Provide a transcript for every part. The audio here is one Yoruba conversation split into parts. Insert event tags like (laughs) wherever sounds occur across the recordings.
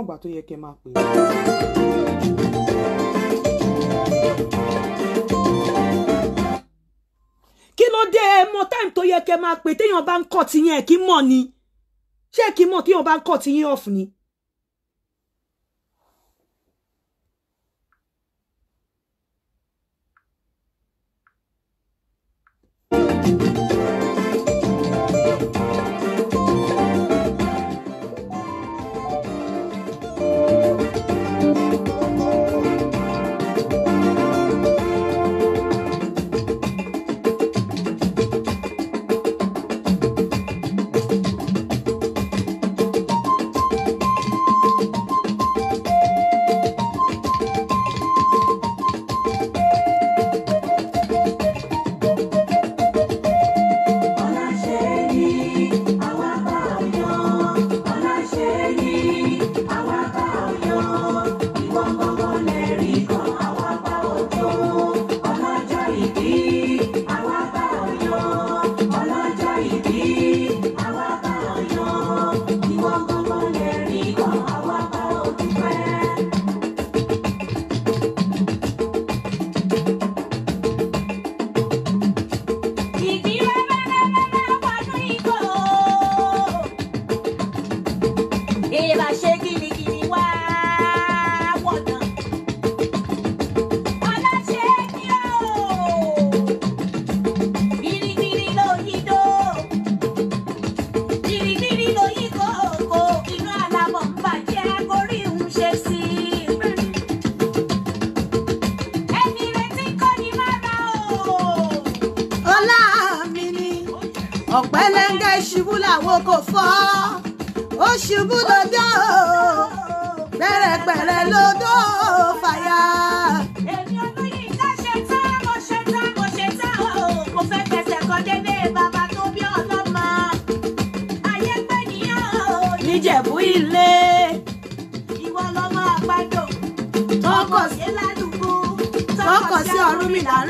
níwọ̀n ìgbà tó yẹ kẹ́ máa pè é. kí ló dé ẹ mọ táìmù tó yẹ kẹ́ máa pè téèyàn bá ń kọ́ tiyín ẹ̀ kí mọ̀ ni ṣé kí mọ̀ téèyàn bá ń kọ́ tiyín ọ̀fù ni.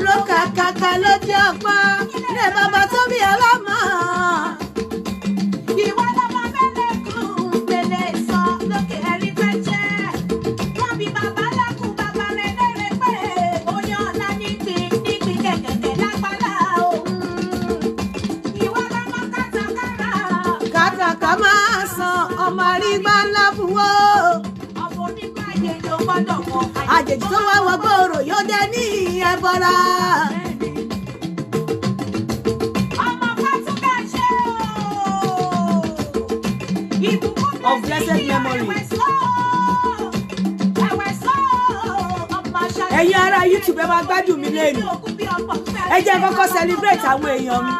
ló kàkàkà lójú ọpọ́n lè bàbá tóbi ọlọ́mọ. tó wá wọgbọ́ òrò yóò dé ní ìyẹn bọ́ra. Of blessed memory. Ẹ̀yin ará YouTube ẹ máa gbádùn mi lẹ́nu. Ẹ jẹ́ kọ́kọ́ celebrate àwọn èèyàn mi.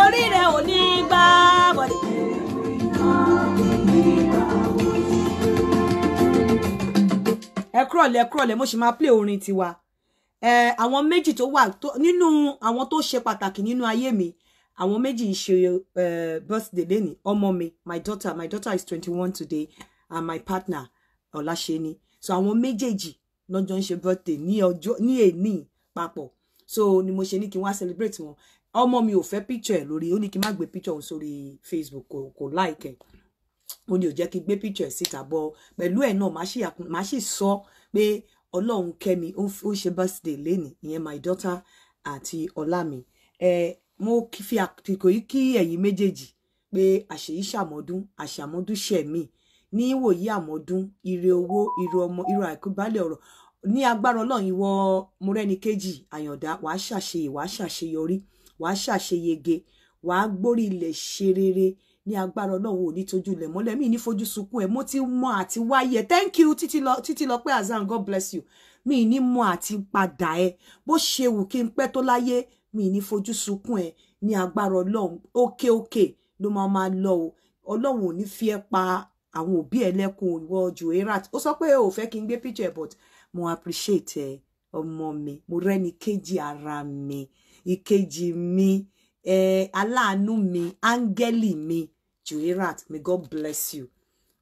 orí rẹ̀ ò ní gbá bọ̀dẹ̀. ẹ kúrọ̀lẹ́ ẹ kúrọ̀lẹ́ mo sì máa play orin tiwa àwọn méjì tó wà nínú àwọn tó ṣe pàtàkì nínú ayé mi àwọn méjì ṣe birthday lénìí ọmọ mi my daughter my daughter is twenty one today and my partner ọláṣẹ́ni so àwọn méjèèjì lọ́jọ́ ń ṣe birthday ní ọjọ́ ní èní papọ̀ so ni mo ṣe ní kí n wá celebrate wọn ọmọ mi ò fẹ́ picture ẹ̀ lórí ó ní kí n má gbé picture òun sórí Facebook kò kò like ẹ̀ ó ní ò jẹ́ kí n gbé picture ẹ̀ síta bọ́ pẹ̀lú ẹ̀ náà má sì sọ pé ọlọ́run kẹ́mi ó ń ṣe birthday lénìí ìyẹn my daughter àti ọlá mi ẹ mo fi àtìkò yìí kí ẹ̀yin méjèèjì pé àṣeyí ṣàmọ́dún àṣàmọ́dún ṣẹ̀mí ní ìwòyí àmọ́dún ire owó ire ọmọ ire àìkúbálẹ̀ ọ̀rọ̀ ní agbára ọlọ́run ìwọ mọ́rẹ́ni kejì àyàndá wàá ṣàṣeyè wàá ṣàṣeyọrí wàá ṣàṣeyege wàá gbórí ilẹ̀ ṣe rere ní agbára ọlọ́run ò ní tójú ilẹ̀ mọ́lẹ̀ mi ní fojú sunkún ẹ̀ mo ti mọ àti wáyé thank you títí lọ pé azan god bless you mi ní mọ àti padà ẹ bó ṣe wù kí n pẹ́ tó láyé mi ní fojú sunkún ẹ ní agbára ọlọ́run òkè òkè ló máa máa lọ o ọlọ́run ò ní fi ẹ́ pa àwọn òbí ẹ lẹ́kùn ìwọ joerat ó sọ pé o fẹ́ kí n gbé picture but mo appreciate ẹ ọmọ mi mo rẹ́ni kejì ara mi ìkejì mi eh, aláàánú mi áńgẹ́lì mi Juirat may God bless you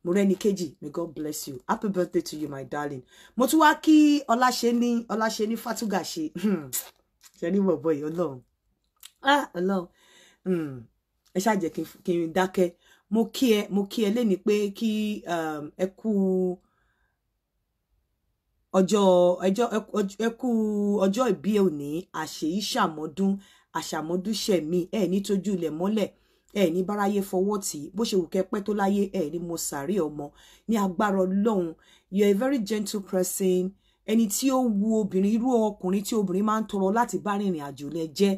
moreni kejì may God bless you happy birthday to you my darling mo tún wá kí ọláṣẹ́ni ọláṣẹ́ni fatuga ṣe hmm. ṣe ní bọ̀bọ̀ yìí ọlọ́run ah ọlọ́run hmm. ẹ ṣáà jẹ́ kí n dákẹ́ mo kí ẹ mo kí ẹ lẹ́ni pé kí um, ẹ kú ọjọ́ ẹjọ́ ẹkú ọjọ́ ìbí òní àṣèyí ṣàmọ́dún àṣàmọ́dún ṣẹ̀mí ẹ̀ ní tójú ilẹ̀ mọ́lẹ̀ ẹ̀ ní báráyé fọwọ́ tì í bó ṣe wù kẹ́ pẹ́ tó láyé ẹ̀ ní mo sàárè ọmọ ní agbára ọlọ́run you are a very gentle person ẹni tí ó wu obìnrin irú ọkùnrin tí obìnrin máa ń tọrọ láti bá rìnrìn àjò lẹ jẹ́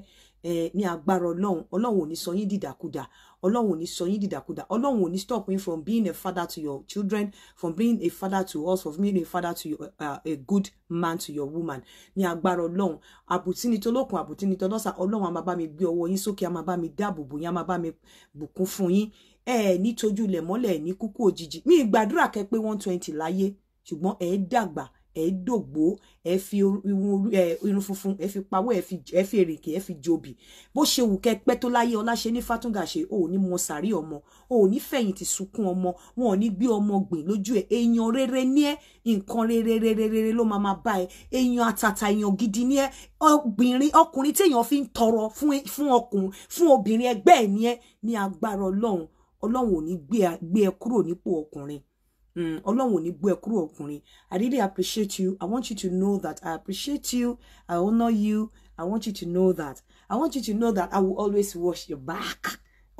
ẹ ní agbára ọlọ́run ọlọ́run ò ní sọ yín dìdàkudà ọlọ́run ò ní sọ yín dìdàkudà ọlọ́run ò ní stop yín from being a father to your children from being a father to us from being a father to your, uh, a good man to your woman ní agbára ọlọ́run àbùtí ni tolókun àbùtí ni tọlọ́sà ọlọ́run a máa bá mi gbé ọwọ́ yín sókè a máa bá mi dáàbò bò yín a máa bá mi bùkún fún yín ẹ ẹ ní tójú lẹ̀ mọ́lẹ̀ ní kúkú òjijì mi ìgbàdúrà kẹ pé one twenty láyé ṣùgbọ́n ẹ dàgbà ẹ dògbó ẹ fi irun funfun ẹ fi pawó ẹ fi èrèkè ẹ fi jobi bó ṣe wù kẹpẹ tó láyé ọlá ṣe ní fátúngà ṣe ò ní mọ sàárì ọmọ ò ní fẹ̀yìntì sunkún ọmọ wọn ò ní gbé ọmọ gbìn lójú ẹ èèyàn rere ní ẹ nǹkan rere rere rere ló máa máa bá ẹ èèyàn àtàtà èèyàn gidi ní ẹ obìnrin ọkùnrin téèyàn fi ń tọrọ fún ọkùnrin fún obìnrin ẹgbẹ́ ẹ̀ ní ẹ ní agbára ọlọ́run ọlọ́run ò ní gbé ẹ kúrò nípò ọkùnrin Mm, ọlọ́run ò ni gbé ẹ kúrò ọkùnrin i really appreciate you i want you to know that i appreciate you i honor you i want you to know that i want you to know that i will always wash your back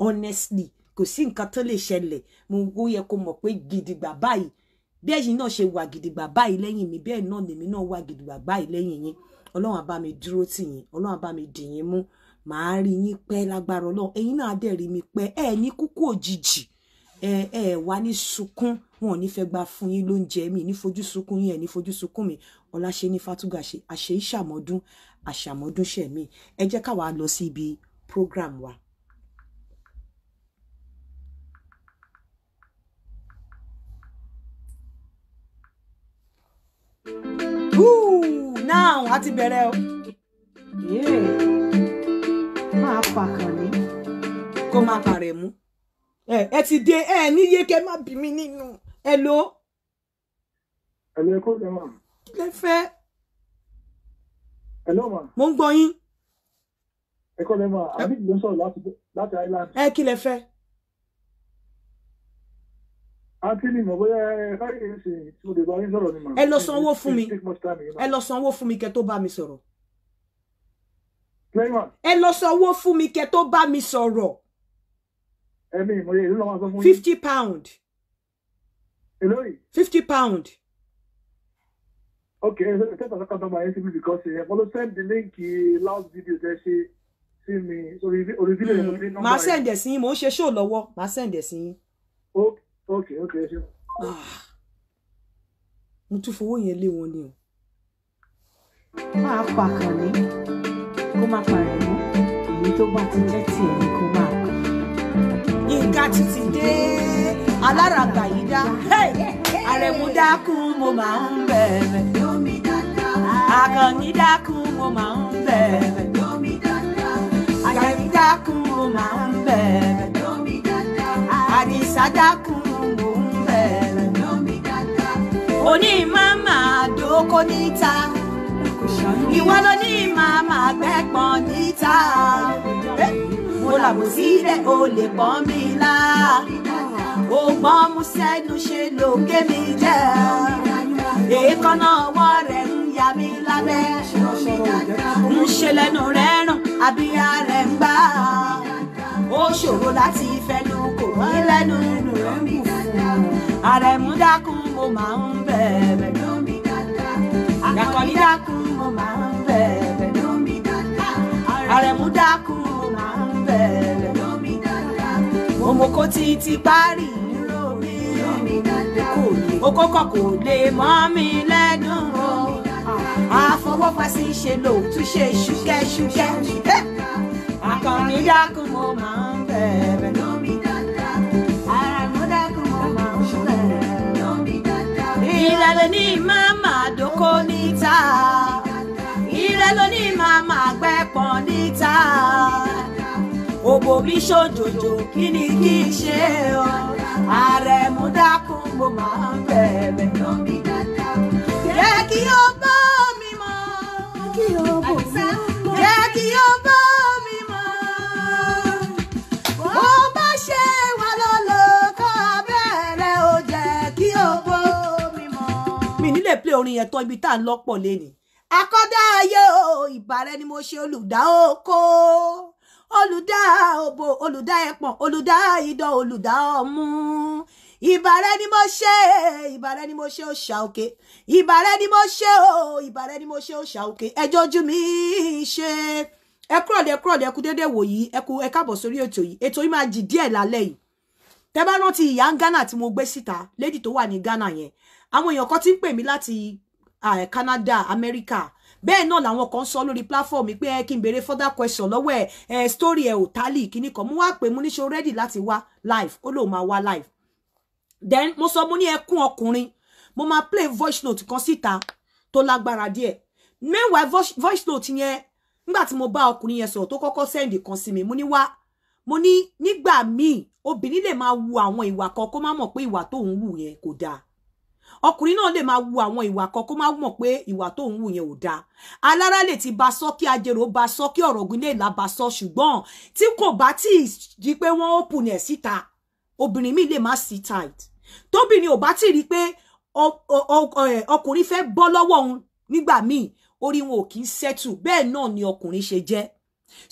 honestly kò sí nǹkan tó lè ṣẹlẹ̀ mo ó yẹ kó mọ̀ pé gidigba báyìí bí ẹ̀yin náà ṣe wà gidigba báyìí lẹ́yìn mi bẹ́ẹ̀ náà lèmi náà wà gidigba báyìí lẹ́yìn yín ọlọ́run á mi dúró tì yín ọlọ́run á mi dì yín mú màá rí yín pẹ́ lágbára ọlọ́run ẹ̀yin náà á dẹ̀ rí mi pẹ́ ẹ̀ ní kúkú òjijì ẹ ẹ wá ní sunkún wọn ò ní fẹ́ gba fún yín lóúnjẹ mi ní fojú sunkún yín ẹ̀ ní fojú sunkún mi ọláṣe ní fatúgà ṣe àṣẹ ìṣàmọ́dún àṣàmọ́dún ṣẹ̀ mi ẹ jẹ́ káwa lọ sí ibi program wa. Now a ti bẹ̀rẹ̀ o. Máa fàkàn ní. Kó máa fàrẹ̀ mú. Eh, ẹ ti dé ẹ níye kẹ má bí mi nínú ẹ ló. ẹ lè kó lè wà. kí lẹ fẹ́. ẹ ló mà. mo ń gbọ́ yín. ẹ kọ́ lè mà àbí ló ń sọ̀rọ̀ láti láti island. ẹ kí lẹ fẹ́. Antony mọ̀ bóyá láyé ṣe tí mo lè bá yín sọ̀rọ̀ ni mà. Ẹ lọ sanwó fún mi. Ẹ lọ sanwó fún mi kẹ́ tó bá mi sọ̀rọ̀. Ẹ lọ sanwó fún mi kẹ́ tó bá mi sọ̀rọ̀ fifty pound. èló fifty pound. Okay. ẹ ṣe tẹ́tà sọ́kàn nọmba yẹn because ẹ mo send the link loud video tẹ ṣe sí mi orí fídíò yẹn mo ní send ẹ̀ sí yín mò show lọ́wọ́ màá send ẹ̀ sí yín. ok ok ok ah. mo tún fowó yẹn lé wọn ni o. máa pa kàn ní kó má parẹ́ mọ́ èyí tó bá ti jẹ́ tiẹ̀ ni kó máa pa. Yínká títí dé aláràgbà yìí dá àrẹ̀mú dákú mo máa ń bẹ̀rẹ̀ àkànní dákú mo máa ń bẹ̀rẹ̀ àyàní dákú mo máa ń bẹ̀rẹ̀ àdìsá dákú mo ń bẹ̀rẹ̀ òní màmá àdókò níta ìwọ ló ní màmá gbẹ́pọ̀n níta mo mosile o le pọ́n mi lá ògbọ́n mú sẹ́nu ṣe ló gé mi jẹ́ èékánná ọwọ́ rẹ̀ ń ya mi lábẹ́ ń ṣe lẹ́nu rẹ̀ ràn abíyá rẹ̀ ń gbà ó ṣòro láti fẹnu kò ní lẹ́nu àrẹ̀mú dákun mo máa ń bẹ̀rẹ̀ àkànní dákun mo máa ń. òmòkó ti ti parí òkó kọ kò lè mọ́ mi lẹ́nu àfọwọ́fà sí ṣe lò tún ṣe ṣúkẹ́ṣúkẹ́ àkànní dákun mo máa ń bẹ̀rẹ̀ lómi dáadáa ara mo dákun mo máa ń bẹ̀rẹ̀ lómi dáadáa ìrẹ̀lẹ̀ ní máa máa dóko níta ìrẹ̀lẹ̀ ní máa máa gbẹ́pọ̀n níta òbò mi ṣòjòjò kí ni kí n ṣe ọ ààrẹ mú dákun mo máa ń bẹ̀rẹ̀ jẹ́ kí ó bọ́ mi mọ́ jẹ́ kí ó bọ́. lè play orin yẹn tó ibi tá à ń lọ́pọ̀ lé ni. akọ́dá ayé o ìbàrẹ̀ ni mo ṣe olùdá olùdá òbò olùdá ẹpọ̀n olùdá idọ̀ olùdá ọmú ìbàrẹ ni mo ṣe ìbàrẹ ni mo ṣe òòṣà òkè ìbàrẹ ni mo ṣe o ìbàrẹ ni mo ṣe òòṣà òkè ẹjọ ojú mi ṣe ẹ kúrò dé kúrò dé ẹ kú déédéé wò yìí ẹ kú ẹ káàbọ̀ sórí ètò yìí ètò yìí máa jì díẹ̀ lálẹ́ yìí tẹ bá rántí ìyá Ghana tí mo gbé síta lady tó wà ní Ghana yẹn àwọn èèyàn kan ti ń pè mí láti Canada America bẹ́ẹ̀ náà làwọn kan sọ lórí platform pé ẹ kí n béèrè further question lọ́wọ́ ẹ story ẹ ò tálì kíní kan mo wá pé mo níṣe ready láti wá live ó lóun máa wá live then mo sọ mo ní ẹkún ọkùnrin mo máa play voice note kan síta tó lágbára díẹ̀ meanwhile voice, voice note yẹn nígbà tí mo bá ọkùnrin yẹn sọ̀rọ̀ tó kọ́kọ́ send kan sí mi mo ní wá mo ní nígbà míì obìnrin lè máa wu àwọn ìwà kan kó má mọ̀ pé ìwà tóun wù yẹn kò dáa ọkùnrin náà lè máa wu àwọn ìwà kan kó má mọ̀ pé ìwà tó ń wù yẹn ò dáa alára lè ti ba sọ kí ajérò ba sọ kí ọ̀rọ̀ ògùn lè là ba sọ ṣùgbọ́n tí kò bá tí ì jí pé wọ́n open ẹ̀ síta obìnrin mi lè má sí tight tóbìnrin ò bá tí ì rí pé ọkùnrin fẹ́ bọ́ lọ́wọ́ òun nígbà míì orí wọn ò kì í settle bẹ́ẹ̀ náà ni ọkùnrin ṣe jẹ́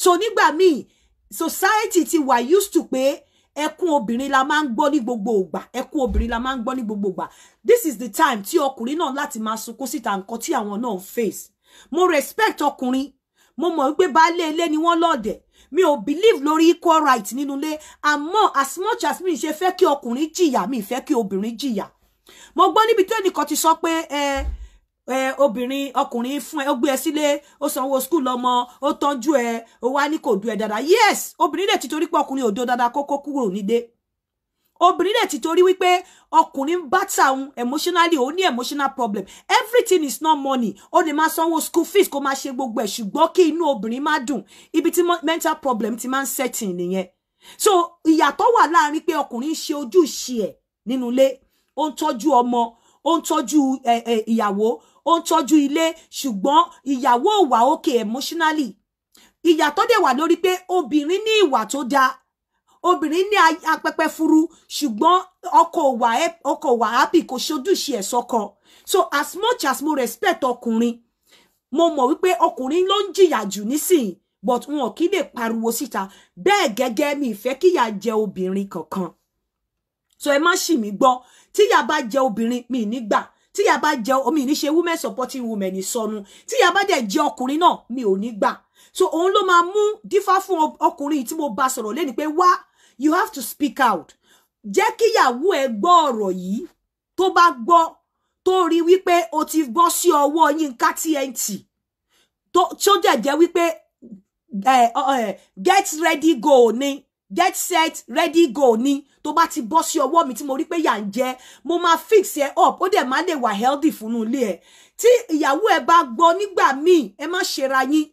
so nígbà míì society ti wà used to pé ẹkún obìnrin la máa ń gbọ́ ní gbogbo ìgbà ẹkún obìnrin la máa ń gbọ́ ní gbogbo ìgbà this is the time tí ọkùnrin náà láti máa sunkún síta nǹkan tí àwọn náà ń face mo respect ọkùnrin mo mọ̀ wípé baálé ilé ni wọ́n lọ́ọ̀dẹ̀ mi ò believe lórí equal right nínú ilé àmọ́ as much as mi ṣe fẹ́ kí ọkùnrin jìyà mi fẹ́ kí obìnrin jìyà mo gbọ́ níbi tí ẹnìkan ti sọ pé ẹ eh, ẹ obìnrin ọkùnrin fún ẹ ó gbé ẹ sílé ó sanwó skul ọmọ ó tọ́jú ẹ ó wá ní kò du ẹ dáadáa yes obìnrin lè ti torí pé ọkùnrin ò do dáadáa kókó kúrò nídé obìnrin lè ti torí wípé ọkùnrin bá tàun emotionally ó ní emotional problem everything is not money ó lè máa sanwó school fees kó máa ṣe gbogbo ẹ̀ ṣùgbọ́n kí inú obìnrin má dùn ibi tí mental problem ti máa ń setting nìyẹn so ìyàtọ̀ wà láàrin pé ọkùnrin ṣe ojúṣe ẹ̀ nínú ilé ó ń tọ́jú ọmọ ó ń tọ́jú ìyàwó ó ń tọ́jú ilé ṣùgbọ́n ìyàwó ò wà okay emotionally ìyà tó dẹ̀ wà lórí pé obìnrin ní ìwà tó dáa obìnrin ní apẹpẹ furu ṣùgbọ́n ọkọ wà ọkọ wà happy kò ṣojúṣe ẹ̀ sọ́kọ so as much as mo respect ọkùnrin mo mọ̀ wípé ọkùnrin ló ń jìyà jù nísìnyí but wọn kì í lè pariwo síta bẹ́ẹ̀ gẹ́gẹ́ mi ìfẹ́ kíyà jẹ obìnrin kankan so ẹ má ṣì mí gbọ́ tíyà bá jẹ obìnrin mi nígbà tí a bá jẹ omi ní ṣe women supporting women ìsọnu tí a ba de jẹ ọkùnrin náà mi ò ní gbà so òun ló máa mú dífá fún ọkùnrin tí mo bá sọ̀rọ̀ lẹ́ni pé wá you have to speak out jẹ́ kíyàwó ẹ gbọ́ ọ̀rọ̀ yìí tó bá gbọ́ tó rí wípé o ti gbọ́ sí ọwọ́ Yínká TNT pe eh jẹ́ wípé get ready go ni get set ready go ni tó bá ti bọ́ sí ọwọ́ mi tí mo rí pé yà ń jẹ mo máa fix ẹ up ó dẹ̀ máa lè wà healthy fún un ilé ẹ tí ìyàwó ẹ bá gbọ́ nígbà míì ẹ má ṣera yín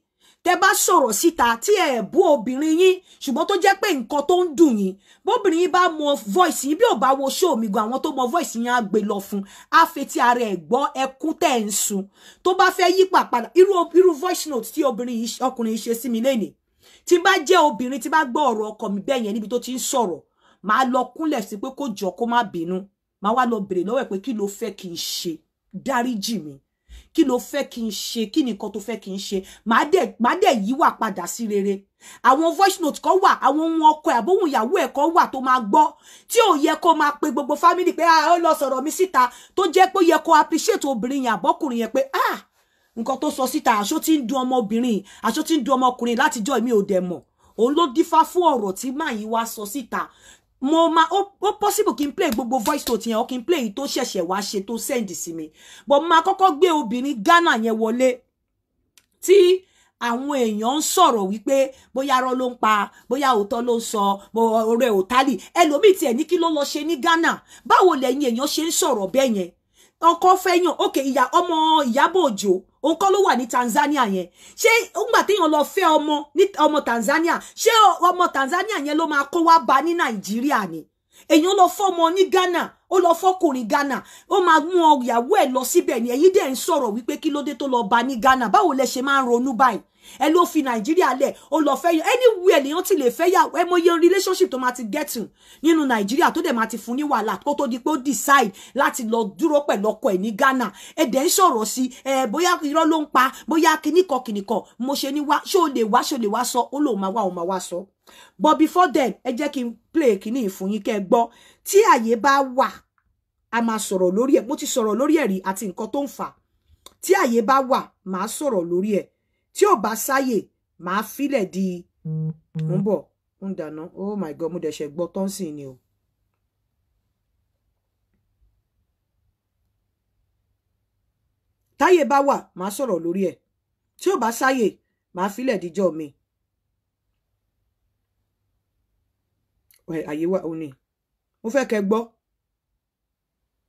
tẹ bá sọ̀rọ̀ síta tí ẹ bú obìnrin yín ṣùgbọ́n tó jẹ́ pé nǹkan tó ń dùn yín bóbìnrin yín bá mọ voice yín bí ò bá wo show mi gan àwọn tó mọ voice yín á gbé lọ fún á fetí ara ẹ̀ gbọ́ ẹkú tẹ̀ ń sun tó bá fẹ́ yí pàpadà irú irú voice note tí obìnrin ọkùnrin yìí ṣe sí mi lénìí tí bá jẹ́ obìnrin tí bá gbọ́ ọ̀rọ̀ ọkọ mi bẹ́ẹ̀ yẹn níbi tó ti ń sọ̀rọ̀ màá lọ kúnlẹ̀ sí pé kó jọ kó má bínú màá wá lọ bèrè lọ́wọ́ ẹ̀ pé kí ló fẹ́ kí n ṣe dáríjì mi kí ló fẹ́ kí n ṣe kí nìkan tó fẹ́ kí n ṣe màá dẹ̀ màá dẹ̀ yíwà padà sí rere àwọn voice note kan wà àwọn ohun ọkọ ẹ̀ àbóhun ìyàwó ẹ̀ kan wà tó máa gbọ́ tí ò yẹ kó máa pe gbogbo family pé ah ó lọ sọ̀rọ̀ mi síta tó jẹ́ pé ó yẹ kó appreciate obìnrin yẹn àbọ́kùnrin yẹn pé ah nǹkan tó sọ síta aṣọ tí ń dun ọmọbìnrin aṣọ tí ń dun ọmọkùnrin látijọ́ mi ò dẹ̀ mọ̀ òun ló dífá fún ọ̀rọ̀ tí màá yìí wá sọ síta mo ma o o possible kin n play gbogbo voice note yẹn o kin play tó ṣẹ̀ṣẹ̀ wá ṣe tó send sí mi but ma kọ́kọ́ gbé obìnrin Ghana yẹn wole ti àwọn èèyàn ń sọ̀rọ̀ wípé bóyá arọ́ ló ń pa bóyá òótọ́ bo ń sọ ọ̀rẹ́ òtálì ẹlòmíì ni ní kí ló lọ ṣe ní Ghana báwo lẹ́yìn èèyàn ṣe ń sọ̀rọ̀ bẹ́ẹ̀ yẹn ọkọ fẹ́yàn òkè ìyá ọmọ Ìyábọ̀ Òjó òun kọ́ ló wà ní Tanzania yẹn ṣé nígbà téèyàn lọ fẹ́ ọmọ ní ọmọ Tanzania ṣé ọmọ Tanzania yẹn ló máa kó wá bá ní Nàìjíríà ni èèyàn lọ fọmọ ní Ghana ó lọ fọkùnrin Ghana ó máa mú ọyàwó ẹ̀ lọ síbẹ̀ ni ẹ̀yin dẹ̀ ń sọ̀rọ̀ wípé kí ló dé tó lọ bá ní Ghana báwo lẹ ṣe máa ń ronú báyìí ẹ ló fi nàìjíríà lẹ̀ ó lọ fẹ́ yàn anywhere lèyàn ti lè fẹ́ yà ẹ mọye relationship tó máa ti getting nínú nàìjíríà tó dẹ̀ máa ti fún ní wàhálà kó tó di pé ó decide láti lọ dúró pẹ̀lú ọkọ ẹ̀ ní ghana ẹ dẹ̀ ń sọ̀rọ̀ sí ẹ bóyá irọ́ ló ń pa bóyá kíníkọ kíníkọ mo ṣe ní wá ṣó lè wá ṣó lè wá sọ ó lòun máa wá òun máa wá sọ but before then ẹ jẹ́ kí n play kíní ìfún yín kẹ́ gbọ́ tí àyè bá wà a máa sọ̀rọ̀ lórí ẹ̀ mo ti sọ̀rọ̀ lórí ẹ̀ rí àti nǹkan tó ń fà tí àyè bá wà màá sọ̀rọ̀ lórí ẹ̀ tí ò bá sáyè màá filẹ̀ di mo mm-hmm. ń bọ̀ ń dáná oh my god mo dẹ̀ṣẹ̀ gbọ́ tọ́nsìn ni o. táyè bá wà màá sọ̀rọ̀ lórí ẹ̀ tí ò bá sáyè màá filẹ̀ díjọ́ mi. àyè wà ó ní mo fẹ́ kẹ́ gbọ́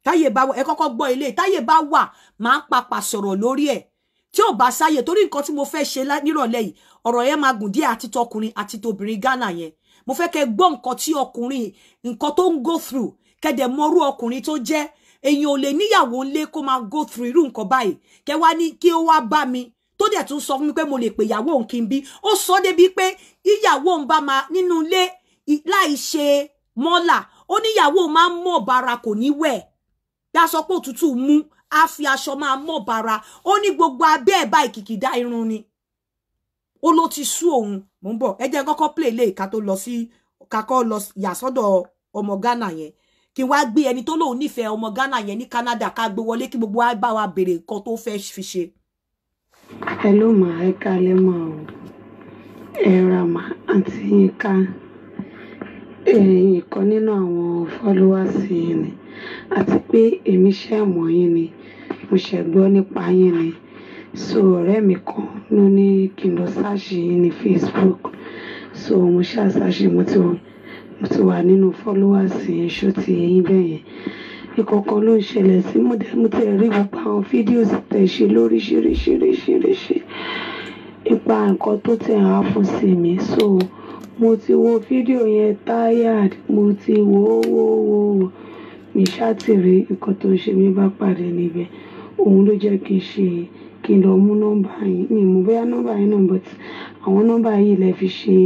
táyè bá wà ẹ kọ́kọ́ gbọ́ ilé táyè bá wà màá papà sọ̀rọ̀ lórí ẹ̀ ti o bá sáyè torí nǹkan tí mo fe se nírọ̀lẹ́ yìí ọ̀rọ̀ yẹn máa gùn díẹ̀ àti tọkùnrin àti tobìnrin Ghana yẹn mo fe ke gbo nkan ti ọkùnrin nǹkan tó go through kẹ́dẹ̀ mọrú ọkùnrin tó jẹ́ èèyàn ò lè níyàwó nle ko ma go through iru nǹkan bayi kẹ́ wá ní kí ó wá bá mi to de tún so fún mi pé mo le pe yawo òun bi o so ó sọ débi pé ìyàwó òun bá máa nínú ilé láì ṣe mọ́là ó níyàwó máa ń mọ̀ bára kò ní wẹ̀ bí a sọ á fi aṣọ máa mọ́ bara ó ní gbogbo abẹ́ ẹ̀ bá ìkìkìdá irun ni ó ló ti sú òun mò ń bọ̀ ẹ jẹ́ kọ́kọ́ play lé ìka tó lọ sí kakọ́ lọ yà sọ́dọ̀ ọmọ Ghana yẹn kí wá gbé ẹni tó lóun nífẹ̀ẹ́ ọmọ Ghana yẹn ní Canada ká gbé wọlé kí gbogbo wa bá wa béèrè nǹkan tó fẹ́ fi ṣe. ẹ ló máa ẹ kalẹ̀ mọ́ ẹ ra màá àǹtí yín ká ìkan nínú àwọn followers yín ni àti pé èmi ṣẹ̀ mọ̀ yín ni mo ṣẹ̀ gbọ́ nípa yín ni so ọ̀rẹ́ mi kan ló ní kí n lọ sáàṣì yín ní Facebook so mo ṣáà sáàṣì mo ti mo ti wà nínú followers yín ṣó ti yín bẹ́ẹ̀ yẹn ìkọ̀ọ̀kan ló ń ṣẹlẹ̀ sí mo dẹ̀ mo ti rí gbogbo àwọn fídíòsì tẹ̀ ṣe lóríṣiríṣiríṣiríṣi nípa nǹkan tó ti hàn á fún sí mi so mo ti wo fídíò yẹn tired mo ti wò ó wò ó wò ó mi ṣàtìrí nǹkan tó ṣe mí bá pàdé níbẹ̀ òun ló jẹ́ kí n ṣe kí n lọ mú nọ́mbà yín mi mú bóyá nọ́mbà yín náà but àwọn nọ́mbà yìí lè fi ṣe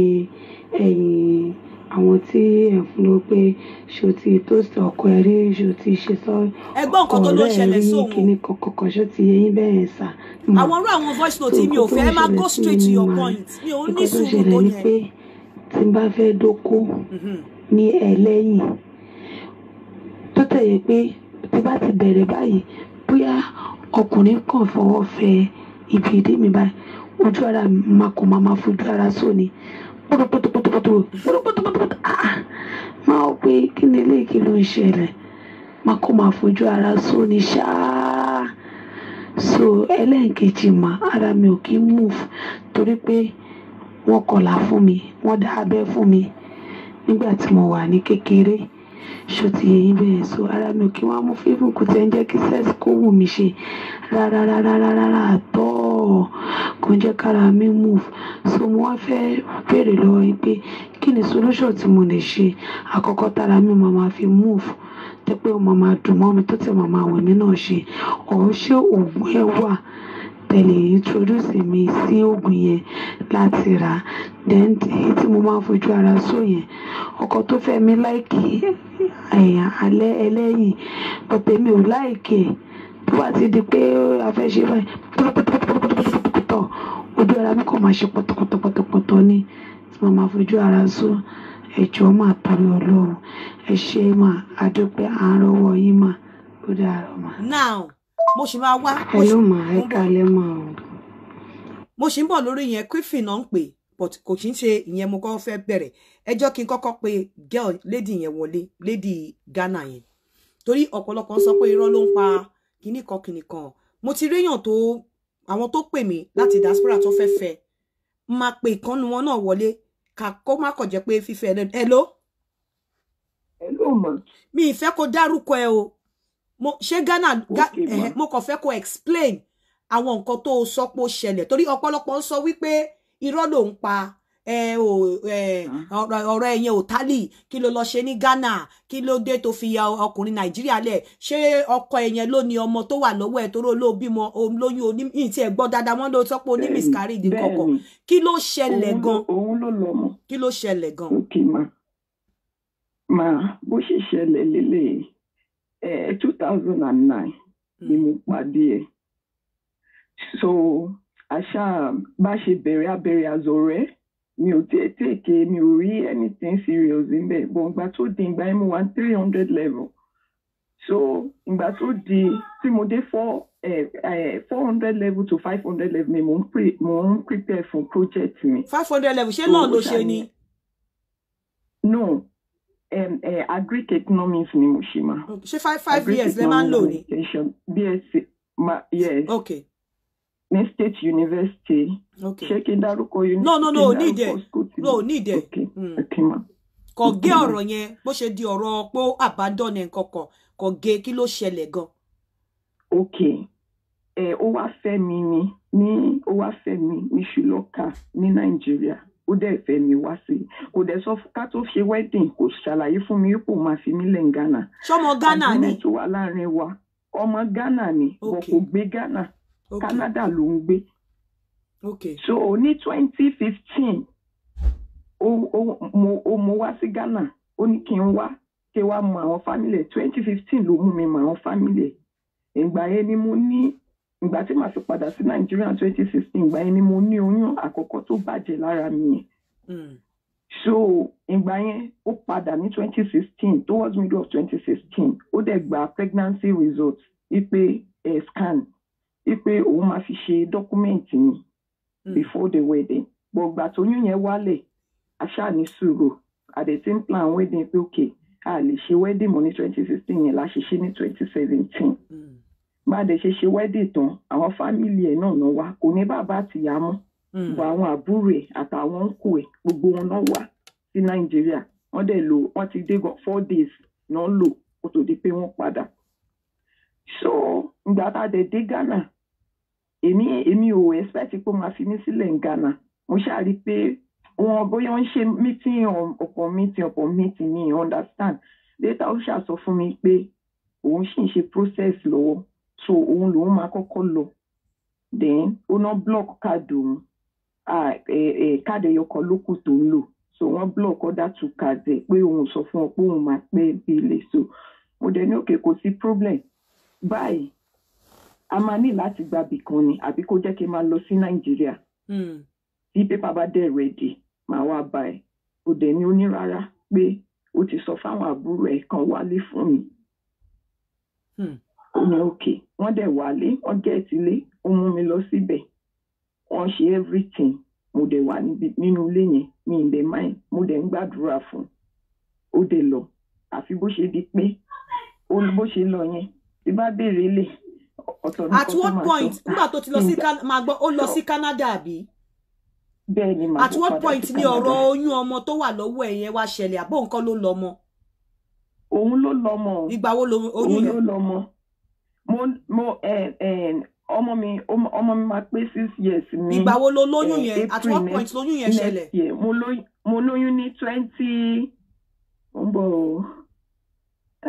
ẹ̀yìn àwọn tí ẹ̀ fún ló pé ṣò ti tóòsì ọkọ ẹ̀ rí ṣò ti ṣe sọ ọkọ rẹ̀ rí kíní kọ̀kọ̀kọ̀ ṣó ti yẹ yín bẹ́ẹ̀ sà. àwọn irú àwọn voice note mi ò fẹ́ máa go straight to your point mi ò ní sùúrù tó yẹ tí n bá fẹ́ dóko mm-hmm. ní ẹlẹ́yìn tó tẹ̀yẹ pé tí bá ti bẹ̀rẹ̀ báyìí bóyá ọkùnrin kan fọwọ́ fẹ ibi ìdí mi báyìí ojú ara mi máa kò fojú ara sóni pótópótópótópótó pótópótópótó ah máa wọ pé kí ni eléyìí kí ló ń ṣẹlẹ̀ máa kó fojú ara sóni ṣáá so ẹlẹ́ǹkejì mà ara mi ò kí ń move torí pé wọ́n kọlà fún mi wọ́n dá abẹ́ fún mi nígbà tí mo wà ní kékeré ṣó ti yẹ yín bẹ́ẹ̀ so ara mi ò kí wọ́n á mú fífún kò tẹ́ ń jẹ́ kí sex kó wù mí ṣe rárá rárá rárá àtọ́ kò ń jẹ́ kára mi move so mo wá fẹ́ béèrè lọ́wọ́ yín pé kí ni solution tí mo lè ṣe àkọ́kọ́ tára mi mo máa fi move tẹ́ pé ó máa dùn mọ́ mi tó tẹ̀ máa máa wẹ̀ mí náà ṣe ọ̀hún ṣé oògùn ẹ̀ wà then he introduce mi sí oògùn yẹn láti rà then èyí tí mo máa ń fojú ara sọ yẹn ọkọ tó fẹ́ mi láìkì alẹ́ ẹlẹ́yìn ọ̀pẹ̀ mi ò láìkì tó bá ti di pé a báyìí ojú ara mi kò máa ṣe pọ̀tọ̀pọ̀tọ̀pọ̀tọ̀ ni tí mo máa fojú ara sọ ẹ̀jọ̀ máa tàbí ọlọ́run ẹ máa àdúpẹ́ àárọ̀ wọ̀nyí máa ó dára máa. now mo sì máa wá. ọlọ́mọ ẹ̀ka lè máa o. mo sì ń bọ̀ lórí yẹn quiffy náà ń pè but kò kí ń ṣe ìyẹn mo kọ́ fẹ́ bẹ̀rẹ̀ ẹjọ́ kí n kọ́kọ́ pe girl lady yẹn wọlé lady Ghana yẹn torí ọ̀pọ̀lọpọ̀ sọ pé irọ́ ló ń pa kinní kan kinní kan mo ti réyàn tó àwọn tó pè mí láti diaspora tó fẹ́ fẹ́ máa pe ìkànnì wọn náà wọlé kà kó má kọ̀ jẹ́ pé fífẹ́ ẹ ló. ẹ ló mọ̀. mi ìfẹ́ kó dárúkọ ẹ o mo ṣé Ghana mo kàn fẹ́ kó explain àwọn nǹkan tó sọ pé ó ṣẹlẹ̀ torí ọ̀pọ̀lọpọ̀ ń sọ wípé irọ́ ló ń pa ọ̀rọ̀ ẹ̀yìn òtálì kí ló lọ ṣe ní Ghana kí ló dé tó fi ya ọkùnrin Nàìjíríà lẹ̀ ṣé ọkọ ẹ̀yẹn ló ní ọmọ tó wà lọ́wọ́ ẹ̀ toró ló bímọ lóyún oní tí ẹ̀ gbọ́ dáadáa wọ́n ló sọ pé oní miscarriage kọ̀kọ̀ kí ló ṣẹlẹ̀ gan kí ló ṣẹlẹ̀ gan. ma bó ṣe ṣẹlẹ̀ lélẹ́yìí 2009 ni hmm. mo pàdé ẹ̀ so àṣà bá ṣe bẹ̀rẹ̀ abẹ̀rẹ̀ àzọ̀rẹ́ mi ò tí tèké mi ò rí anything serious níbẹ̀ bọ̀n ìgbà tó di ìgbà yẹn mo wà ní three hundred level so ìgbà tó di tí mo dé four hundred level to five hundred level mi mo ń pre mo ń prepare for project mi. five hundred level ṣé náà ló ṣe ni. no um, uh, agric economics ni mo ṣe ma. ṣé five five years lè máa ń lò ní. bsc ma yes. okay. ní state university. okay ṣé kí n dárúkọ university no no no ní ìdẹ no ní ìdẹ. okay hmm. okay ma. kò gé ọ̀rọ̀ yẹn bó ṣe di ọ̀rọ̀ pé àbádọ́nẹ kankan kò gé kí ló ṣẹlẹ̀ gan. okay ẹ eh, ó wá fẹ́ mi ni ní ó wá fẹ́ mi ní ṣùlọ́kà ní nàìjíríà ó dẹ̀ fẹ́ mi wá sí i kò dẹ̀ sọ ká tó ṣe wedding kò ṣàlàyé fún mi pò máa fi mí lẹ̀ Ghana. ṣọmọ Ghana ni àbúrò tó wà láàrin wa ọmọ Ghana ni bọ̀ kò gbé Ghana Canada ló ń gbé. so ní twenty fifteen ó mo wá sí Ghana ó ní kí n wá kí n wá mọ àwọn family twenty fifteen ló mú mi mọ àwọn family ìgbà yẹn ni mo ní ìgbà tí màá fi padà sí nàìjíríà twenty sixteen ìgbà yẹn ni mo ní oyún àkọ́kọ́ tó bàjẹ́ lára mi yẹn hmm. so ìgbà yẹn ó padà ní twenty sixteen towards middle of twenty sixteen ó dẹ̀ gba pregnancy result ipe eh, scan ipe òun máa fi ṣe document mi mm. before the wedding gbọ̀ngbà tóyún yẹn wálẹ̀ aṣáà ní sùúrù àdẹ̀tí ń plan wedding pé ok a lè ṣe wedding mọ́ ní twenty sixteen yẹn la ṣe ní twenty seventeen. Hmm bá a dẹ̀ ṣe ṣe wedding tán àwọn fámìlì ẹ̀ náà náà wá kò ní bàbá àtìyá mọ́ hmm. gbogbo àwọn àbúrò ẹ̀ àtàwọn ńkù ẹ̀ gbogbo wọn náà wá sí nàìjíríà wọ́n dẹ̀ lò wọ́n ti dé four days náà lò kó tó di pé wọ́n padà so ìgbà tá a dẹ̀ dé Ghana èmi èmi ò expect pé màá fi mí sílẹ̀ ní Ghana mo ṣáà rí i pé wọn bóyá ń ṣe meeting ọ̀pọ̀ meeting ọ̀pọ̀ meeting mi understand later ó ṣàsọ fún mi pé òun ṣì ń ṣe process lọ́wọ́ so òun lòun máa kọ́kọ́ lọ then ó ná block card òun káàdì ẹyọkan ló tó ń lò so wọ́n block order two cards ẹ̀ pé òun sọ fún ọ pé òun máa pẹ́ bílẹ̀ so mo dẹ̀ ní òkè kò sí problem báyìí a máa ní láti gba bìkan ni àbí kó jẹ́ kí n máa lọ sí nàìjíríà hmm. tí pépà bá dẹ̀ rẹ̀dì máa wá bá ẹ̀ ó dẹ̀ ní onírárá pé ó ti sọ fáwọn àbúrò ẹ̀ kan wálé fún mi. Hmm ìyẹn (coughs) òkè wọ́n dẹ̀ wálé wọ́n gẹ̀ẹ́tì lé ó mú mi lọ síbẹ̀ wọ́n ṣe everything mo dẹ̀ wà nínú ilé yẹn mi ì dẹ̀ mo dẹ̀ ń gbàdúrà fún ó dẹ̀ lọ àfi bó ṣe di pé ó bó ṣe lọ yẹn tí bá béèrè ilé ọ̀tọ̀ nìkan tó máa sọ. at what point nígbà tó ti lọ sí máa gbọ́ ó lọ sí Canada àbí. bẹ́ẹ̀ ni màá tó padà sí Canada. at what point ni ọ̀rọ̀ oyún ọmọ tó wà lọ́wọ́ ẹ̀ yẹn wá ṣẹlẹ̀ àbó nǹkan ló lọ́mọ. òun ló lọ́mọ. òun ló lọ́mọ mo mo eh, eh, ọmọ mi ọmọ mi máa pé six years ní ìgbà wo lo lóyún eh, yẹn at what point lóyún yẹn ṣẹlẹ̀ mo lóyún ní twenty ó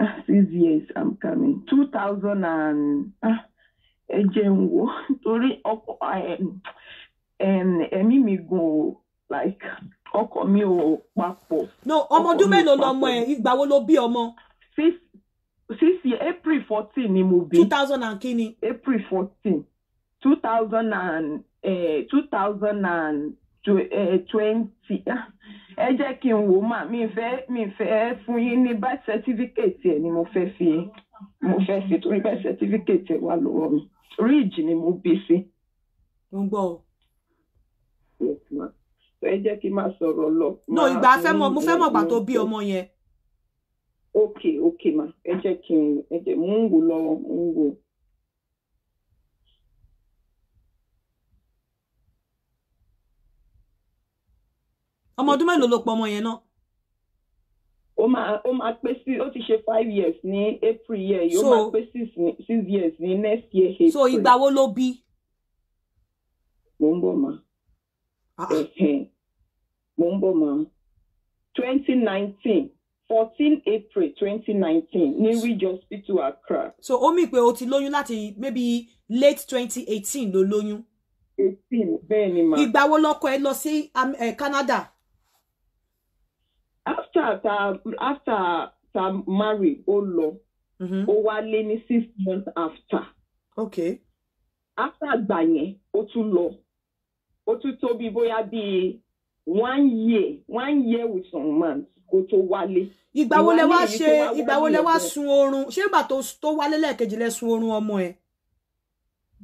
ah, six years i'm coming two thousand and ah, ẹ jẹun wo (laughs) torí ọkọ ẹ̀mí mi gùn o like ọkọ mi ò papọ̀. no ọmọ ọdún mélòó lọmọ ẹ ìgbà wo ló bí ọmọ. six six april fourteen ni mo bí. two thousand and kini. april fourteen two thousand and eh, two thousand and eh, twenty ẹ jẹ́ kí n wò má mi fẹ́ mi fẹ́ fún yín ní birth certificate ẹ̀ ni mo fẹ́ fi mo fẹ́ fi torí birth certificate ẹ̀ wà lọ́wọ́ mi ridge ni mo bí sí. mo gbọ́ o. ẹ jẹ́ kí n máa sọ̀rọ̀ lọ. no ìgbà fẹ́ mọ̀ mo fẹ́ mọ̀ gbà tó bí ọmọ yẹn ok ok ma ẹ jẹ́ kí n ẹ jẹ́ mò ń wò lọ́wọ́ mò ń wò. ọmọ ọdún mélòó ló pọ ọmọ yẹn náà. ó máa ó máa pé sí ó ti ṣe five years ní april year yìí ó máa pé six six years ní next year april. so ìgbà wo ló bí. mo ń bọ̀ ma. Ah, ah. mo ń bọ̀ ma. twenty nineteen fourteen april twenty nineteen ní ridge hospital accra. so ó mì pé o ti lóyún láti maybe late twenty eighteen ló lóyún. eighteen bẹ́ẹ̀ ni ma. ìgbà wo lọ́kọ ẹ lọ sí um, eh, canada. after ta after ta marry ó lọ. Mm-hmm. ó ní six months after. okay. after àgbà yẹn ó tún lọ ó tún tó bí bóyá bíi one year one year with some months kó tó wálé. ìgbà wo lẹ wá ṣe ìgbà wo lẹ wá sun oorun ṣé ìgbà tó wálé lẹ́ẹ̀kejì lẹ sun oorun ọmọ ẹ.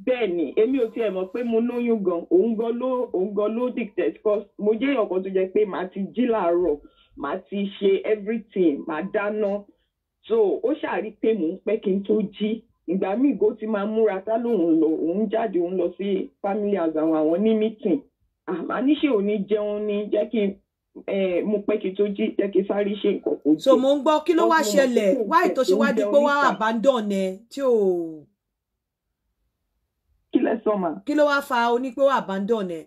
bẹ́ẹ̀ni èmi ò tiẹ̀ mọ̀ pé mo lóyún gan òun gan ló òun gan ló dictate cause mo jẹ́ èèyàn kan tó jẹ́ pé màá ti jí làárọ̀ màá ti ṣe everything màá dáná so ó ṣàrí pé mò ń pẹ́ kí n tó jí ìgbà míì gó ti máa múra tá lóun lọ òun jáde òun lọ sí family house àwọn àwọn ní meeting Ah, àmọ́ níṣe ò ní jẹun ni jẹ́ kí mo pẹ́ kí tó jí jẹ́ kí sáré ṣe nǹkan kò jẹ́. so mo ń gbọ́ kí ló wá ṣẹlẹ̀ wáì tó ṣe wá di pé wá abandon ẹ tí ò. kí lẹ sọ ma. kí ló wá fa onípé abandon ẹ.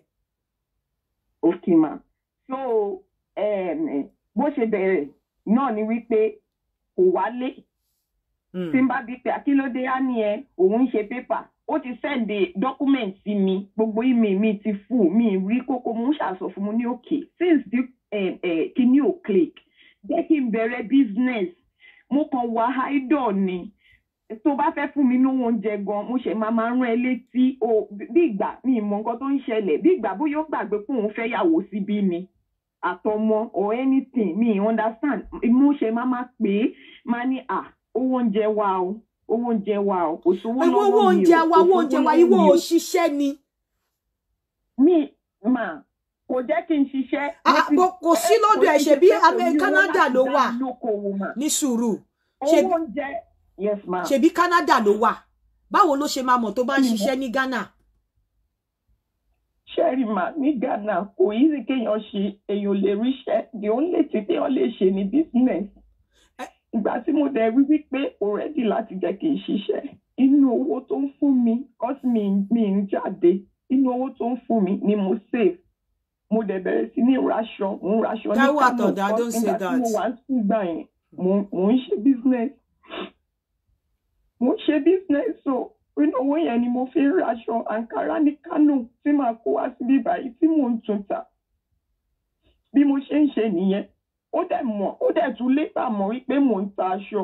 ok ma so bó ṣe bẹ̀rẹ̀ náà ni wípé kò wálé hmm. tí n bá bí pé akílódé á ní ẹ òun ń ṣe pépà ó ti sẹ́ǹdẹ̀ dọ́kúmẹ̀ntì sí mi gbogbo ìmì mi ti fún mi rí kókó mo ń ṣàṣọ fún mo ní òkè since the eh, eh, kìíní ò click jẹ́ kí n bẹ̀rẹ̀ business mo kàn wá idol ni tó bá fẹ́ fún mi lówó oúnjẹ gan mo ṣe máa máa rán ẹ létí o bí ìgbà mi ìmọ̀ nǹkan tó ń ṣẹlẹ̀ bí ìgbà bóyá ó gbàgbé pé òun fẹ́ yàwó síbí ni àtọmọ or anything mi understand mo ṣe máa máa pè é máa ní à owó oúnjẹ wa o owó oúnjẹ wa o kò sówó lọ́wọ́ mi o owó oúnjẹ wa owó oúnjẹ wa ìwọ ò ṣiṣẹ́ ni. mi ma kò jẹ́ kí n ṣiṣẹ́. kò sí lọ́dọ̀ ẹ̀ ṣe bí Canada ló wà ní sùúrù ṣebí Canada ló wà báwo ló ṣe máa mọ̀ tó bá ń ṣiṣẹ́ ní Ghana. ṣẹ́rìmà ní Ghana kò yí sí kéèyàn ṣe èèyàn lè ríṣẹ́ the only thing téèyàn lè ṣe ni business ìgbà tí mo dẹ̀ wí wípé o rẹ́dì láti jẹ́ kí n ṣiṣẹ́ inú owó tó ń fún mi cos mi mi ń jáde inú owó tó ń fún mi ni mo save mo dẹ̀ bẹ̀rẹ̀ sí ní raṣọ mo ń raṣọ ní kánò cos nígbà tí mo wà sùn gbà yẹn mo ń ṣe business mo ń ṣe business so inú owó yẹn ni mo fi ń raṣọ àǹkárá ní kánò tí màá kó wá sí bíbáyìí tí mò ń tún ta bí mo ṣe ń ṣe nìyẹn ó dẹ̀ mọ̀ ó dẹ̀ tún létà mọ̀ wípé mò ń ta aṣọ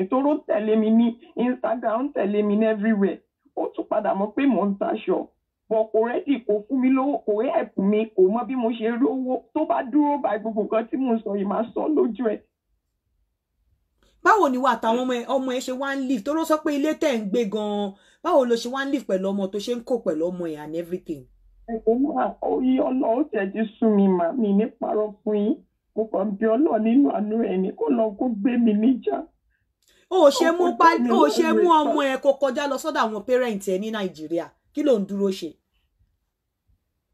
ìtòrò tẹ̀lé mi ní Instagram tẹ̀lé mi ní everywhere ó tún padà mọ̀ pé mò ń ta aṣọ bọ̀ kò rẹ́dì kò fún mi lówó kò help mi kò mọ bí mo ṣe rí owó tó bá dúró bá gbogbo nǹkan tí mò ń sọ yìí máa sọ lójú ẹ̀. báwo ni wàá táwọn ọmọ ẹ ọmọ ẹ ṣe wá ń live tó ló sọ pé ilé tẹ̀ ń gbé gan-an báwo ló ṣe wá ń live pẹ̀lú ọmọ tó ṣe ń kó pẹ̀lú ọmọ ẹ̀ and everything. ẹ̀gbọ́n máa ó yí ọlọ́ọ̀tẹ̀ ti sún mi mà mí ní parọ́ fún yín mo kàn bí ọlọ́ọ̀ nínú àánú ẹ̀ ní kó lọ kó gbé mi níjà. o ò ṣe mú o ò ṣe mú ọmọ ẹ kó kọjá lọ sọ́dọ̀ àwọn parent ẹ ní nàìjíríà kí ló ń dúró ṣe.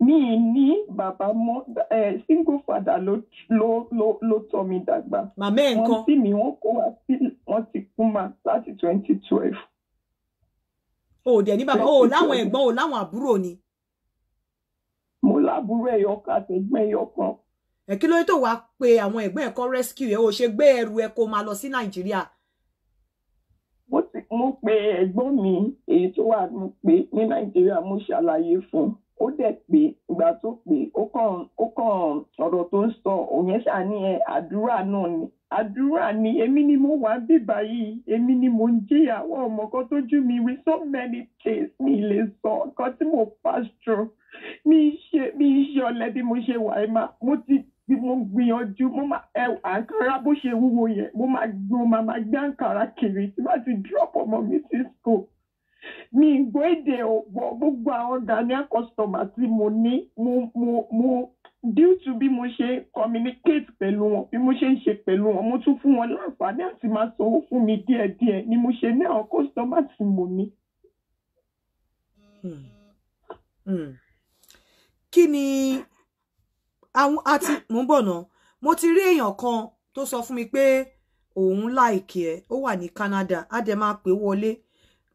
mi ní bàbá mọ ẹ single father ló ló ló ló tọ́ mi dàgbà. màmá ẹ nǹkan wọn sì mi wọn kó wa sí wọn ti kún ma láti twenty twelve. o ò dẹ̀ ní bàbá o ò láwọn ẹ̀gbọ́n o láwọn àbúrò ni. mo lábúrò ẹ̀yọkọ àtẹ̀gbọ́n ẹ̀yọkan ẹ kí ló tó wá pé àwọn ẹ̀gbọ́n ẹ̀ rescue ẹ ò ṣe gbé ẹrù ẹ kó máa lọ sí mo ti mo pe ẹ̀gbọ́n mi èyí tó wà mo pé ní nàìjíríà mo ṣàlàyé fún ó dẹ̀ pé ìgbà tó pé ó kàn ó kàn ọ̀rọ̀ tó ń sọ òun yẹn ṣáà ní ẹ àdúrà ni àdúrà ni èmi ni mo wà bíbá yìí èmi ni mo ń jìyà àwọn ọmọ kan tó jú mi with so many things mi lè sọ nǹkan tí mo pass through mi ṣe mi ṣe ọ̀lẹ bí mo ṣe wà ẹ mo ti bí mo gbìyànjú mo máa ẹ àǹkárá bó ṣe wúwo yẹn mo máa gbó máa máa gbé àǹkárá kiri tí bá ti drop ọmọ mi sí school mi ìgbó èdè ọ̀pọ̀ gbogbo àwọn Ghanaian customer tí mo ní mo mo mo due to bí mo ṣe communicate pẹ̀lú wọn bí mo ṣe ń ṣe pẹ̀lú wọn mo tún fún wọn láǹfààní àti máa sanwó fún mi díẹ̀díẹ̀ ni mo ṣe ní àwọn customer tí mo ní. Hmm. Hmm. kí ni àwọn àti mò ń bọ̀ náà mo ti rí èèyàn kan tó sọ fún mi pé òun láìkí ẹ ó wà ní Canada á dẹ̀ máa pè wọlé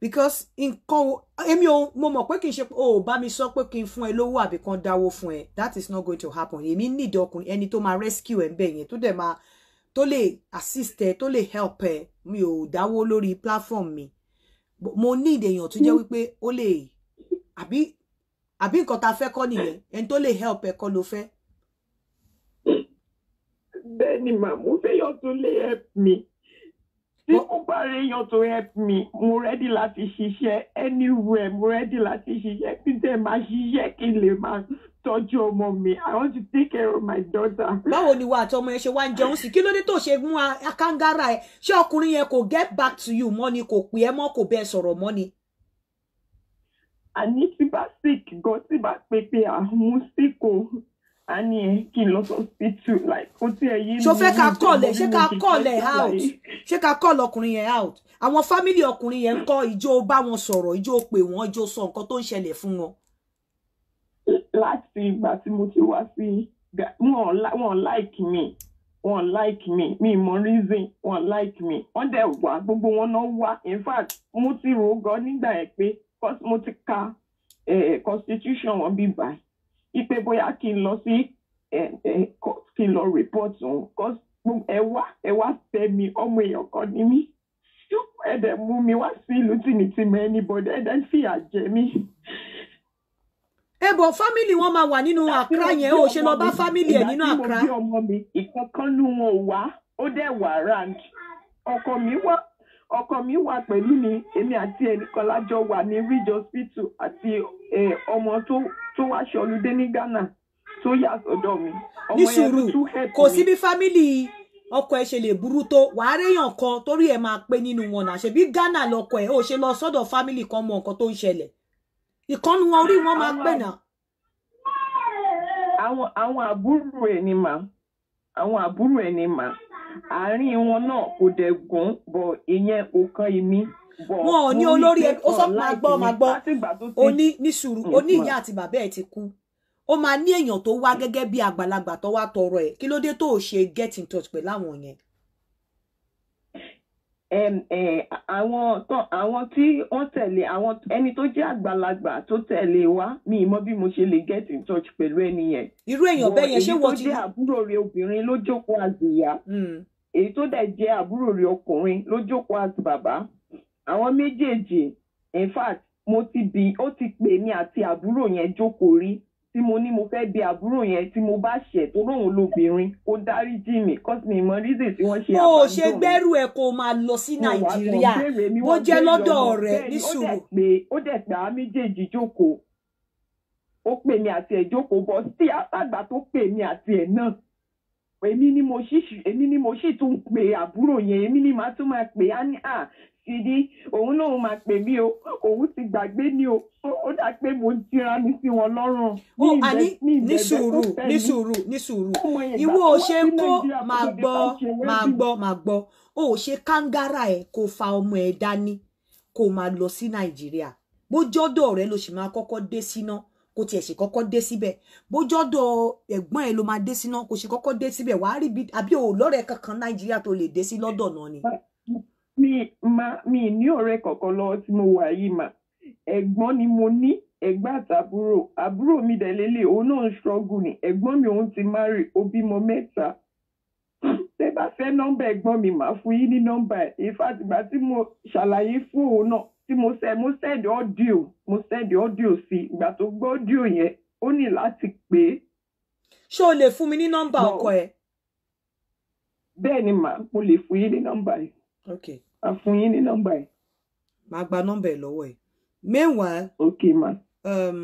because nǹkan èmi ò mo mọ̀ pé kì í ṣe pé o ò bá mi sọ pé kí n fún ẹ lówó àbí kan dáwó fún ẹ that is not going to happen èmi need ọkùnrin ẹni tó máa rescue ẹ ń bẹ̀ yẹn tó dẹ̀ máa tó lè assist ẹ tó lè help ẹ mi ò dáwó lórí platform mi mo need èèyàn tó jẹ́ wípé ó lè àbí àbí nǹkan tá a fẹ́ kọ́ nìyẹn ẹni tó lè help ẹ kọ́ ló fẹ́ Benny, ni we mo fẹ́ to tó help me tí mo bá rí help me mo ready. láti ṣiṣẹ́ anywhere mo ready. láti ṣiṣẹ́ kí n tẹ̀ máa ṣiṣẹ́ kí n lè máa tọ́jú ọmọ mi i want to take care of my daughter. báwo ni ìwà àti ọmọ yẹn ṣe wá ń jẹun sí kí ló dé tó ṣe mú akángárá ẹ ṣé ọkùnrin yẹn kò get back to you mọ́ ni kò pè ẹ́ mọ́ kò bẹ́ẹ̀ sọ̀rọ̀ mọ́ ni. àní tí bá sick gan tí bá pépé àmú sí kò a ní ẹ kí like ó ti ẹ yé mi. ṣo fẹ́ ká call ẹ̀ ṣé ká call ẹ̀ out ṣé ká call ọkùnrin yẹn out àwọn fámìlì ọkùnrin yẹn ń kọ́ ìjó bá wọn sọ̀rọ̀ ìjó pè wọ́n ìjó sọ nǹkan tó ń ṣẹlẹ̀ fún wọn. láti ìgbà tí mo ti wá sí wọn like me wọn like me mi mọ reason wọn like me wọn dẹ̀ wá gbogbo wọn náà wá in fact mo ti rò ó gan nígbà yẹn pé mo ti ka eh, constitution wọn bí báyìí ipe bóyá kí n lọ sí eh, eh, kí n lọ report òun cause ẹ wá ẹ wá tẹ mi ọmọ èèyàn kan ní mí ẹ dẹ̀ mú mi wá sí ìlú tí mi ti ẹ dẹ̀ fìyà jẹ mí. Ebo fámìlì wọn máa wà nínú Accra yẹn o ṣe lọ bá fámìlì ẹ nínú Accra. Ìgbà tí mo bí ọmọ mi ìkankan nu wọn ò wá ó dẹ̀ wà round ọkọ mi wá ọkọ mi wà pẹ̀lú mi èmi àti ẹnìkan lájọ wà ní ridge hospital àti eh, ọmọ tó tó wá ṣọlùdé ní Ghana tó yà sọ́dọ̀ mi. ní sùúrù kò sí bí fámìlì ọkọ ẹ ṣe lè burú tó wàá réyàn kan torí ẹ máa pé nínú wọn náà ṣebí Ghana lọkọ ẹ ò ṣe lọ sọdọ fámìlì kan mọ nǹkan tó ń ṣẹlẹ̀ ìkànnì wọn orí wọn máa pè náà. àwọn àwọn àbúrò ẹ ni mà àwọn àbúrò ẹ ni mà àárín wọn náà kò dẹ̀ gùn bọ̀ ìyẹn ò ìmí. wọn ò ní olórí ẹbí ó sọ máa gbọ́ máa gbọ́ ó ní ní sùúrù ó ní mm, ìyá mm. àti bàbá ẹ̀ ti kú ó máa ní èèyàn tó wá gẹ́gẹ́ bí àgbàlagbà tó wá tọrọ ẹ̀ kí ló dé tó o ṣe get in touch pẹ̀lú àwọn yẹn. àwọn tí wọ́n tẹ̀lé àwọn ẹni tó jẹ́ àgbàlagbà tó tẹ̀lé wa mi ì mọ̀ bí mo ṣe lè get in touch pẹ̀lú ẹni yẹn. irú èèyàn bẹ́ẹ̀ yẹn ṣé wọ́n ti. èyí tó jẹ́ àbúrò rẹ̀ obìnrin ló jókòó àgbìyà mm. èyí tó dẹ̀ jẹ́ àbúrò rẹ̀ ọkùnrin ló jókòó àti bàbá àwọn méjèèjì in fact mo ti bì ó ti pè mí àti àbúrò yẹn jókòó rí tí mo ní mo fẹ́ bi àbúrò yẹn tí mo bá ṣẹ̀ tó lóun lóbìnrin kó dárí jì mí cause mi mọ reason tí wọ́n ṣe àbájọ mi. o ṣe gbẹ́rù ẹ̀ kó máa lọ sí nàìjíríà bó jẹ́ lọ́dọ̀ rẹ̀ ní sùúrù. ó dẹ̀ pé àwọn méjèèjì jókòó ó pè mí àti ẹ̀ jókòó bọ́ sí àgbà tó pè mí àti ẹ̀ náà èmi ni mo sì èmi ni mo sì tún pè àbúrò yẹn èmi ni màá tún máa pè á ní à ṣíbí òun náà máa pè mí o òun ti gbàgbé ni o ó dà pé mo jìra mi sí wọn lọ́rùn. ó àní ní sùúrù ní sùúrù ní sùúrù ìwọ ò ṣe kó máa gbọ́ máa gbọ́ máa gbọ́ ó ò ṣe kángára ẹ̀ kó fa ọmọ ẹ̀ dání kó máa lọ sí nàìjíríà bójọ́dọ̀ rẹ ló sì máa kọ́kọ́ dé síná kò tiẹ̀ ṣe kọ́kọ́ dé síbẹ̀ bójọ́dọ̀ ẹ̀gbọ́n ẹ̀ ló máa dé síná kò ṣe kọ́kọ́ dé síbẹ̀ wàá rí bí àbí òun kankan nàìjíríà tó lè dé sí lọ́dọ̀ náà ni mi ma mi ní ọ̀rẹ́ kankan lọ́wọ́ tí mo wà yìí mà ẹ̀gbọ́n ni mo ní ẹ̀gbọ́n àtàbúrò àbúrò mi dẹ̀ lélẹ̀ òun náà ń ṣọ́gù ni ẹ̀gbọ́n mi òun ti márì ó bímọ mẹ́ta tẹ́ bá fẹ́ nọ́mbà ẹ̀gbọ́n mi màá fún yín ní nọ́mbà ẹ̀ ìfàtìgbà tí mo ṣàlàyé fún òun náà tí mo sẹ mo sẹ́ẹ̀dì ọ́díò mo sẹ́ẹ̀dì ọ́díò sí ìgbà tó gbọ́ ọ́díò yẹn ó ní láti pè é. ṣé o lè fún mi ní nọ́mbà ọkọ ẹ. bẹ́ẹ̀ ni màá mo lè fún yín ní nọ́mbà yìí okay a fún yín ní nọ́mbà ẹ̀. màá gba nọ́mbà ẹ̀ lọ́wọ́ ẹ̀ meanwhile. okay ma. Um,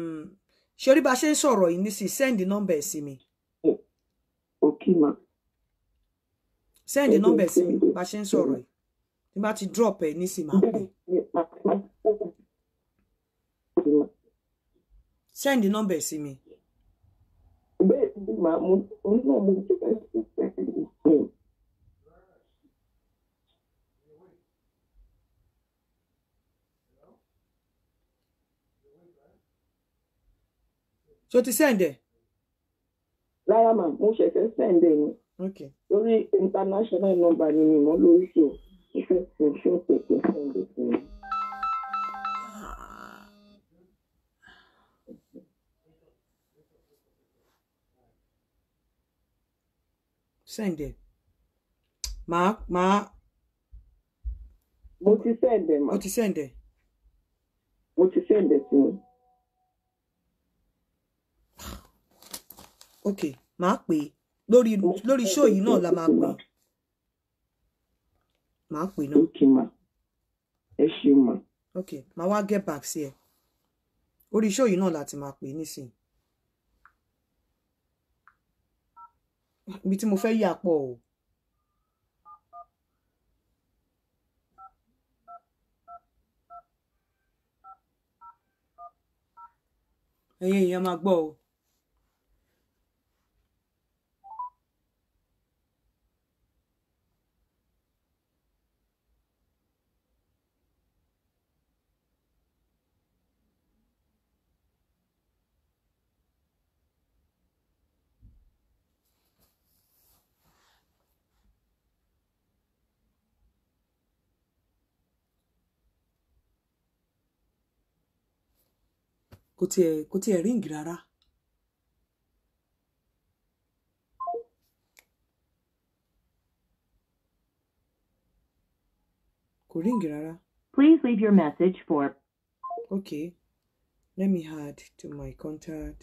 ṣe orí bá a ṣe ń sọ̀rọ̀ yìí nísìnyí send nọ́mbà ẹ̀ sí mi. okay ma. send nọ́mbà ẹ̀ sí mi bá a ṣe ń sọ̀rọ̀ yìí tí drop ẹ̀ nísìnyí máa ń pè. send nọ́mbà ẹ̀ sí mi. bẹ́ẹ̀ ni màá mú un náà mú un jẹ́ ká ṣe é. so ti sẹ́ǹdẹ̀. lára màá mo ṣẹ̀ṣẹ̀ sẹ́ǹdẹ̀ ni lórí international number ni mi mọ́ lórí tó mo fẹ́ fún ṣọ́ọ̀tì tó sẹ́ǹdẹ̀ sí mi. sẹ́ǹdẹ̀ màá màá. mo ti sẹ́ǹdẹ̀ mà. mo ti sẹ́ǹdẹ̀. mo ti sẹ́ǹdẹ̀ sí mi. ok màá pè lórí lórí show yìí náà la máa pè màá pè náà. ok ma ẹ ṣe ma. ok màá wá get back sí ẹ orí show yìí náà láti máa pè nísìnyí. ibi tí mo fẹ́ yà pọ̀ o. ẹ̀yin èèyàn máa gbọ́ o. kò tiẹ̀ ríǹgì rárá. kò ríǹgì rárá. Please leave your message for. Okay, let me add to my contact.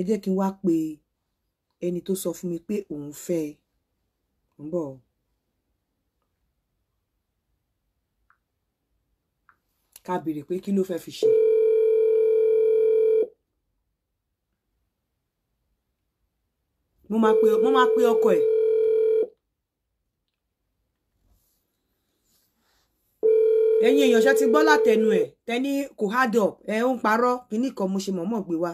ẹ jẹ́ kí n wá pe ẹni tó sọ fún mi pé òun fẹ́ ẹ ń bọ̀. ká béèrè pé kí ló fẹ́ fi ṣe. mo máa pe mo máa pe ọkọ ẹ̀. ẹ̀yin èèyàn ṣe ti gbọ́ látẹnu ẹ̀ tẹ́ni kò hard up ẹ̀ ń parọ́ kíní kan mo ṣe mọ̀ọ́mọ̀ gbé wa.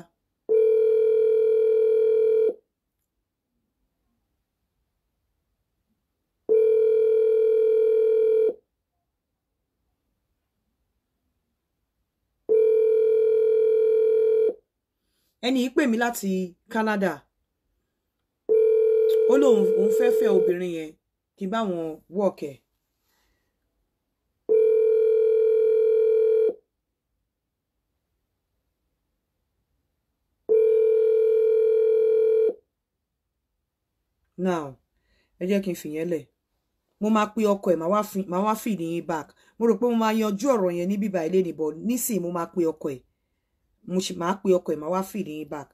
ẹni yìí pè mí láti Canada ó lóun òun fẹ́ fẹ́ obìnrin yẹn kí n work ẹ̀. now ẹ jẹ́ kí n fìyẹn lẹ̀ mo máa pe ọkọ ẹ̀ máa wá fìdí yín back mo rò pé mo máa yanjú ọ̀rọ̀ yẹn ní bíbá ilé nìbọn nísìnyí mo máa pe ọkọ ẹ̀ mo ṣì máa pe ọkọ ẹ̀ máa wá fìdí yín back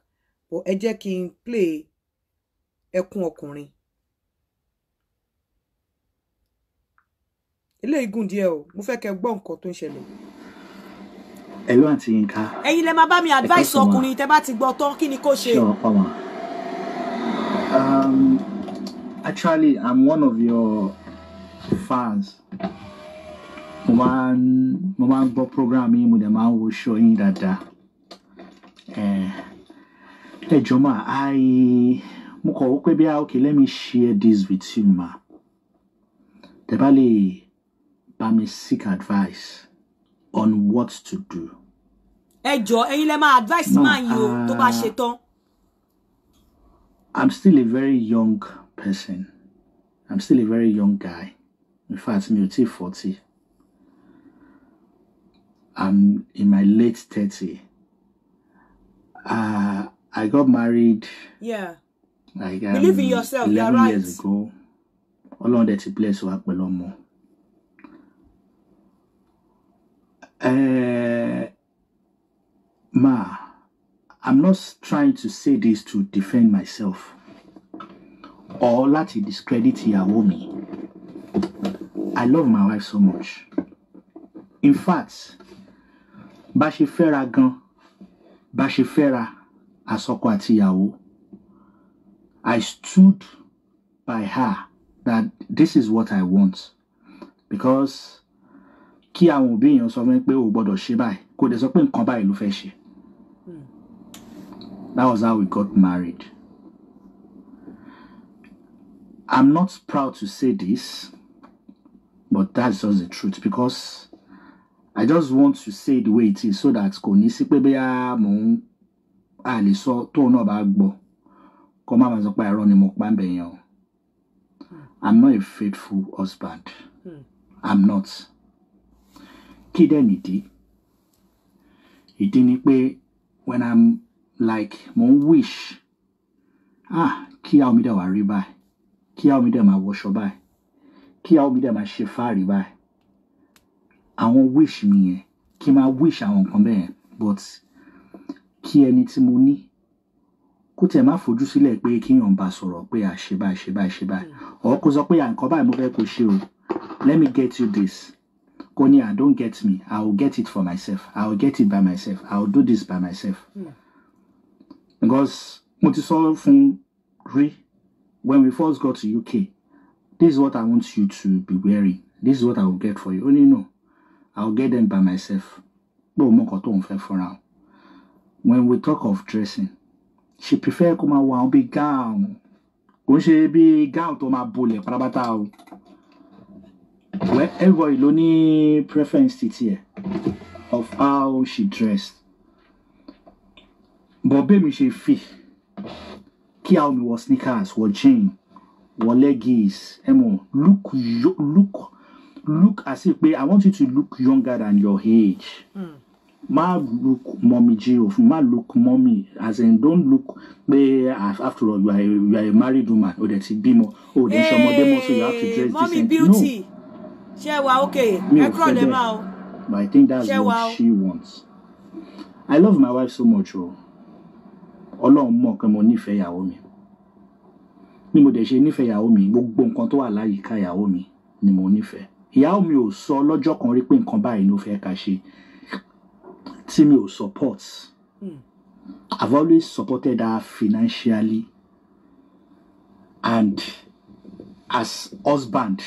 but ẹ jẹ́ kí n play ẹkún ọkùnrin eléyìí gùn díẹ̀ o mo fẹ́ kẹ́ gbọ́ nǹkan tó ń ṣẹlẹ̀. ẹ̀lú àti Yinka. ẹ̀yin lè máa bá mi advice ọkùnrin tẹ́ bá ti gbọ́ tán kí ni kó ṣe. sure ọmọ um, actually i'm one of your fans mo máa ń gbọ́ program yín mo dẹ̀ máa ń wo show yín dáadáa. Eh. Hey, Joma, I. Muko, okay, let me share this with you, ma. The Bali, bá me seek advice on what to do. Ẹ jọ̀ọ́, ẹ̀yin let máa advice máa yín o tó bá uh, ṣe I'm still a very young person. I'm still a very young guy. In fact, mi ò tí 40. I'm in my late 30. Uh, I got married. Yeah. Like, um, Believe in yourself. You're right. years ago. Ọlọ́run dẹ̀ ti bless wa pẹ̀lú ọmọ. Uh, ma, I'm not trying to say this to defend myself or láti discredit your mi. I love my wife so much. In fact, but she ṣe fẹ́ra gan-an. Bashifera ṣe asọ́kọ I stood by her that this is what I want because kia àwọn òbí be sọ fún mi pé that was how we got married. I'm not proud to say this, but that's just the truth because I just want to say the way it is so that kò ní sí pé bóyá mò ń a lè sọ tóun náà bá gbọ́ kó má máa sọ pé irọ́ ni mo pa ń bẹ̀ yẹn o I'm not a faithful husband hmm. I'm not kí dẹ̀ nìdí ìdí ni pé when I'm like mo ń wish ah kí àwọn mi dẹ̀ wá rí báyìí kí àwọn mi dẹ̀ máa wọṣọ báyìí kí àwọn mi dẹ̀ máa ṣe fáàrí báyìí àwọn wish mi yẹn kí n máa wish àwọn nǹkan bẹ́ẹ̀ yẹn but kí ẹni tí mo ní kó tiẹ̀ má fojú sílẹ̀ pé kíyàn bá sọ̀rọ̀ pé àṣebá àṣebá àṣebá ọ̀ hmm. kó sọ pé àǹkan báyìí mo fẹ́ kó ṣe o let me get you this kò ní i don't get me i will get it for myself i will get it by myself i will do this by myself yeah. Hmm. because mo ti sọ fún rí when we first got to UK this is what i want you to be wearing this is what i will get for you Only ní no. I'll get them by myself pé òun mọ̀kàn tóun fẹ́ fúnra o when we talk of dressing she prefer kó máa wọ gown kò she ṣe bíi gown tó máa bolẹ̀ pátápátá o well everybody ló ní preference titi here of how she dressed but baby, ṣe fi kí àwọn mi wọ sneakers wọ jean wọ leggings ẹ look look look as if pé I want you to look younger than your age. Mm. look mummy jiro Ma look mummy as in don look pé after all you are a, you are a married woman o dẹ̀ ti bímọ o dẹ̀ ṣọmọdé mọ́ so you have to eh, dress mommy decent. beauty ṣe wa okay ẹ kúrò lè máa o. but I think that's Shewa. what she wants. I love my wife so much o Ọlọ́run mọ̀ pé mo nífẹ̀ẹ́ ìyàwó mi Ni mo dẹ̀ ṣe nífẹ̀ẹ́ ìyàwó mi gbogbo nǹkan tó wà láyìíká ìyàwó mi ni mo nífẹ̀ẹ́ ìyá mi ò sọ lọ́jọ́ kan rí pé nǹkan báyìí ló fẹ́ ká ṣe tí mi ò support hmm. I've always supported her financially and as husband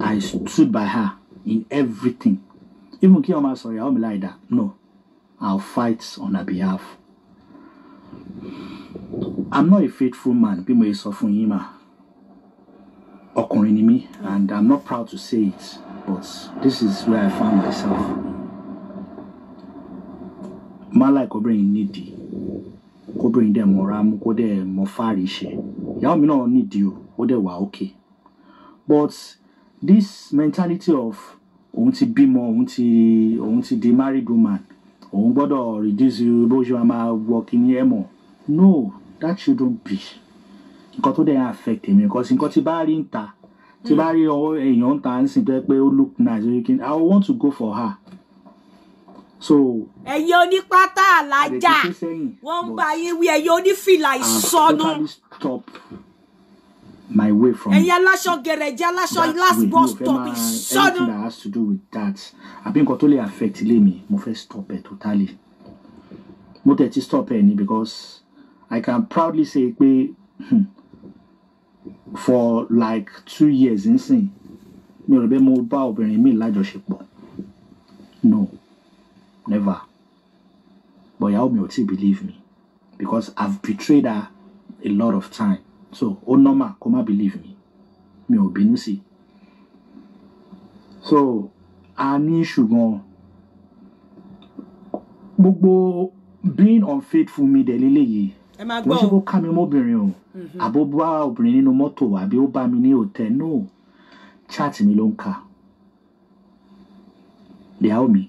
I stood by her in everything even kí ọmọ sọ ìyàwó mi láì dá no I'll fight on her behalf I'm not a faithful man bí mo yẹ sọ fún yín máa ọkùnrin ni mí and i'm not proud to say it but this is where i found myself máa láì kọ́bìnrin nídìí kọ́bìnrin dẹ̀ mọ́ra mú kó dẹ̀ mọ́ fáàrí ṣe ìyàwó mi náà nídìí o ó dẹ̀ wà okay but this mentality of òun ti bímọ òun ti òun ti di married woman òun gbọ́dọ̀ reduce bó ṣe máa wọ kí ni ẹ mọ̀ no that shouldn't be nǹkan tó dẹ̀ ń affect mi nǹkan sí nǹkan tí bá rí ń ta tí bá rí ọwọ́ èèyàn ń ta ń sìn tó yẹ pé ó look nice I want to go for her so. ẹ̀yin onípátá alájà wọ́n ń bá yín wí ẹ̀yin onífìlà ìsọnù. stop my way from. ẹ̀yin aláṣọ gẹ̀rẹ̀jẹ̀ aláṣọ last bus stop ìsọnù. anything that has to do with that àbí nǹkan tó lè affect ilé mi mo fẹ́ stop ẹ̀ totally mo tẹ̀ ti stop ẹ̀ ni because I can proudly say pé. Hmm, for like two years nsìn mi ò rò bẹ́ẹ̀ mo bá obìnrin mi lájọṣepọ̀ no never but ìyàwó mi ò tí believe me because I've betrayed her a lot of time so ó normal kó má believe me mi ò bínú sí so a ní ṣùgbọ́n gbogbo being unfaithful mi dẹ̀ lélẹ́yìí ẹ máa gbọ́ o. mo ṣe kó ká mi mọ́bìnrin o mhm. àbó bá obìnrin nínú mọ́tò àbí ó bá mi ní òtẹ́ náà chaati mi ló ń kà ìyàwó mi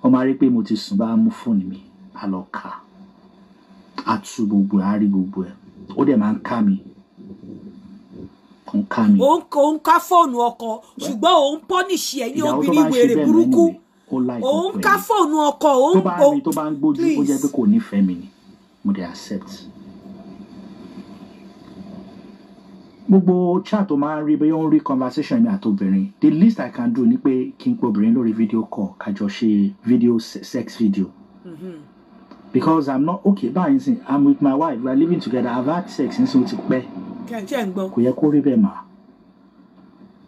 wọ́n máa rí pé mo ti sùn bá mú fóònù mi a lọ kà á tú gbogbo ẹ̀ á rí gbogbo ẹ̀ ó dẹ̀ máa ń ká mi ń ká mi. òun ká fóònù ọkọ ṣùgbọ́n òun pọ́nìṣì ẹ̀ ní obìnrin wèrè burúkú òun ká fóònù ọkọ òun. tó bá rí tó bá ń gbójú ó jẹ́ pé kò nífẹ̀ẹ́ mi ni mo dey accept. gbogbo chat tó máa ń rí bóyá ó ń rí conversation mi àti obìnrin the least i can do ni pé kí n pe obìnrin lórí video call kájọ ṣe video sex video. Mm-hmm. because i'm not okay báyìí sìn i'm with my wife we are living together i've had sex ní sùn ti pẹ́. kò yẹ kó rí bẹ́ẹ̀ mà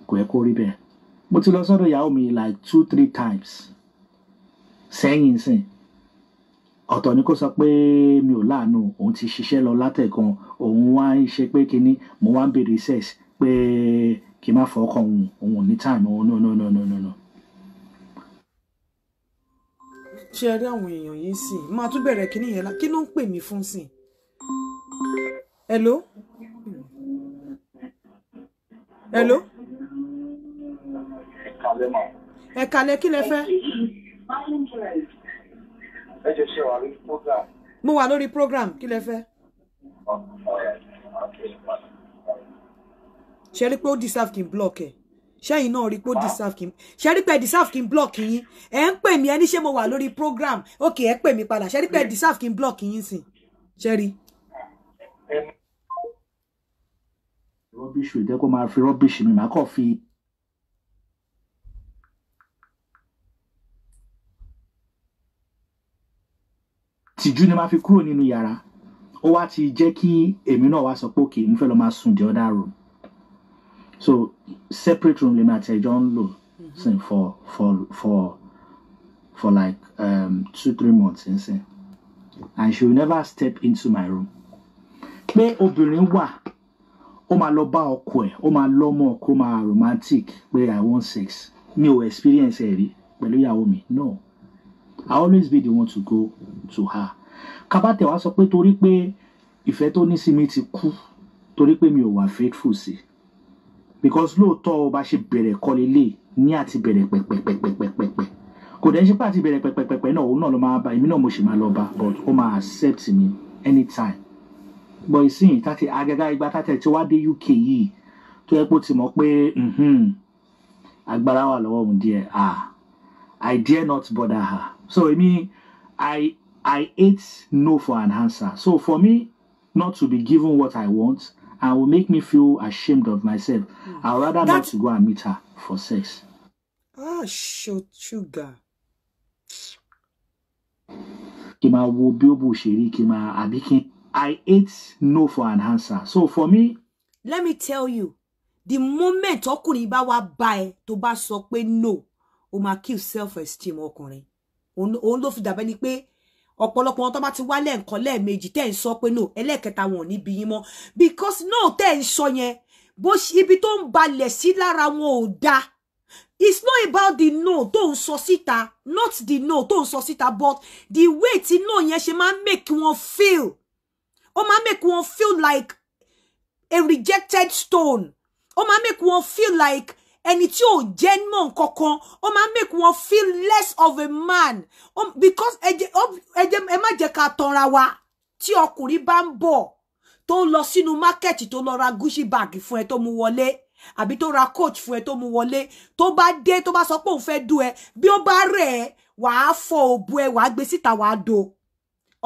kò yẹ kó rí bẹ́ẹ̀ mo ti lọ sọ́dọ̀ ìyàwó mi like two three times sẹ́yìn sìn ọ̀tọ̀ ni kó sọ pé mi ò láàánú òun ti ṣiṣẹ́ lọ látẹ̀kan òun wá ń ṣe pé kinní mo wá ń béèrè sex pé kí n má fọkàn òun òun ní time òun no no no no no. ṣé ẹ rí àwọn èèyàn yìí sìn máa tún bẹ̀rẹ̀ kinní yẹn la kí ló ń pè mí fún sìn. hello hello. ẹ̀ka lẹ́kí lẹ fẹ́ ẹ jẹ́ ṣe wà lórí program. mo wà lórí program kí lẹ fẹ́. ṣe rí pé ó deserve kí n block ẹ ṣẹ́yìn náà rí pé ó deserve kí n ṣe rí pé deserve kí n block yín ẹ ń pè mí ẹni ṣé mo wà lórí program ok ẹ pè mí padà ṣe rí pé deserve kí n block yín sìn ṣe rí. rọ́bìṣì ò jẹ́ kó máa fi rọ́bìṣì mi màá kàn fi tìjú ni máa fi kúrò nínú yàrá ó wá ti jẹ́ kí èmi náà wá sọ pé òkè mo fẹ́ lọ máa sùn the other room so separate room lèmi àti ẹjọ́ ń lò mhm. sin for for for for like um, two three months nsìn and she will never step into my room pé obìnrin wà ó máa lọ bá ọkọ ẹ̀ ó máa lọ́mọ ọkọ máa romantic pé i want sex mi ò experience ẹ̀ rí pẹ̀lú ìyàwó mi no. I always be the one to go to her Kabate wa sọ pé torí pé ìfẹ́ tó ní sí mi ti kú torí pé mi ò wà faithful sí because lóòótọ́ o bá ṣe bẹ̀rẹ̀ kọ́lé lè ní àti bẹ̀rẹ̀ pẹ̀pẹ̀pẹ̀pẹ̀pẹ̀pẹ̀ kò dẹ̀ ṣe pé àti bẹ̀rẹ̀ pẹ̀pẹ̀pẹ̀pẹ̀ náà òun náà ló máa bá èmi náà mo ṣì máa lọ bá but ó máa accept me anytime but ìsìn tàti agaga igba tàti ẹ̀ tí wá dé UK yìí tó yẹ kó ti mọ̀ pé mm-hmm, agbára wà lọ́wọ́ òun díẹ̀ ah I dare not bother her So I mean, I I ate no for an answer. So for me, not to be given what I want, and will make me feel ashamed of myself. Mm. I'd rather that... not to go and meet her for sex. Ah, sugar. I ate no for an answer. So for me. Let me tell you, the moment ọkùnrin bá wá bá ẹ tó bá sọ no, o máa kill self-esteem ọkùnrin òun ló fi dàbẹ́ ni pé ọ̀pọ̀lọpọ̀ wọn tó bá ti wálé nǹkan lẹ́ẹ̀mejì tẹ́ ń sọ pé no ẹlẹ́ẹ̀kẹta wọn ò ní bí yín mọ́ because no tẹ́ ń sọ yẹn bó ibi tó ń balẹ̀ sí lára wọn ò dáa it's not about the no tó ń sọ síta not the no tó ń sọ síta but the way tí no yẹn ṣe máa ń make wọn feel ó máa ń make wọn feel like a rejected stone ó máa ń make wọn feel like ẹni tí ò jẹ́ mọ̀ nǹkan ó máa make wọn feel less of a man because ẹ má jẹ́ ká tanra wa tí ọkùnrin bá ń bọ̀ tó lọ sínú mákẹ́ẹ̀tì tó lọ ra gucci bag fún ẹ tó mú wọlé àbí tó ra coach fún ẹ tó mú wọlé tó bá dé tó bá sọ pé òun fẹ́ dú ẹ bí ó bá rẹ̀ ẹ́ wàá fọ òbu ẹ wàá gbé síta wàá do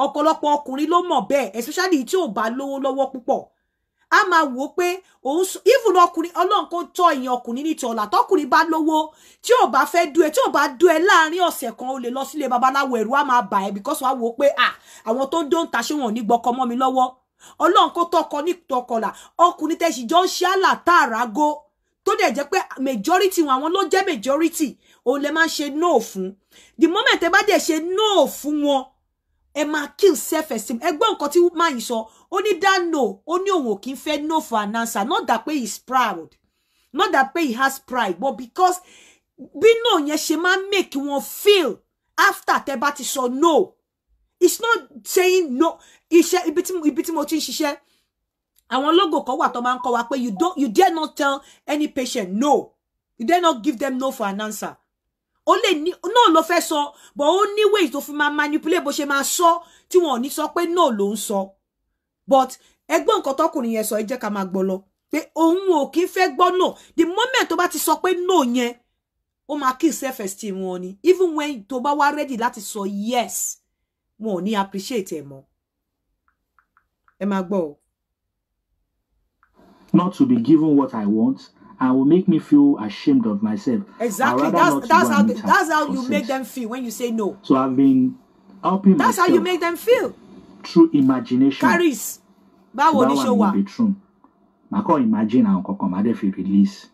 ọ̀pọ̀lọpọ̀ ọkùnrin ló mọ̀ bẹ́ẹ̀ especially tí ò bá lówó lọ́wọ́ púpọ̀ a máa wò ó pé òun even ọkùnrin ọlọ́run kò tọ́ ìyẹn ọkùnrin ní tọ́lá tọkùnrin bá lówó tí ò bá fẹ́ dú ẹ tí ò bá dú ẹ láàrin ọ̀sẹ̀ kan o lè lọ sílé babaláwo ẹ̀rù á máa bà ẹ́ because wàá wò ó pé à àwọn tó ń dóńtà ṣé wọn ò ní gbọ́kọ mọ́ mi lọ́wọ́ ọlọ́run kò tọkọ ní tọkọlà ọkùnrin tẹ̀sí jọ ń ṣe àlà tààràgó tó dẹ̀ jẹ́ pé majority wọn àwọn ló jẹ́ majority òun lè máa ṣe no fún the moment ẹ bá dẹ̀ ṣe no fún wọn ẹ máa kill self esteem ẹ gbọ́ nǹkan tí máa yìí sọ ó ní that no ó ní òun ò kí ń fẹ́ no for an answer not that pé he is proud not that pé he has pride but because bí no yẹn ṣe máa make wọn feel after tẹ bá ti sọ no it's not saying no iṣẹ́ ibi tí mo ti ń ṣiṣẹ́ àwọn logo kan wà tó máa ń kọ́ wa pé you don't you dare not tell any patient no you dare not give them no for an answer ó lè ní no ló fẹ́ sọ but ó ní ways to fi máa manipulate bó ṣe máa sọ tí wọn ò ní sọ no ló ń sọ but ẹgbọ́n nǹkan tọkùnrin yẹn so, ẹ jẹ́ ká máa gbọ́ lọ pé òun ò kí fẹ́ gbọ́ no the moment tó bá ti so pé no yẹn ó máa kill self esteem wọn ni even when tó bá wá ready láti so yes wọn ò appreciate ẹ mọ́ ẹ máa gbọ́ Not to be given what I want And will make me feel ashamed of myself. Exactly. That's that's how the, that's how you make them feel when you say no. So I've been helping that's myself. That's how you make them feel. Through imagination. Caris. Báwo ni ṣe wà? Màá kọ́ imagine I'm going to dẹ̀ fi release.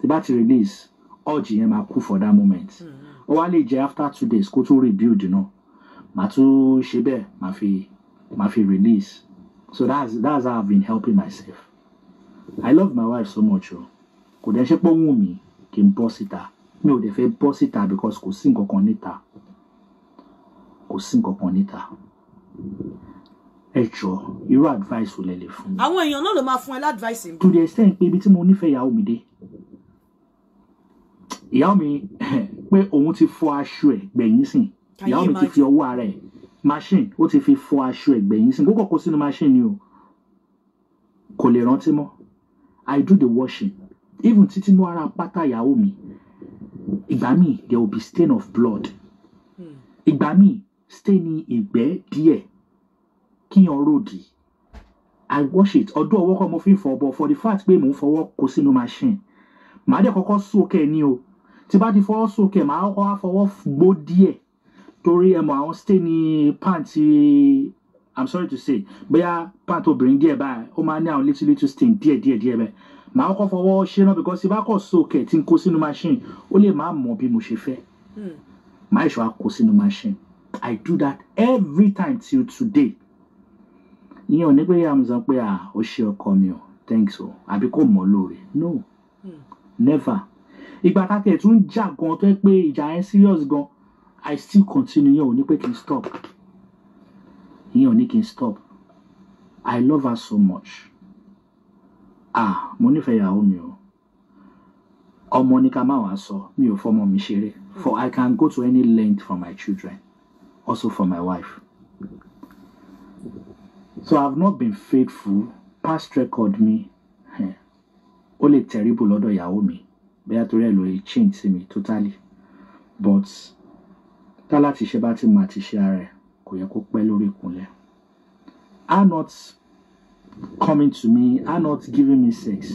The battery ti release, urge yẹn máa kú for that moment. Hmm. Ó wá lè jẹ́ after two days kó tó rebuild náà. Màá tún ṣe bẹ́ẹ̀ màá fi màá fi release. So that's that's how I've been helping myself. I love my wife so much. Oh kò dẹ́ ṣe pé ó wù mí kí n bọ́ síta mi ò dẹ̀ fẹ́ bọ́ síta because kò sí nǹkan kan níta kò sí nǹkan kan níta ẹ jọ irú advice wo lẹ lè fún mi. àwọn èèyàn náà ló máa fún ẹ ládvice. to the extent pé ibi tí mo nífẹ̀ẹ́ ìyàwó mi dé ìyàwó mi pé òun ti fọ aṣọ ẹ̀ gbẹ̀yìn sìn ìyàwó mi ti fi ọwọ́ ara ẹ̀ machine ó ti fi fọ aṣọ ẹ̀ gbẹ̀yìn sìn kókò kó sínú machine ni o kò lè rántí mọ́ i do the washing even títí mú ara pátá ìyàwó mi ìgbà míì there will be stain of blood hmm. ìgbà míì stain ìgbẹ́ díẹ̀ kíyan ròdì i wash it ọdún ọwọ́ kan mo fi ń fọ but for the fact pé mò ń fọwọ́ kó sínú machine màá dẹ̀ kọ́kọ́ sókè ní o tí bá ti fọwọ́ sókè màá kọ́ wá fọwọ́ gbó díẹ̀ torí ẹ àwọn stain pàǹtí i'm sorry to say bóyá pàǹtí obìnrin díẹ̀ báyìí ó máa ní àwọn little little stain díẹ̀ díẹ̀ díẹ̀ bẹ́ẹ̀ màá kọ́ fọwọ́ ṣe náà because ìbá kọ̀ sókè tí n kó sínú machine ó lè má mọ̀ bí mo ṣe fẹ́ hmm. màá ìṣọ́ àkó sínú machine I do that every time till today ìyẹn ò ní pé yàrá mi sọ pé ah ó ṣe ọkọ mi o thanks o àbí kò mọ̀ lóore no hmm. never ìgbà tá a tẹ̀ tún jà gan tó yẹ pé ìjà yẹn serious gan I still continue yẹn ò ní pé kí n stop yẹn ò ní kí n stop I love her so much ah mo nífẹ̀ẹ́ ìyàwó mi o ọmọ ní ká má wàá sọ mi ò fọmọ mi ṣeré for I can go to any length for my children also for my wife so I have not been faithful past record mi eh, ó lè terrible lọ́dọ̀ ìyàwó mi bẹ́ẹ̀ torí ẹ̀ ló lè change sí mi totally but tá láti ṣe bá ti máa ti ṣe ara ẹ̀ kò yẹ kó pẹ́ lórí ìkúnlẹ̀ I'm not coming to me are not giving me sex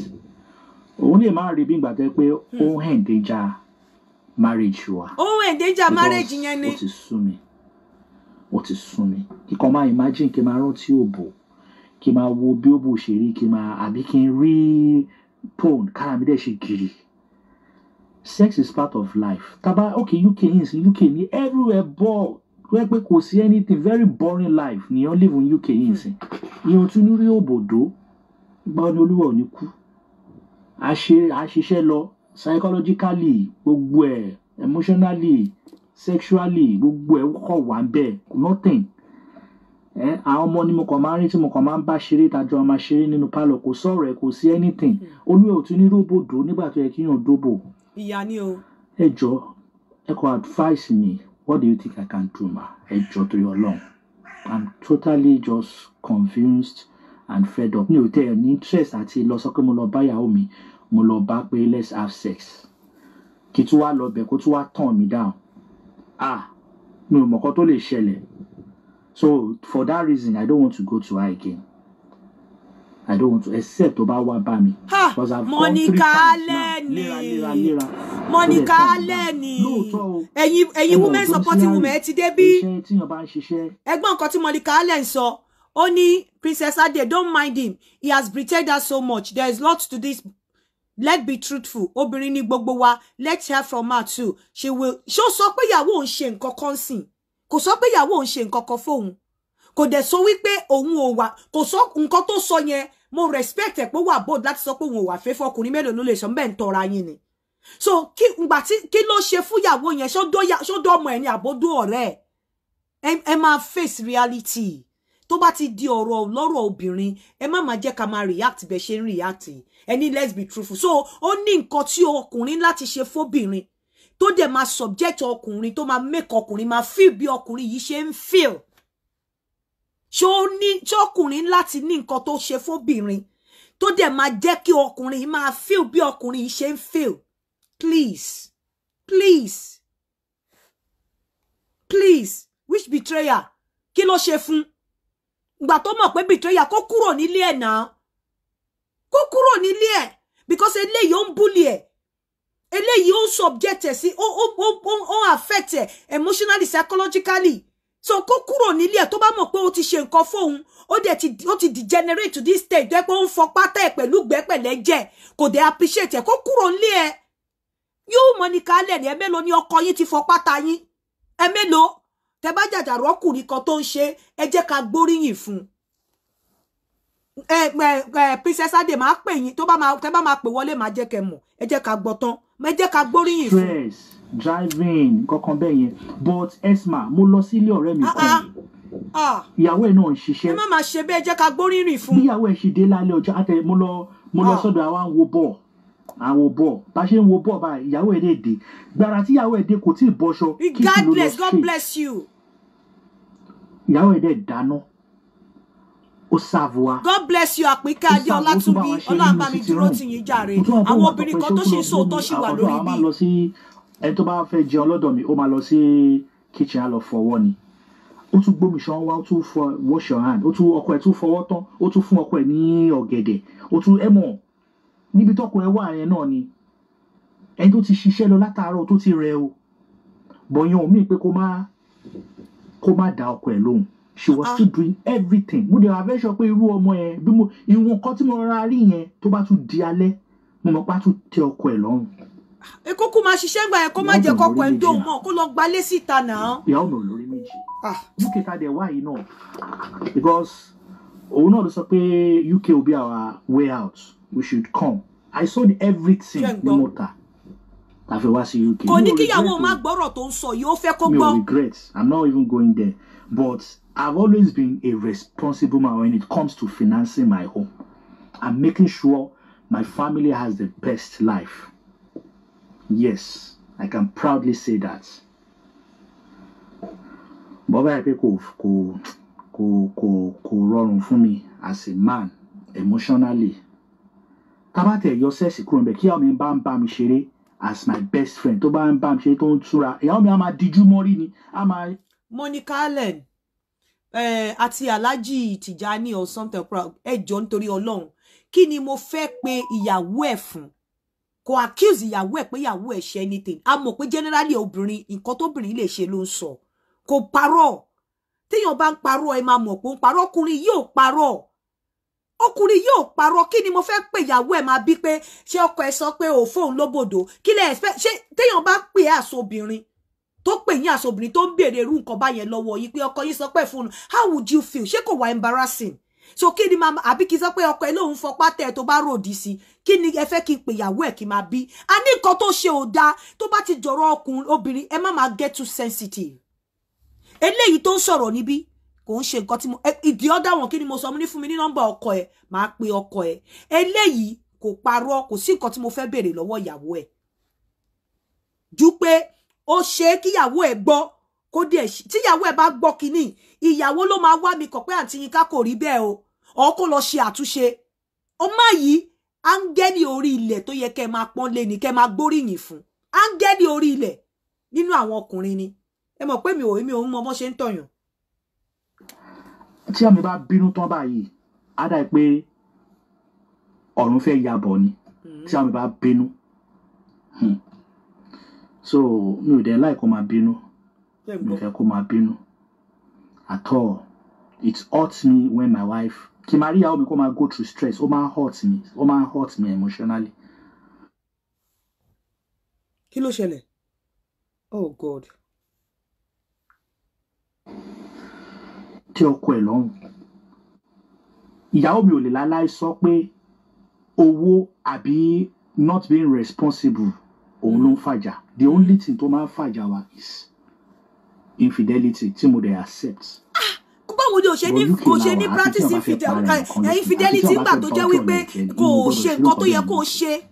òun lè máa rí bí ìgbà tẹ́ pé hmm. ó ń ẹ̀ǹdẹ́jà marriage wa. ó ń ẹ̀ǹdẹ́jà marriage yẹn ni. because ó ti sú mi ó ti sú mi kíkọ́ máa imagine kí n máa rántí òbò kí n máa wo bí òbò ṣe rí kí n máa àbí kí n rí pone kára mi dẹ̀ ṣe gírì sex is part of life taba okay UK ní UK ní everywhere but tó yẹ pé kò sí anything very boring life ni wọ́n live in UK yìí nsìn ìyẹn tún ní rí òbòdó ìgbà wọn ni olúwa ò ní kú àṣìṣe lọ psychologically gbogbo ẹ̀ emotionally sexually gbogbo ẹ̀ kọ̀ wá bẹ́ẹ̀ nothing ẹ àwọn ọmọ ni mo kàn máa ń rí tí mo kàn máa ń bá ṣeré ìtajọ máa ṣeré nínú pálọ̀ kò sọ̀rọ̀ ẹ kò sí anything hmm. olúwa ò tún ní róbòdó nígbà tó yẹ kí yàn dóbò. ìyá ni o. ẹ jọ ẹ kọ advice mi What do you think I can do, ma? Ẹ jọ your Ọlọ́run. I'm totally just confused and fed up. Mi ò tẹ́ ẹ̀ ní interest àti lọ sọ pé mo lọ bá ìyàwó mi, mo lọ bá pé let's have sex. Kí tún wá lọ bẹ̀ kó tún wá tàn mí down. Ah! Mi ò mọ̀kọ́ tó lè ṣẹlẹ̀. So for that reason, I don't want to go to her again. I don't want to accept about except tó bá wá bá mi. Monica Lenny Monica Lenny and you women supporting women ẹ ti dé bí. Ẹgbọ́n nǹkan Monica Lenny sọ ó Princess Ade don't mind him he has betrayed us so much there is lots to this Let's be truthful Obirini ni let's hear from her too she will ṣé ó sọ pé ìyàwó òun ṣe nǹkan kan sìn kò sọ pé ìyàwó òun ṣe nǹkan kan fóun kò dẹ̀ sọ wípé òun ò wà kò mo respect ẹ pé wà bold láti sọ pé òun ò wà fẹ́ fọkùnrin mélòó ló lè sọ bẹ́ẹ̀ ń tọra ni so kí ngbà tí kí ló ṣe fúyàwó yẹn ṣọdọ do ẹ ní àbódó ọ̀rẹ́ ẹ ẹ máa face reality To bá ti di ọ̀rọ̀ lọ́rọ̀ obìnrin ẹ má máa jẹ́ ká máa react bẹ́ẹ̀ ṣe ń react ẹ let's be truthful so ó ní nǹkan tí ọkùnrin láti ṣe fóbìnrin tó dẹ̀ máa subject ọkùnrin tó máa make ọkùnrin máa feel bí ọkùnrin yìí ṣe ń feel ṣé ó ní ṣé ọkùnrin láti ní nǹkan tó ṣe fóbìnrin tó dẹ̀ máa jẹ́ kí ọkùnrin máa feel bí ọkùnrin ṣe ń feel please please please which betrayer kí ló ṣe fún gbà tó mọ̀ pé betrayer kó kúrò nílé ẹ̀ náà kó kúrò nílé ẹ̀ because eléyìí ó ń búlì ẹ̀ eléyìí ó ń subject ẹ̀ sí ó ó ó ó affect ẹ̀ emotionally psychologically so kó kúrò nílé ẹ̀ tó bá mọ̀ pé ó ti ṣe nǹkan fóun ó dẹ̀ ti ó ti degenerate to this stage tó yẹ pé ó ń fọ pátá ẹ̀ pẹ̀lú gbẹ́pẹ̀lẹ́ jẹ́ kò dé appreciate ẹ̀ kó kúrò nílé ẹ̀ yóò mọ ní kálẹ̀ ní ẹ mélòó ni ọkọ yín ti fọ pátá yín ẹ mélòó tẹ bá jàjàrọ ọkùnrin kan to ń ṣe ẹ jẹ́ ká gbóríyìn fún ẹ ẹ ẹ princess ade máa pè yín tó bá máa tẹ bá máa pè wọlé máa jẹ́ kẹ́ mọ̀ ẹ jẹ́ ká gbọ́ tán ẹ jẹ́ ká gbóríyìn fún driving kankan bẹ́ẹ̀ yẹn but esma mo lọ sílé ọ̀rẹ́ mi kan ah, ah, ah. ìyàwó ẹ̀ náà ń ṣiṣẹ́ ẹ má máa ṣe bẹ́ẹ̀ jẹ́ ká gbóríyìn fún. níyàwó ẹ̀ ṣe dé lálẹ́ ọjọ́ àtẹ mo lọ mo lọ sọ́dọ̀ àwa ń wo bọ́ọ̀ àwọn bọ̀ bá ṣe ń wo bọ̀ bá ìyàwó ẹ̀ lè dé gbàrà tí ìyàwó ẹ̀ dé kò tí ì bọ́ṣọ ìyàwó ẹ̀ dẹ̀ dáná ó ṣàbò wa. God bless you àpínká adé ọlátúnbí ọlọ́àbámi dúró tì jàre àwọn obìnrin kan tó ṣe ń sòótọ́ ṣì wà lórí bí ẹni tó bá fẹ́ jẹun lọ́dọ̀ mi ó máa lọ sí kitchen á lọ fọwọ́ ni ó tún gbómi ṣan wá ó tún fọ wash your hand ó tún ọkọ ẹ̀ tún fọwọ́ tán ó tún fún ọkọ ẹ̀ ní ọ̀gẹ̀dẹ̀ ó tún ẹ mọ̀ níbi tọkọ ẹ̀ wà yẹn náà ni ẹni tó ti ṣiṣẹ́ lọ látàárọ̀ tó ti rẹ̀ o bọ̀yàn omi pé kó má kó má dá ọkọ ẹ̀ lóhùn she was still doing everything mo dẹ̀ wá fẹ́ sọ pé irú ọmọ yẹn bí mo ìwọ̀n kan tí mo rọra rí yẹn tó bá tún di alẹ́ mo mọ̀ pé a tẹ ọkọ ẹ̀ lọ́rùn èkó kó máa ṣiṣẹ́ gbà yẹn kó má jẹ́ kọ́kọ́ ẹ̀ ń dóhùn mọ́ kó lọ gbalé síta náà. ìyá ọ̀nà olórí méjì ah. uk ta dẹ̀ wáyé náà because òun náà ló sọ pé uk will be our way out we should come i sold everything ní mọ́tà tàfi wá sí uk. kò ní kíyàwó má gbọ́rọ̀ tó ń sọ yìí ó fẹ́ no regret i'm not even going there but i've always been a responsible man when it comes to financing my home and making sure my family has the best life. Yes, I can proudly say that. Bọ́bá yẹ pé kò kò kò kò kò rọrùn fún mi as a man emotionally. Tábàtì ẹ̀yọ sẹ́ẹ̀sì kúrò níbẹ̀ kí ìyá mi bá ń bá mi ṣeré as my best friend tó bá ń bá mi ṣeré tó ń túra ìyá mi á máa díjú mọ́rí ni á máa. Monica Allen eh, àti eh, Alhaji Tijani or something ẹ jọ nítorí Ọlọ́run kí ni mo fẹ́ pe ìyàwó ẹ̀ fún kò accuse ìyàwó ẹ̀ pé ìyàwó ẹ̀ ṣe anything a mọ̀ pé generally obìnrin nǹkan tóbìnrin lè ṣe ló ń sọ kò parọ́ téèyàn bá ń parọ́ ẹ máa mọ̀ pé ń parọ́ ọkùnrin yóò parọ́ ọkùnrin yóò parọ́ kí ni mo fẹ́ pè ìyàwó ẹ̀ máa bí pé ṣé ọkọ ẹ̀ sọ pé òfóun lóbòdò kí lẹ expect ṣé téèyàn bá pè é àsobìnrin tó pè yín àsobìnrin tó ń béèrè irú nǹkan báyẹn lọ́wọ́ yìí pé ọkọ yín sọ pé fún how would you feel ṣé kò wá embarrassing so kí ni màmá àbí kí n sọ pé ọkọ ẹ lóun fọpá tẹ ẹ tó bá ròdì sí kí ni ẹ fẹ́ kí n pèyàwó ẹ kí n máa bí a ní nǹkan tó ṣe ò dáa tó bá ti jọ̀rọ̀ ọkùnrin obìnrin ẹ má máa get too sensitive eléyìí tó ń sọ̀rọ̀ níbí kò ń ṣe nǹkan tí mo ìdí ọ̀dà wọn kí ni mo sọ mo ní fún mi ní nọ́mbà ọkọ ẹ máa pe ọkọ ẹ eléyìí kò parọ́ kò sí nǹkan tí mo fẹ́ béèrè lọ́wọ́ ìyàwó ẹ ju pé ó ṣe kíyàwó ẹ gbọ́ kó díẹ̀ tíyàwó ẹ̀ bá gbọ́ kínní ìyàwó ló máa wá mi kọ̀ pé àǹtí Yinka kò rí bẹ́ẹ̀ o ọ̀ kó lọ ṣe àtúnṣe ọmọ yìí áńgẹ́lì orí ilẹ̀ tó yẹ kẹ́ ẹ máa pọ́n lé ní kẹ́ ẹ máa gbóríyìn fún áńgẹ́lì orí ilẹ̀ nínú àwọn ọkùnrin ni ẹ mọ̀ pé mi ò mi ò ń mọ bọ́n ṣe ń tọ̀yàn. tí àmì bá bínú tán báyìí á pé ọ̀run fẹ́ yabọ̀ ni hmm. tí àmì bá bínú hmm. so mi ò dẹ̀ láì kó máa bínú mi fẹ́ kó máa bínú at all it hurts me when my wife kí n máa rí ìyàwó mi kó máa go through stress ó máa hurt me ó máa hurt me emotionally. kí ló ṣẹlẹ̀ oh god. tí ọkọ ẹ̀ lọ́rùn ìyàwó mi ò lè láláì sọ pé owó àbí not being responsible òun ló ń fàjà the only thing tó máa ń fàjà wa is infidelity tí mo dẹ̀ accept. Ah, báwo ni o ṣe ní kò ṣe ní practice infidelity gbà tó jẹ́ wípé kò ṣe nǹkan tó yẹ kó ṣe.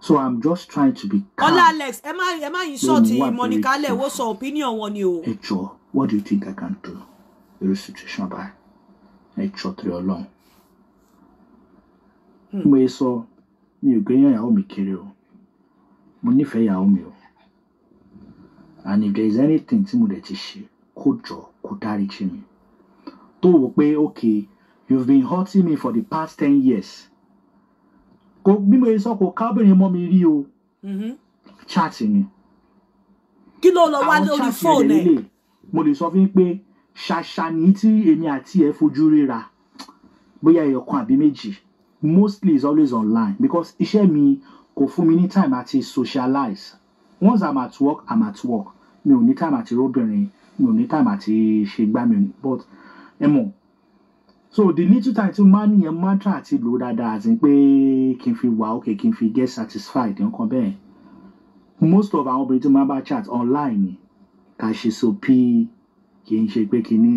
So I'm just trying to be calm. Ọlá Alex, ẹ má ẹ má insult Monica lẹ̀ wo sọ opinion wọn ni o. Ẹ jọ̀ọ́, what do you think I can do? Irú situation by. Ẹ jọ̀ọ́ o Ọlọ́run. Hmm. Mo sọ mi ò gbé yàn ìyàwó mi kiri o. Mo nífẹ̀ẹ́ ìyàwó mi o and if there is anything tí mo dẹ̀ ti ṣe kó jọ kó dáríjì mi tó wò pé okay you've been hurting me for the past ten years kò bí mo ṣe sọ kò kábìnrin mọ́ mi rí o mm-hmm. chat mi kí ló lọ wá lórí fóònù ẹ mo lè sọ fún yín pé ṣàṣà ní tí èmi àti ẹ fojú ríra bóyá ẹyọkan àbí méjì mostly is always online because iṣẹ́ mi kò fún mi ní time àti socialize once i'm at work i'm at work mi ò ní time àti róbìnrin mi ò ní time àti ṣe gbá mi but ẹ mọ̀ so the little time tí máa nìyẹn máa try àti lò dáadáa àti pé kí n fi wà ok kí n fi get satisfied nǹkan bẹ́ẹ̀ most of our obìnrin tí chat online kà ṣe so pí kì í ṣe pé kí ní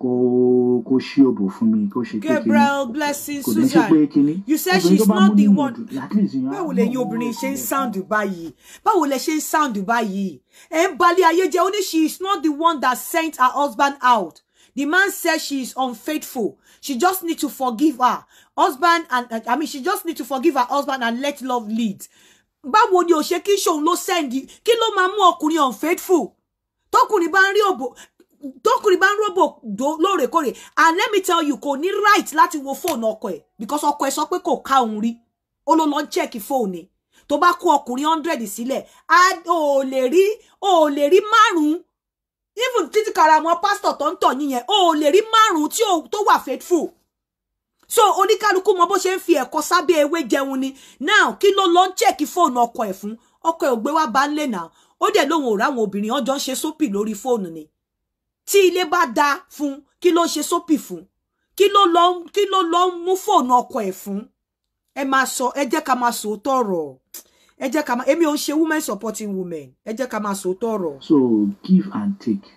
kó kó ṣí òbò fún mi kó ṣe pé Gabriel Blessing Susan you said she is not the one báwo lẹ̀yin obìnrin ṣe ń sound báyìí báwo lẹ ṣe ń sound báyìí ẹ ń balẹ̀ ayé jẹ́ ó ní she is not the one that sent her husband out the man says she is unfaithful she just need to forgive her husband and I mean she just need to forgive her husband and let love lead báwo ni ò ṣe kí ṣòun ló send kí ló máa mú ọkùnrin unfaithful tọkùnrin bá ń rí òbò tọkùnrin bá ń róbò lóòrèkóòrè and let me tell you kò ní right láti wo fóònù ọkọ ẹ̀ because ọkọ ẹ̀ sọ pé kò ká òun rí ó ló lọ ń chẹ́ẹ̀kì fóònù ẹ̀ tó bá kó ọkùnrin hundred sílẹ̀ ò lè rí ò lè rí márùn-ún even títí kara àwọn pásítọ̀ tó ń tọ̀ yíyẹn ò lè rí márùn-ún tó wà faithful so oníkálukú mọ bó ṣe ń fi ẹ̀kọ́ sábẹ́ ewé jẹun ni now kí ló lọ check chẹ́ẹ̀kì fóònù ọkọ ẹ̀ fún ọkọ ẹ̀ ò gbé wá bá ń lè nà ó dẹ̀ lóun ò ráwọn obìnrin ọjọ́ ń ṣe sópì lórí fóònù ni tí ilé bá da fún kí ló ṣe sópì fún kí ló lọ kí mú fóònù ọkọ ẹ̀ fún ẹ máa sọ ẹ jẹ́ ká máa sọ tọrọ ẹ jẹ́ ká máa èmi ò ń ṣe women supporting women ẹ jẹ́ ká máa sọ tọrọ. so give and take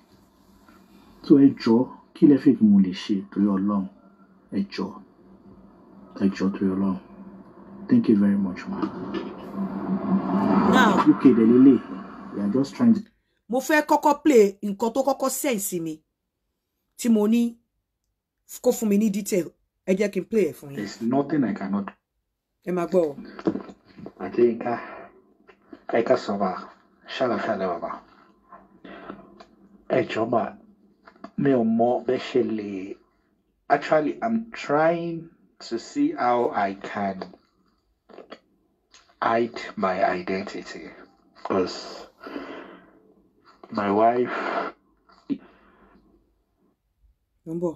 so ẹ jọ kí lẹ fẹ́ kí mo lè ṣe torí Ọlọ́run ẹ jọ ẹ jọ torí Ọlọ́run thank you very much ma. now uk delele we are just trying to mo fẹ́ kọ́kọ́ play nǹkan tó kọ́kọ́ sense mi tí mo ní kó fún mi ní detail ẹ jẹ́ kí play ẹ̀ fún yín. there nothing i cannot. ẹ máa gbọ́ o. àti ika ika sọba ṣàlàfẹ́ àlẹ́ bàbá ẹ jọba mi ò mọ bẹ́ẹ̀ ṣe lè actually i'm trying to see how i can hide my identity because my wife. Number.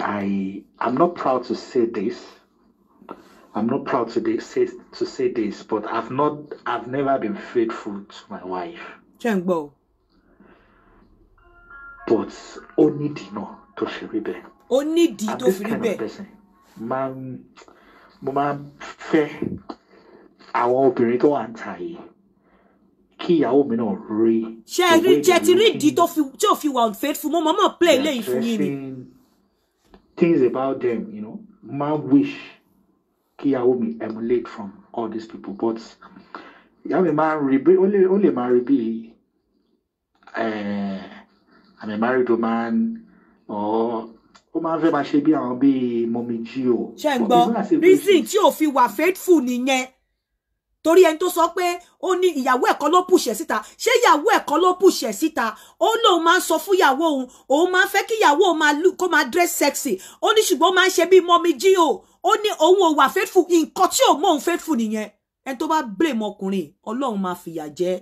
I I'm not proud to say this. I'm not proud to say to say this, but I've not I've never been faithful to my wife. Chengbo. But only nídìí to tó Only rí bẹ́ẹ̀. Ó nídìí tó this kind of person. Máa mo máa ń fẹ́ àwọn obìnrin tó wà ń ta yìí kí ìyàwó mi náà rí. ṣé rí jẹ ti rí ìdí tí ò fi wà unfaithful mo mọ̀mọ́ play ilé ìfún yín ni. things about them you know man. wish kí ìyàwó mi emulate from all these people but ìyàwó mi máa ń rí bí ó lè máa rí bí eh, I'm a married woman or ó máa ń fẹ́ máa ṣe bí àwọn bíi mọ̀mí jí o. ṣe ń gbọ́ reason tí ò fi wà faithful nìyẹn torí ẹni tó sọ pé ó ní ìyàwó ẹ̀kọ́ ló pùṣẹ̀ síta ṣé ìyàwó ẹ̀kọ́ ló pùṣẹ̀ síta ó lóun máa ń sọ fún ìyàwó òun òun máa ń fẹ́ kí ìyàwó òun máa kó máa dress sexy ó ní ṣùgbọ́n máa ń ṣe bíi mọ́mí jí o ó ní òun ò wà faithful nǹkan tí ò mọ òun faithful nìyẹn ẹni tó bá blame ọkùnrin ọlọ́run máa fìyà jẹ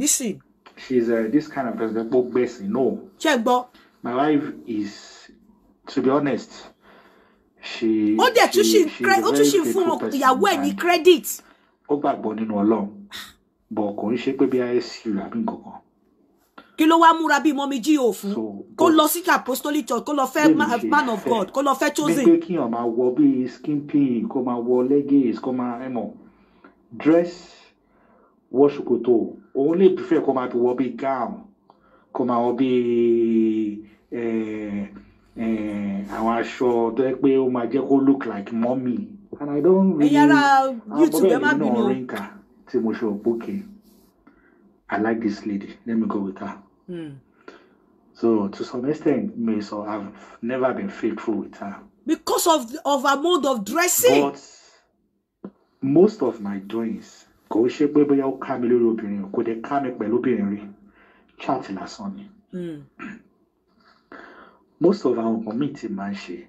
nísìn. she is uh, this kind of person pé gbẹ̀sìn no. ṣé gbọ́. my wife is to be honest she. ó dẹ̀ tún ṣì ń fún ìyàwó ẹ̀ ní credit ó gbàgbọ́ nínú ọlọ́run bọ̀ kò ń ṣe pé bí isu àbí nǹkan kan. kí ló wá múra bíi mọ́mí jí òfun kó lọ sí apostolic church kó lọ fẹ́ man of god kó lọ fẹ́ chosen. gbígbé kíyàn máa wọ bíi skin pin kó máa wọ leggings kó máa ẹ mọ̀ dress wọ ṣòkòtò òun lè prefer kó máa fi wọ bíi gown kó máa wọ bíi eh, eh, àwọn aṣọ tó yẹ pé ó máa jẹ́ kó look like mummy and I don't really. Eyara ah, YouTube ẹ má bínú. Rinka tí mo ṣe òpó I like this lady. Let me go with her. Mm. So to some extent, me so I've never been faithful with her. Because of of her mode of dressing. But most of my doings kò ṣe pé bóyá ó ká mi lórí obìnrin kò dé ká mi chat lásán ni. Hmm. Most of our committee míì ti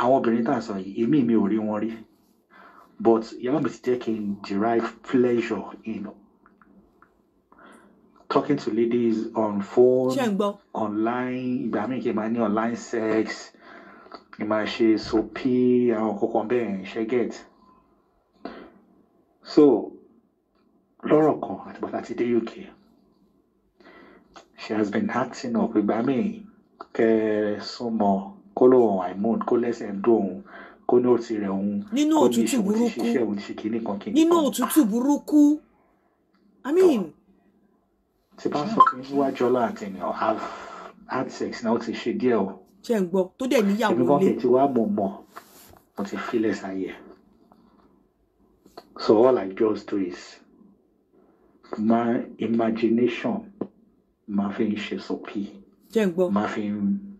àwọn obìnrin tá à ń sọ yìí èmi mi ò rí wọn rí but ìyàwó mi ti jẹ́ kí n derive pleasure in talking to ladies on phone online ìgbà míì kí n máa ní online sex kí n máa ṣe sopi àwọn kankan bẹ́ẹ̀ ṣe get so lọ́rọ̀ kan àti pàtàkì dé UK she has been acting up ìgbà míì kẹ́ ẹ súnmọ́. So kó lóun àìmọ̀n kó lẹ́sẹ̀ ń dún òun kó ní òtí rẹ̀ òun nínú òtútù burúkú nínú òtútù burúkú I mean. tí bá sọ pé níwájú ọlá àti ènìyàn have had sex náà ó ti ṣe díẹ̀ o. ṣe ń gbọ́ tó dẹ̀ níyàwó lé. ìbímọ kẹ̀tì wa mọ̀ mọ̀ mo ti filẹ̀ sáyé so all I just do is my imagination máa fi ń ṣe sọ pé máa fi ń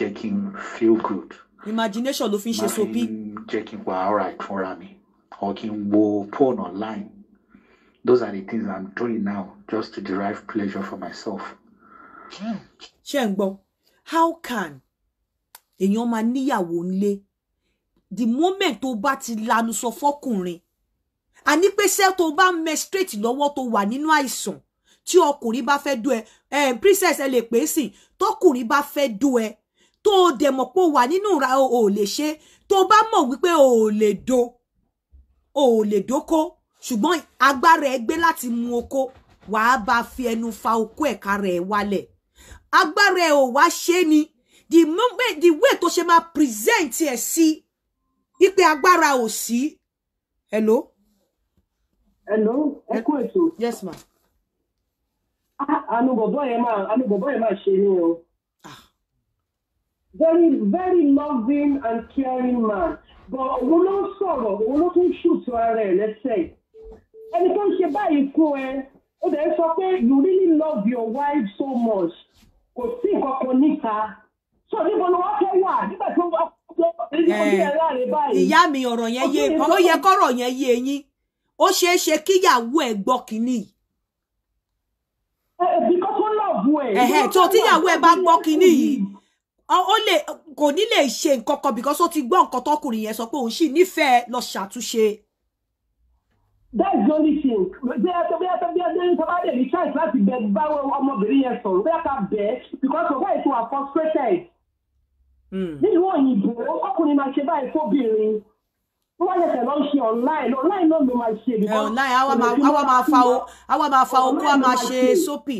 jẹ́ kí n feel good. imagination ló fi ń ṣe sopi. jẹ́ kí n wà alright fúnra mi or kí n wo porn online those are the things i'm doing now just to derive pleasure for myself. ṣé ń gbọ́ how can èèyàn máa níyàwó ńlé the moment tó bá ti lanu sọ fọkùnrin a ní pé ṣé tó bá menstruate lọ́wọ́ tó wà nínú àìsàn tí ọkùnrin bá fẹ́ dú ẹ eh, princess ẹ lè pè é sìn tọkùnrin bá fẹ́ dú ẹ tó o dẹ̀ mọ̀ pé o wà ra o ò lè ṣe tó o bá mọ̀ o ò do o ò lè dóko ṣùgbọ́n agbára ẹ gbé láti mu oko wàá bá fi ẹnu fa oko ẹ̀ka rẹ̀ wálẹ̀ agbára ẹ ò wá ni the moment the way to se ma present ẹ sí ipe agbára ò si hello. hello ẹ kú ètò. yes ma. anubọ̀bọ̀ yẹn máa anubọ̀bọ̀ yẹn máa ṣe ni o very very loving and caring man but òun ló ń sọ̀rọ̀ òun ló tún ṣùtù ara ẹ̀ lẹ́sẹ̀ ẹni tó ń ṣe báyìí fún ẹ ó dẹ̀ sọ pé you really love your wife so much kò sí nǹkan kan níta so níbo ni wọ́n fẹ́ wà nígbà tí wọ́n ìyá mi ọ̀rọ̀ yẹn yé ó yẹ kọ́rọ̀ yẹn yé yín ó ṣeé ṣe kíyàwó ẹ̀ gbọ́ kínní. ẹ̀ẹ́dì kọ́kọ́ lọ́ọ̀bù ẹ̀. ẹ̀hẹ̀ tó tíyàwó ẹ̀ bá gbọ́ kínní yìí ó lè kò ní lè ṣe nǹkan kan because ó ti gbọ́ nǹkan tọkùnrin yẹn sọ pé òun sì nífẹ̀ẹ́ lọ ṣàtúnṣe. that's the only thing bí ẹ bí ẹ bí ẹ ní sábà dẹ̀ ní chance láti bẹ báwọn ọmọbìnrin yẹn sọ̀rọ̀ bí ẹ ká bẹ̀ because ọ̀gá ètò àfọ́sírẹ́tẹ̀d nínú òyìnbó ọkùnrin máa ṣe báyìí fóbìnrin wọ́n yẹ tẹ̀lọ́ ń ṣe online online náà ló máa ṣe. online àwa máa fa okó a máa ṣe sópì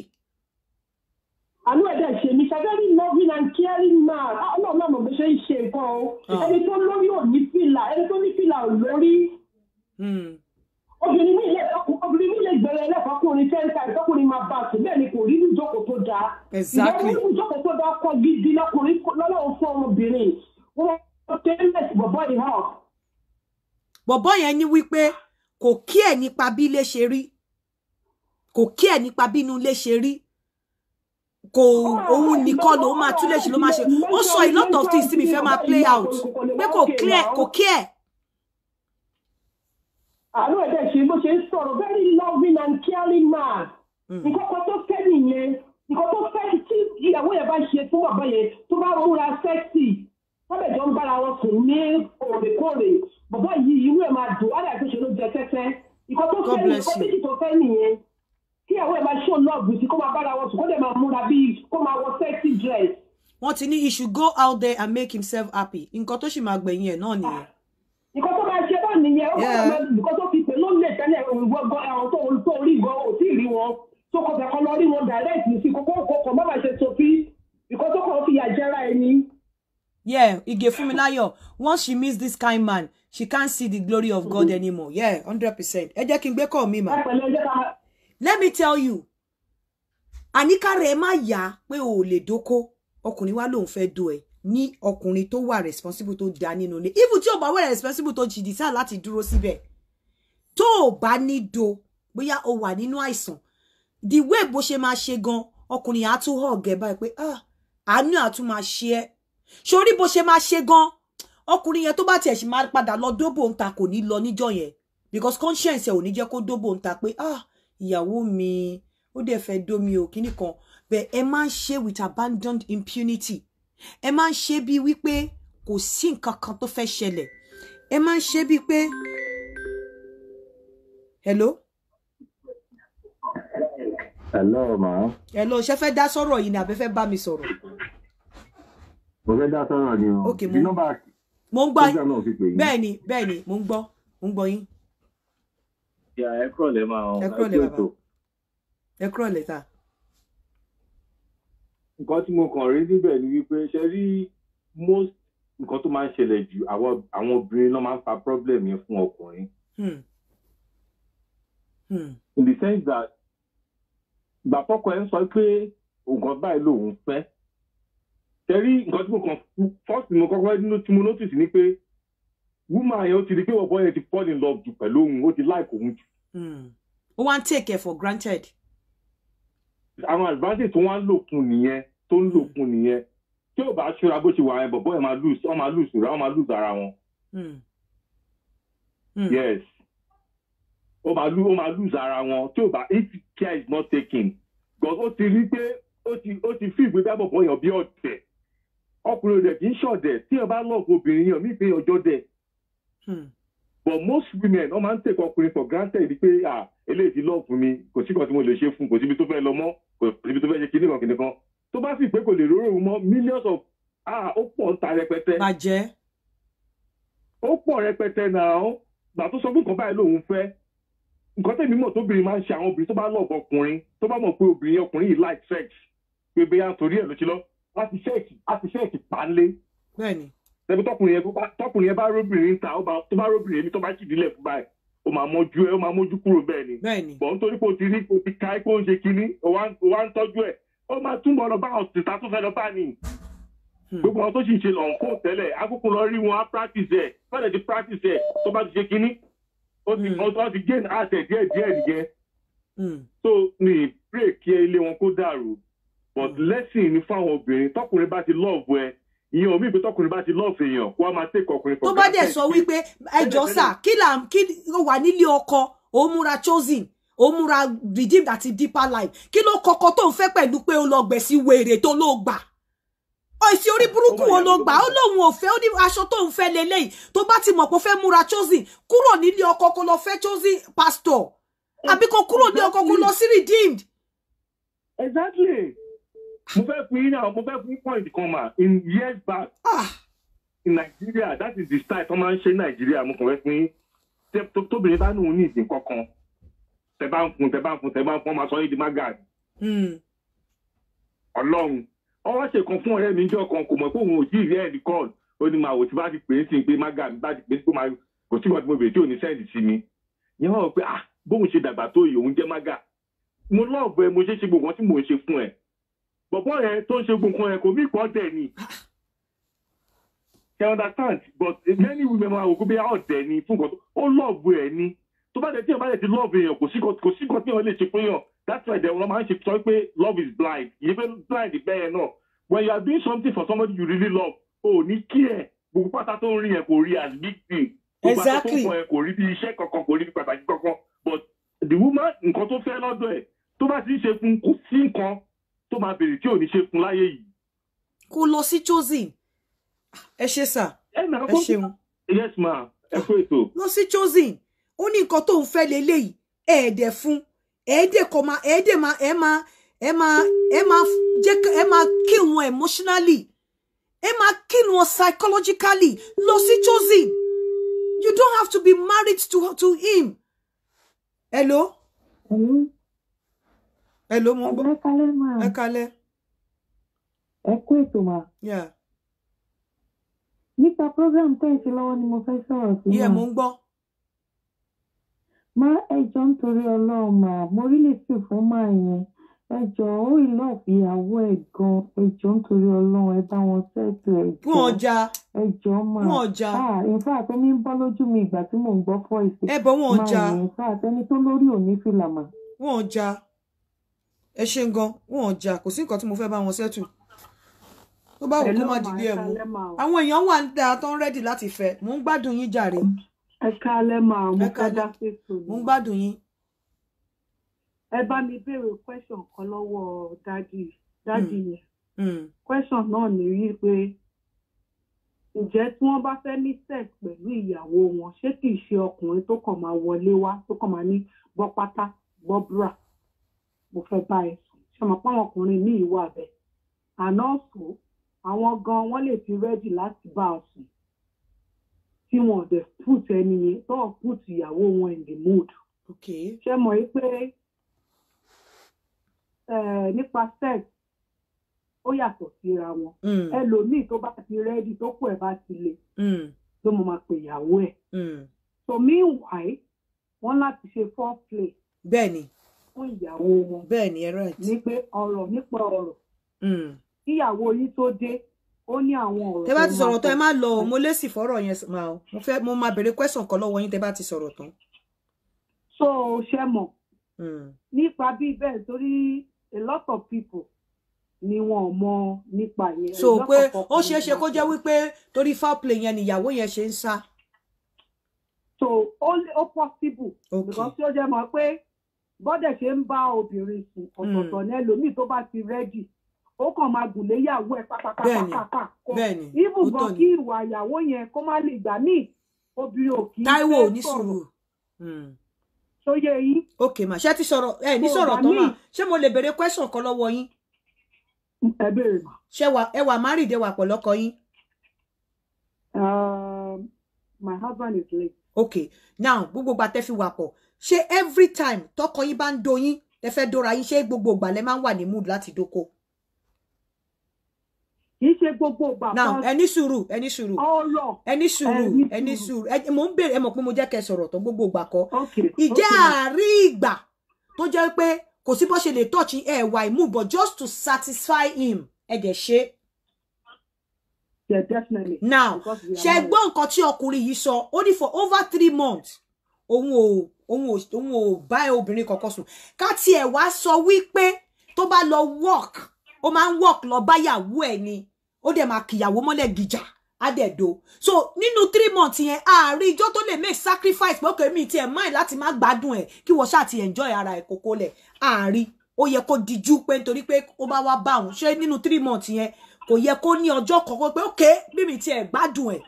àánú ẹ̀dá ṣe mi ṣàgẹ́rì loving and caring man ah, ọlọ́run náà mọ̀ bó ṣe ń ṣe nǹkan o ah. ẹni tó lórí ò ní fìlà ẹni tó ní fìlà ò lórí. Hmm. obìnrin mi lè obìnrin mi lè gbẹrẹ ẹlẹ́kọ̀ọ́kùnrin ten times ọkùnrin máa bá a sùn bẹ́ẹ̀ ni kò rí ní ìjókòó tó dáa. ìyẹn ní ìjókòó tó dáa kọ gidi lọkùnrin lọ́lọ́run fún ọmọbìnrin wọn tẹ́lẹ̀ bọ̀bọ̀ ìhà. bọ̀bọ̀ yẹn ní wípé kò kí ẹ̀ nípa bí ilé ṣe rí kò kí ẹ̀ nípa bí inú ilé ṣe rí kò ah, òun nìkan ló máa tún lè ṣe ló máa ṣe ó sọ a lot of things tí mi fẹ́ máa play out pé kò clear kò care. àánú ẹ̀dẹ̀ ṣe bó ṣe ń sọ̀rọ̀ very loving and caring man hmm. nǹkan kan tó fẹ́ nìyẹn nǹkan tó fẹ́ tí ìyàwó yẹn bá ṣe fún sexy. yẹn tó bá rọra sẹ́ẹ̀tì sábẹ̀ jọ ń bára wọn sùn ní òrèkóòrè bàbá yìí irú ẹ̀ máa dùn wádà tó ṣe ló jẹ tẹ́tẹ́ nǹkan tó fẹ́ nìyẹn kí àwọn ẹ̀ máa show love sí kó máa bára wọn sùn kó dẹ̀ máa múra bíi kó máa wọ sexy dress. wọ́n ti ní he should go out there and make himself happy nǹkan tó sì máa gbẹ̀yìn ẹ̀ náà nìyẹn. nǹkan tó máa ṣe náà nìyẹn ó kọ́ nǹkan tó fi pè ló lè tẹ́lẹ̀ àwọn tó rí gan ò tí ì rí wọn tó kọ̀ fẹ́kọ́ lọ rí wọn direct sí kókó kókó má máa ṣe sofi nǹkan tó kọ̀ fi yà jẹ́ra ẹni. yeah Ige Funmilayo once she meets this kind man she can't see the glory of God mm-hmm. anymore yeah hundred percent ẹ jẹ́ kí n gbé kọ́ mi mà. ẹ pẹ̀lú ẹ jẹ́ ká let me tell you àníkà rẹ̀ má yá pé o ò lè dóko ọkùnrin wa lòun fẹ́ do ẹ̀ ní ọkùnrin tó wà responsible to da nínú ilé ifu tí ò bá wà responsible to jìdí sáà lati duro sibe. To o bá do bóyá o wà nínú àìsàn the way bó ṣe máa ṣe gan ọkùnrin á tún hàn gẹ̀ báyìí pé ah, àánú á tún máa ṣe ẹ́ sórí bó ṣe máa ṣe gan ọkùnrin yẹn tó bá tiẹ̀ sì máa padà lọ dóbò ń ta kò ní lọ níjọ́ yẹn because conscience ẹ̀ ò ní jẹ́ kó dóbò ń ta ah ìyàwó mi ó dẹ̀ fẹ́ dómi o kíní kan bẹ́ẹ̀ ẹ máa ń ṣe with abandoned impunity ẹ máa ń ṣe bíi wípé kò sí nǹkan kan tó fẹ́ ṣẹlẹ̀ ẹ máa ń ṣe bíi pé hello. hello ma. hello ṣe fẹ́ dá sọ̀rọ̀ yìí ni àbẹ́ fẹ́ bá mi sọ̀rọ̀. mo fẹ́ dá sọ̀rọ̀ ni o. ok mo mo ń gbọ́ bẹ́ẹ̀ ni bẹ́ẹ̀ ni mo ń gbọ́ mo ń gbọ́ yín ẹ kúrọ̀lẹ́ máa ọ ẹ kúrọ̀lẹ́ bàbá ẹ kúrọ̀lẹ́ ta. nǹkan tí mo kàn rí níbẹ̀ ni wípé ṣe rí most nǹkan tó máa ń ṣẹlẹ̀ jù àwọn obìnrin náà máa ń fa problem yẹn fún ọkùnrin. Hmm. Hmm. in the sense that gbàpọ̀kọ̀ ẹ̀ ń sọ pé nǹkan báyìí lòun fẹ́ tẹ̀rí nǹkan tí mo kàn fọ́ọ̀sì mo kọ́kọ́ tí mo notice ni pé woman yẹn ó ti di pé ọ̀bọ yẹn ti fall in love jù pẹ̀lú òun ó ti like òun jù Hmm. ó wá ń take it for granted. àwọn advantage tó wá ń lòkun nìyẹn tó ń hmm. lòkun nìyẹn tí ò bá ṣọ́ra bó ṣe wà yẹn bọ̀bọ́ ẹ̀ máa lose ọ́ máa lose ra ọ́ máa lose ara wọn. Hmm. yes ó máa lose ó máa lose ara wọn tí ò bá if care is not taken because ó ti rí pé ó ti ó ti fi ìgbé dábọ̀bọ̀ yàn bí ọ̀dẹ̀ ọkùnrin rẹ̀ kì í ṣọ̀dẹ̀ tí ẹ bá lọ́ọ̀kọ̀ obìnrin yàn mí pé ọjọ́ dẹ̀. but most women wọ́n máa ń tèkọ́ ọkùnrin for granted pé à eléyìí ti lọ́ọ̀ fún mi kò sí kan tí mo lè ṣe fún kò síbi tó fẹ́ lọ mọ́ kò síbi tó fẹ́ ṣe kinní kan kinní kan tó bá sì pé kò lè róró òun mọ́ millions of ah ó pọ̀ ń ta rẹpẹtẹ. bàjẹ́. ó pọ̀ rẹpẹtẹ náà gbà tó sọ pé nǹkan báyìí lòun fẹ́ nǹkan tẹ̀mí mọ̀ tóbìnrin máa ń ṣe àwọn obìnrin tó bá lọ́ọ̀bù ọkùnrin tó bá mọ̀ pé obìnrin ọkùnrin yìí like sex pé bẹ́ẹ̀ á torí ẹ̀ ló ti lọ láti ṣẹ́ẹ̀kì ṣebí tọkùnrin yẹn bá róbìnrin ta tó bá róbìnrin mi tó bá jìdílẹ̀ fún báyìí o máa mọjú ẹ o máa mójú kúrò bẹ́ẹ̀ ni. bẹ́ẹ̀ni nítorí pé o ti rí o ti ka ẹ pé o ń ṣe kinní o wá ń tọ́jú ẹ̀ ó máa túbọ̀ lọ bá ọ̀sìta tó fẹ́ lọ bá ni. Hmm. gbogbo àwọn tó sì ṣe lọ́nkọ́ tẹ́lẹ̀ akókò lọ rí wọn á practice ẹ̀ fẹ́lẹ̀ ti practice ẹ̀ tó bá ti ṣe kinní ó ti hmm. ó ti gain asset díẹ̀ díẹ̀ nìyẹn. Hmm. so ni break yẹ ilé wọn kó dàrú but lesson ni fáwọn obìnrin tọkùnrin bá ti love ẹ ìyẹn omi ìgbé tọkùnrin bá ti lọ́ọ̀fù èèyàn kó a máa tẹ̀kọ̀ ọkùnrin. tó bá dẹ̀ sọ wípé ẹjọ́ sà kí là ń kí wà nílé ọkọ òun múra chosen òun múra redeemed àti deeper life kí ló kọkọ tó ń fẹ́ pẹ̀lú pé ó lọ gbẹ̀ sí wèrè tó ló gbà èsì orí burúkú wo ló gbà ó lóun ò fẹ́ ó ní aṣọ tó ń fẹ́ leléyìí tó bá ti mọ̀ pé ó fẹ́ múra chosen kúrò nílé ọkọ kó lọ fẹ́ chosen pastor àbí kó kúrò ní ọkọ kó lọ sí redeemed. exactly mo fẹ́ fún yín náà mo fẹ́ fún point kan mà in years back ah. in Nigeria that is the style tó máa ń ṣe Nigeria mo kàn fẹ́ fún yín tóbìnrin bá nùún ní ìdí kankan tẹ bá ń fún tẹ bá ń fún tẹ bá ń fún ọmọ sọ yìí di magad hmm. Ọlọ́run ọwọ́ ṣe kan fún ọ̀rẹ́ mi jọ kan kò mọ̀ pé òun ò jí ìrí ẹ̀ ní kọ́ọ̀lù ó ní máa wò tí bá ti pè é sí pé magad bá ti pè é sí pé kò sí ìwà tí mo bèèrè tí ò ní sẹ́ẹ̀dì sí mi yẹn wọ́n rò pé ah bóun ṣe dàgbà tó yìí òun jẹ́ Magadi. mo lọ́ọ̀bù ẹ mo ṣe é ṣe gbogbo wọn tí mò ń ṣe fún ẹ bọ̀bọ̀ yẹn tó ń ṣe gbogbo yẹn kò mí pọ̀ dẹ̀ ni you understand but many women máa wò kó bí a ọ̀dẹ̀ ni fún nǹkan ó lọ́ọ̀bù ẹ̀ ni tó bá dẹ̀ tí ẹ̀ bá dẹ̀ ti lọ́ọ̀bù èèyàn kò sí nǹkan tí wọ́n lè ṣe fún yàn that's why dem máa ń ṣe sọ pé love is blind yìí pé blind bẹ́ẹ̀ náà when you are doing something for somebody you really love o ò ní kí ẹ̀ gbogbo pátá tó ń rí yẹn kò rí as big thing gbogbo pátá yẹn kò rí bí iṣẹ́ kankan kò rí bí pàtàkì kankan but the woman nǹkan tó fẹ́ lọ́dọ̀ ẹ̀ tó bá ti ń ṣe fún kò sí nǹkan tó máa béèrè tí ò ní ṣe fún láyé yìí. kó lọ sí chosen ẹ ṣe sà ẹ ṣeun. yes ma ẹ kú ètò. lọ sí chosen ó ní nǹkan tó ń fẹ́ leléyìí ẹ̀ẹ́dẹ̀ fún ẹ̀ẹ́dẹ̀ kọ́ máa ẹ̀ẹ́dẹ̀ máa ẹ̀ máa ẹ̀ máa ẹ̀ máa jẹ́ ẹ̀ máa kill wọn emotionally ẹ̀ máa kill wọn psychologically lọ sí chosen you don't have to be married to, to him. hello. Mm -hmm ẹ ló mú bọ ẹ kalẹ̀ máa ẹ kalẹ̀. ẹ kú ètò mà. nípa program tẹ́ ẹ ṣe lọ́wọ́ ni mo fẹ́ sọ̀rọ̀ sí wa. yẹ mo ń gbọ́. má ẹjọ́ nítorí ọlọ́run mà mo rí lè sì fún máa yẹn ẹjọ́ ó ìlọ ìyàwó ẹ̀ gan ẹjọ́ nítorí ọlọ́run ẹ bá wọn ṣètò ẹjọ́. wọn ọjà ẹjọ́ mà wọn ọjà. ìfọ ah, àtẹni ń bọ́ lójú mi ìgbà tí mò ń gbọ́ fọ́ ìfẹ́. ẹ bọ wọn ọjà. máa yẹn ìfọ àtẹni tó lórí òní fìlà mà. wọn ọjà ẹ ṣe gan wọn ò jà kò sí nǹkan tí mo fẹ́ bá wọn ṣẹ́tù tó bá wù kó má dìlé ẹ̀ mú àwọn èèyàn wà ń da tán rẹ́dì láti fẹ́ mò ń gbádùn yín jàre. ẹ káalẹ́ máa mú kọjá fèsò mò ń gbádùn yín. ẹ bá mi béèrè question kan lọ́wọ́ dádì dádì hmm. yẹn hmm. question náà ni rí pé ǹjẹ́ tí wọ́n bá fẹ́ ní sex pẹ̀lú ìyàwó wọn ṣé kìí ṣe ọkùnrin tó kàn máa wọlé wá tó kàn máa ní bọ́ pátá bọ́ búra mo fẹ́ bá ẹ sùn ṣé mo pọ́n ọkùnrin ní ìwà bẹ́ẹ̀ àná ọ̀sùn àwọn gan wọ́n lè ti rẹ́dì láti bá ọ sùn tí wọn dẹ̀ put ẹni yẹn tó put ìyàwó wọn in the mood ṣé mo rí pé nípa sex ó yàtọ̀ síra wọn hmm. ẹlòmíì tó bá ti rẹ́dì tó kù ẹ̀ bá ti le hmm. ló mo máa pè ìyàwó ẹ̀ hmm. so meanwhile wọ́n láti ṣe foreplay. bẹ́ẹ̀ni fún ìyàwó wọn. bẹ́ẹ̀ ni ẹ right. ní pé ọ̀rọ̀ nípa ọ̀rọ̀. Hmm. kíyàwó yín tó dé ó ní àwọn ọ̀rọ̀. tẹ bá ti sọ̀rọ̀ tán ẹ má lọ mo lè sì fọ́rọ̀ yẹn mà mo fẹ́ mo máa bèrè question kan lọ́wọ́ yín tẹ bá ti sọ̀rọ̀ tán. so ṣe mọ̀ hmm. nípa bí bẹ́ẹ̀ torí a lot of people ni wọn ò mọ̀ nípa yẹn. so pé ó ṣeé ṣe kó jẹ́ wípé torí foul play yẹn nìyàwó yẹn ṣe ń sá so ó possible. okay because tí ó jẹ́ mọ̀ pé bọ́dẹ̀ ṣe ń bá obìnrin sùn hmm. ọ̀tọ̀ọ̀tọ̀ ní ẹlòmíì tó bá ti rẹ́dì ó kàn máa gùn léyàwó ẹ pápápápápá kọ ibù gan kí ìwà ìyàwó yẹn kó má lè gbà míì obìnrin ò kí í fẹ́ sọ̀rọ̀ sóyè hmm. yín. ok ma ṣé ti sọ̀rọ̀ ẹ ní sọ̀rọ̀ tán ma ṣé mo lè béèrè question kan lọ́wọ́ yín. ẹ béèrè ma. ṣé ẹ wà márìndé wà pọ̀ lọ́kọ yín. Um, my husband is late. ok now gbogbo gbà tẹ́ fi wà pọ̀ ṣé every time tọkọ yín bá ń doyín ẹ fẹ́ dóra yín ṣé gbogbo ìgbà lẹ máa ń wà ní mood láti dóko. kì í ṣe gbogbo ìgbà. now ẹni sùúrù ẹni sùúrù ẹni sùúrù ẹni sùúrù mò ń béèrè ẹ mọ̀ pé mo jẹ́ kẹ́ sọ̀rọ̀ tán gbogbo ìgbà kọ́ ìjẹ́ àárín ìgbà tó jẹ́ pé kò sí bó ṣe lè touch ẹ̀ wà ìmú but just to satisfy him ẹ dẹ̀ ṣe. definitely. Now, ṣe gbọ́ nǹkan tí ọkùnrin yìí sọ, ó ní for over three months, òun ò òun ò bá obìnrin kankan sùn ká tiẹ̀ wá sọ wípé tó bá lọ work ó máa ń work lọ báyàwó ẹ̀ ni ó dẹ̀ máa kìyàwó mọ́lẹ̀ gìjà adẹ̀do so nínú three months yẹn ààrin ijó tó lè make sacrifice pé kèmí tiẹ̀ mind láti má gbádùn ẹ̀ kí wọ́n ṣáà ti enjoy ara ẹ̀ kókó lẹ̀ ààrin ó yẹ kó dijú pé nítorí pé ó bá wá bá òun ṣé nínú three months yẹn kò yẹ kó ní ọjọ́ kọ̀ọ̀kan pé ok bí mi tiẹ̀ gbádùn ẹ̀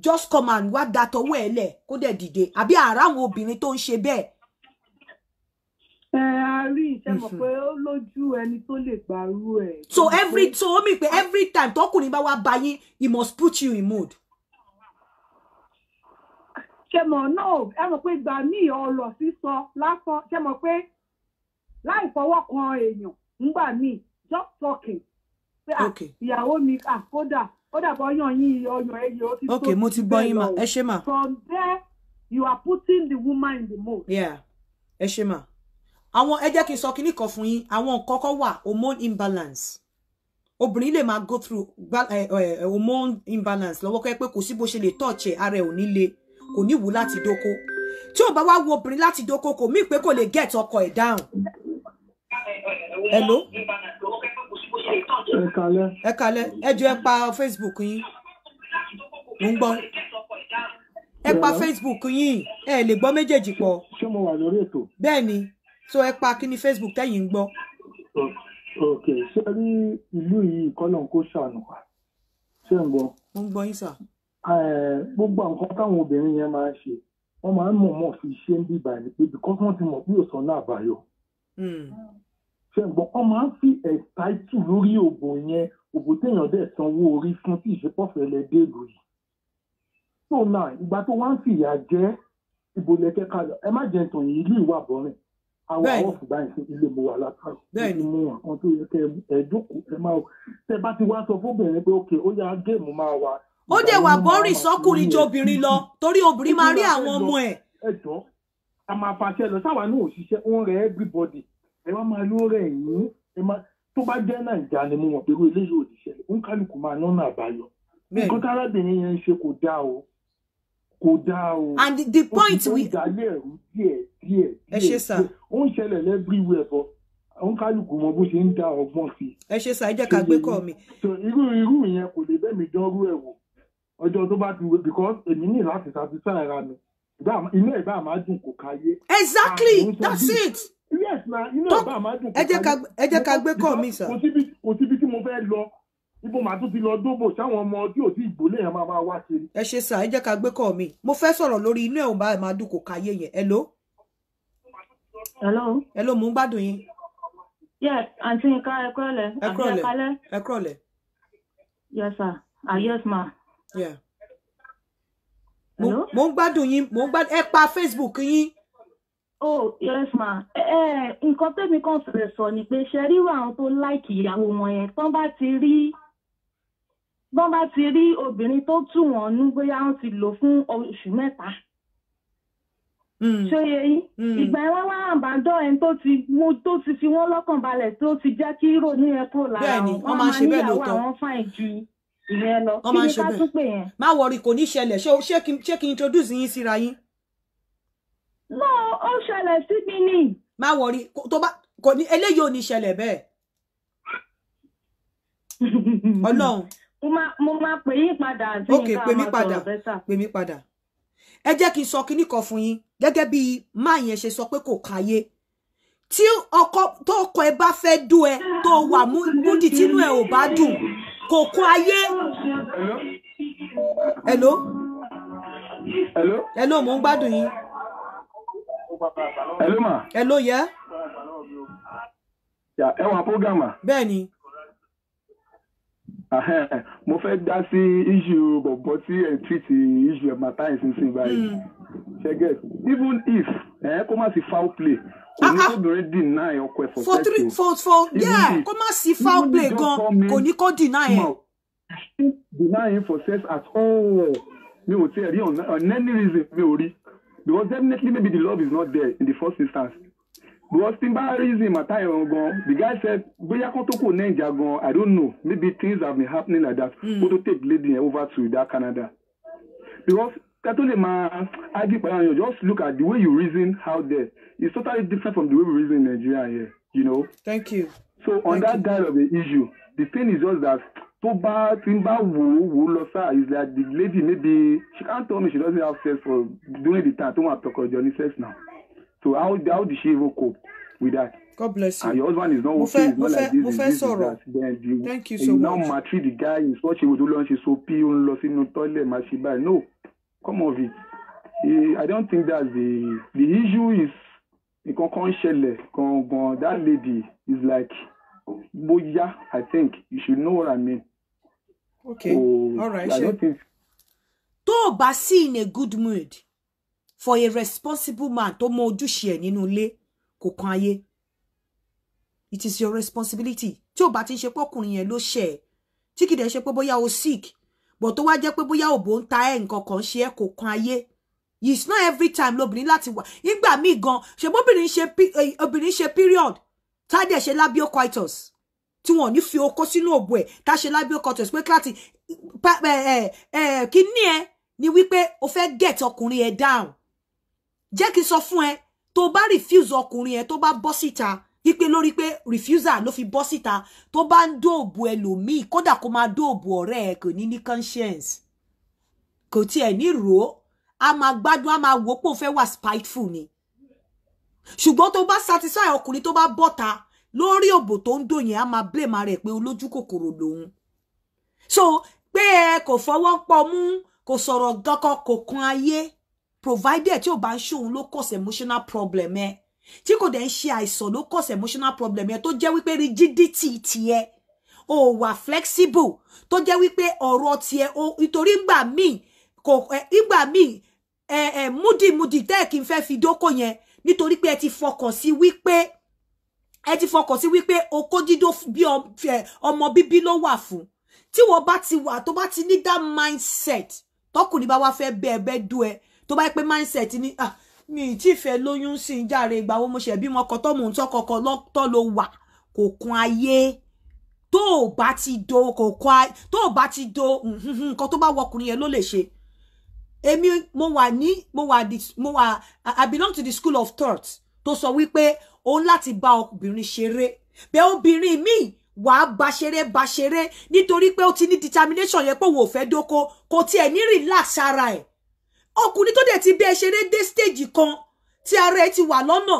just come and wá datọwọ́ ẹ̀ lẹ̀ kó dẹ̀ dìde àbí àrà àwọn obìnrin tó ń ṣe bẹ́ẹ̀. ẹ a rí ìṣẹ́ mọ̀ pé ó lójú ẹni tó lè gbàrú so every so ó mì every time tọkùnrin bá wá bá yín he must put you in mood. ṣe mọ̀ náà ẹ mọ̀ pé ìgbà míì ọ̀rọ̀ sísọ lásán ṣe mọ̀ pé láì fọwọ́ kan èèyàn ńgbà míì just talking. Ah, okay ìyàwó mi ah, kódà ó dàbọ̀ ọyàn yín ọyàn ẹ ó ti tó ok mo ti gbọ́ yín ma ẹ ṣe ma. from there you are putting the woman in the mold. yeah ẹ ṣe ma àwọn ẹ jẹ́ kí n sọ kínní kan fún yín àwọn nǹkan kan wà hormone imbalance obìnrin lè máa go through eh, eh, hormone imbalance lọ́wọ́ kọ́ ẹ pé kò sí bó ṣe lè touch ara ẹ̀ ò ní le kò ní wù láti dóko tí ò bá wá wo obìnrin láti dóko kò mí pé kò lè get ọkọ ẹ̀ down. hello ẹ kalẹ́. ẹ kalẹ́ ẹ jọ ẹ pa facebook yín mo ń gbọ́ ẹ pa facebook yín ẹ lè gbọ́ méjèèjì pọ̀. ṣé mo wà lórí ètò. bẹ́ẹ̀ ni so ẹ pa kí ni facebook tẹ́yìn ń gbọ́. ok ṣé rí ìlú yìí kọ́nà kó ṣàánú wa ṣé ń gbọ́. mo ń gbọ́ yín sà. gbogbo nǹkan táwọn obìnrin yẹn máa ń ṣe wọ́n máa ń mọ̀ọ́mọ̀ fi ṣe ń bíbá ẹni pé bíkọ́ wọ́n ti mọ̀ bí òsán náà bá yọ. Hmm ṣẹ̀gbọ́n kan máa ń fi ẹ̀sáìtù lórí òbò yẹn òbò téèyàn dẹ̀ sanwó orí fún tí ìṣepọ̀fẹ́ lẹ déèlù yìí. tó náà ìgbà tó wá ń fìyà jẹ ìbòlẹ̀kẹ́ kalẹ̀ ẹ má jẹ ìtàn yìí ìlú ìwà bọ̀rìn àwọn àwọn ọ̀fùgbà yìí sí ilé mo wà látàrí bẹ́ẹ̀ni mo wà kan tó yẹ kẹ ẹ jókòó ẹ máa tẹ bá ti wá sọ fóbìnrin pé òkè ó yá géèmù máa wà. ó dẹ̀ wà bọ́rìn sọ́kùnrin ju obìnrin lọ torí obìnrin máa rí àwọn ọmọ ẹ̀. ẹ jọ a máa fàṣẹ lọ sáwa náà òṣìṣẹ́ ó rẹ everybody ẹ wá máa lóore ẹ̀yìn ẹ máa tó bá jẹ́ nàìjà ni mo mọ̀ pé irú eléyìí ò ní ṣẹlẹ̀ ń kálukú máa nọ́nà àbáyọ. nǹkan tárábìnrin yẹn ń ṣe kò dáa o kò dáa o. and the, point we. ó ti dalẹ̀ ẹ̀rú díẹ̀ díẹ̀ díẹ̀. ẹ ṣe sá. ó ń ṣẹlẹ̀ everywhere bọ̀ ó ń kálukú mọ bó ṣe ń dá ọgbọ́n sí. ẹ ṣe sá ẹ jẹ́ ká gbé kọ́ mi. irú irú yẹn kò lè bẹ́ẹ̀ mi dánrú ẹ̀ wò ọjọ́ tó bá ti wé because èmi ní láti satisfy ara mi inú ẹ̀ máa dùn kò káyé. exactly ah, that's it yes na You know bá máa dùn. ẹ jẹ́ ká gbé kọ́ mi sà. kò síbi tí mo fẹ́ lọ ibo màá tún ti lọ dóbò sáwọn ọmọ tí ò tí ìgbólé yẹn máa máa wá kiri. ẹ ṣe sà ẹ jẹ́ ká gbé kọ́ mi mo fẹ́ sọ̀rọ̀ lórí inú ẹ̀ ò bá máa dùn kò káyé yẹn ẹ ló. ẹ ló mú gbádùn yín. yes àǹtí nǹka ẹ kúrọ̀lẹ́ àǹtí ẹ kálẹ́. yes sir ah yes ma. Yeah. Hello? mo ń gbádùn yín mo ń gbádùn ẹ pa Facebook yín oh yes ma ẹ nǹkan tẹ́mi kan fẹ́ sọ ni pé ṣe ríru àwọn tó láìkì ìyàwó wọn yẹn tán bá ti rí tán bá ti rí obìnrin tó tù wọ́n nú bóyá wọ́n ti lò fún oṣù mẹ́ta hmm. ṣóye yìí hmm. ìgbà ẹ wọn wá àbádọ ẹni tó ti mú tó ti fi wọn lọ́kàn balẹ̀ tó ti jẹ́ kí ronú yẹn kúrò lára wọn wọn máa ń níyàwó àwọn fáìn ju ìyẹn lọ kí ni ká tún pè yẹn. má wọrí kò ní ṣẹlẹ̀ ṣé kí n introduce yín síra yín no ó ṣẹlẹ̀ sí mi ni. má wọrí tó bá kò ní eléyìí ò ní ṣẹlẹ̀ bẹ́ẹ̀. (laughs) ọlọ́run. mo máa pè yín padà àti nǹkan àmàtọ̀rọ̀ bẹ́tà. pè mí padà ẹ jẹ́ kí n sọ kinní kan fún yín gẹ́gẹ́ bí máa yẹn ṣe sọ pé kò káyé tí ọkọ tó ọkọ ẹ bá fẹ́ dú ẹ tó wà múdì tínú ẹ ò bá dùn kò kó ayé. hello. hello. hello mo ń gbádùn yín hello ma. hello yeah. Yeah, ẹ wà program ma. bẹ́ẹ̀ni. mo fẹ́ dá sí issue bọ̀bọ̀ tí ẹ̀ treat issue ẹ̀ mata ẹ̀ sínsìn báyìí hmm. ṣẹ́gẹ̀ even if ẹ̀ kó má sí foul play kò ní ah, ah. kóbìnrin deny ọkọ ẹ̀ for three, o. for for yeah kó má sí foul play gan kò ní kó deny ẹ̀. deny him for sex at all mi ò tiẹ̀ rí on any reason mi ò rí because definitely maybe the love is not there in the first instance because tí n bá reason mata yẹn gan the guy said bóyá kan tó kò to gan i don't know maybe things have been happening like that hmm. kó to take lady over to that Canada because kátó lè máa argue pẹ̀lú àwọn just look at the way you reason how there it's totally different from the way we reason in Nigeria here you know. thank you. so on Thank that you. kind of the issue the thing is just that tó bá ti ń bá wò ó wò ó lọ sáà is like the lady maybe she can't tell me she doesn't have sex for during the time tó wà tọkọ jọ ní sex now so how how did she even cope with that. God bless you. And your husband is not working, He's not like this. Mo fẹ́ sọ̀rọ̀. Thank you so much. Now maltreat the guy in such a way tó lọ ṣe so pí ó ń lọ sínú toilet máa ṣe báyìí. No, come of it. I don't think that's the the issue is nǹkan kan ṣẹlẹ̀ gangan that lady is like boya. I think you should know what I mean okay so, all right sure. Think... tó o bá sí in a good mood for a responsible man tó mọ ojúṣe ẹ̀ nínú ilé kò kan ayé it is your responsibility tí o bá ti ń ṣe pọkùnrin yẹn ló ṣe ẹ tí kìdẹ̀ ṣe pé bóyá o sick but tó wá jẹ́ pé bóyá òbò ń ta ẹ̀ nǹkan kan ṣe ẹ́ kò kan ayé it's not every time lobìnrin láti wà nígbà míì gan ṣe bóbìnrin ṣe eh, obìnrin ṣe period tá a dẹ̀ ṣe labial coitus tí wọn ò ní fi okó sínú òbò ẹ̀ tá a ṣe lábẹ́ ọkọ̀ tó ẹ̀ pé kíláàtì kíní ẹ ni wípé o fẹ́ get ọkùnrin ẹ down jẹ́ kí n sọ fún ẹ tó bá refuse ọkùnrin ẹ tó bá bọ́ síta wípé lórí pé refuser ló fi bọ́ síta tó bá ń dóòbò ẹlòmíì kódà kó máa dóòbò ọ̀rẹ́ ẹ kò ní ní conscience kò tiẹ̀ ní rò ó a máa gbádùn a máa wò pé òun fẹ́ wà spiteful ni ṣùgbọ́n tó bá satisfy ọkùnrin tó bá bọ́ta lórí òbò tó ń dò á máa blame ara ẹ̀ pé olójú kòkòrò lòun so pé ẹ kò fọwọ́ pọ̀ mú kò sọ̀rọ̀ gankan kò kan ayé provided tí ò bá ń ṣòun ló cause emotional problem ẹ tí kò dẹ̀ ń ṣe àìsàn ló cause emotional problem ẹ tó jẹ́ wípé rigidity tiẹ̀ ò wà flexible tó jẹ́ wípé ọ̀rọ̀ tiẹ̀ o nítorí ìgbà míì kò ìgbà míì ẹ ẹ múdìmúdì tẹ́ẹ̀ kí n fẹ́ fi dóko yẹn nítorí pé ẹ ti fọkàn sí wípé ẹ ti fọkàn sí wípé okó dídó bí ọmọ bíbí ló wà fún tí wọ́n bá ti wà tó bá ti ní that mindset Toku bá wá fẹ́ bẹ ẹ bẹ dú ẹ tó bá yẹ mindset ni ah mi ti fẹ́ lóyún sí i jàre ìgbà mo ṣe bímọ ọkọ tó mò ń tọkọ ọkọ lọtọ ló wà kò kún ayé tó o ti do kò kún ayé tó o bá ti do nǹkan tó bá wọkùnrin yẹn ló lè ṣe èmi mo wà ní mo wà mo wà I belong to the school of thought tó sọ wípé òun láti bá obìnrin ṣeré bẹ́ẹ̀ obìnrin míì wàá baṣeré baṣeré nítorí pé ó ti ní determination yẹn pé òun ò fẹ́ dóko kò tiẹ̀ ní relax ara ẹ̀ ọkùnrin tó dẹ̀ ti bẹ́ẹ̀ ṣeré dé stage kan tí ara ẹ̀ ti wà lọ́nà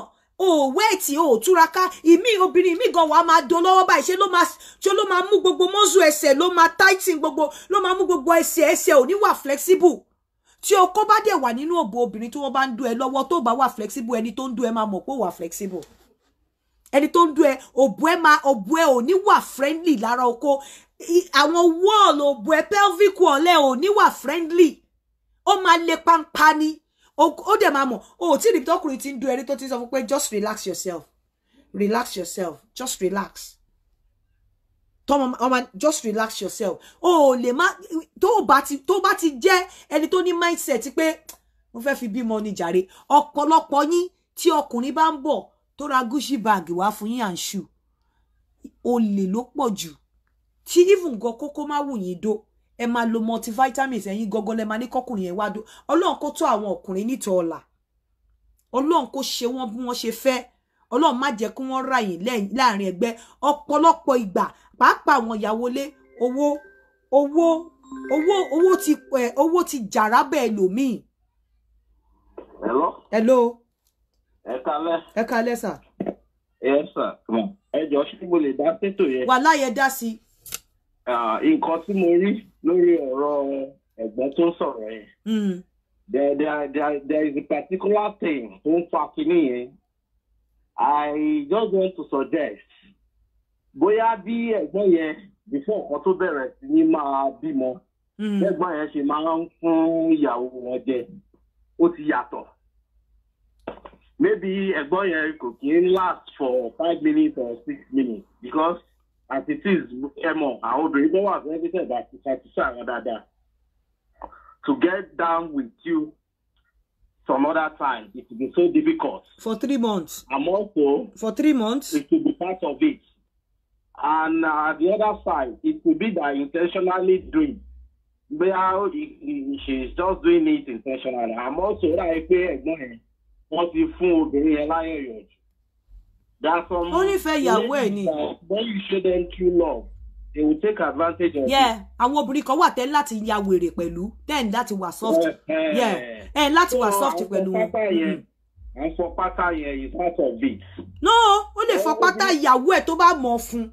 òwẹ́ẹ̀tì ò túraká ìmí obìnrin ìmí gan wàá máa dán lọ́wọ́ báyìí ṣé ló máa ṣe ló máa mú gbogbo mọ́sù ẹsẹ̀ ló máa tighten gbogbo ló máa mú gbogbo ẹsẹ̀ ẹsẹ̀ ò wà flexible tí okó bá dẹ̀ wà nínú òbò obìnrin tí wọ́n bá ń dú ẹ lọ́wọ́ tó bá wà flexible ẹni tó ń dú ẹ máa mọ̀ pé wà flexible ẹni tó ń dú ẹ òbò ẹ máa òbò ẹ ò ní wà friendly lára okó àwọn wall òbò ẹ pelvic wall ẹ ò ní wà friendly ó máa le pampa ni ó dẹ̀ máa mọ̀ o ò tí ìrìbí tọkùnrin ti ń dú ẹni tó ti sọ fún pé just relax yourself relax yourself just relax tọmọ ọmọ just relax yourself o oh, le ma, tó o bá ti tó o bá ti jẹ́ ẹni tó ní mindset pé mo fẹ́ fi bímọ ni jàre ọ̀pọ̀lọpọ̀ yín tí ọkùnrin bá ń bọ̀ tó ra gucci bag wá fún yín and shoe olè ló pọ̀ jù tí even gan kókó má wù yín dó ẹ máa lo multivitamins ẹ̀yin gangan lẹ máa ní kọkùnrin yẹn wá dó ọlọ́run kó tó àwọn ọkùnrin nítọ́ ọ̀la ọlọ́run kó ṣe wọ́n bí wọ́n ṣe fẹ́ ọlọ́run má jẹ́ kí wọ́n ráyè láàrin ẹgbẹ́ ọ̀pọ̀lọpọ̀ ìgbà pàápàá àwọn ìyàwó lé owó owó owó owó ti ẹ owó ti jàrá bẹ́ẹ̀ lòmíì. hello. hello. ẹ kalẹ. ẹ kalẹ sà. ẹ sà ẹ jọ ṣé mo lè dá tètò yẹn. wà láyé dá sí. nǹkan tí mo rí lórí ọ̀rọ̀ ẹ̀gbọ́n tó ń sọ̀rọ̀ yẹn. Hmm. there there there is a particular thing tó ń fa kinní yẹn I just want to suggest bóyá bí ẹ̀gbọ́n yẹn before ọ̀kan tó bẹ̀rẹ̀ sí ní máa bímọ hmm. ẹ̀gbọ́n yẹn ṣe máa ń fún ìyàwó wọn jẹ ó ti yàtọ̀ maybe ẹ̀gbọ́n yẹn kò kí ń last for five minutes or six minutes because as it is ẹ mọ̀ àwọn obìnrin tó wà fún ẹgbẹ́ tẹ̀ bá ti ṣàtúnṣe àwọn dáadáa to get down with you some other time it will be so difficult. For three months. I'm also. For three months. It will be part of it. And uh, the other side, it could be that intentionally doing. Bóyá she's just doing it intentionally. I'm also. àìpé ẹ̀gbọ́n ẹ̀ wọ́n ti fún obìnrin yẹn láyọ̀ That's only fair. You're wearing it. Then you shouldn't them love they will take advantage of yeah. it. àwọn obìnrin kan wà tẹ́ láti ya wèrè pẹ̀lú then láti wà soft yeah eh? láti wà soft pẹ̀lú wọn. Mm-hmm. wọ́n fọ pátá yẹn is part of it. no ó lè fọ pátá ìyàwó ẹ̀ tó bá mọ̀ fún.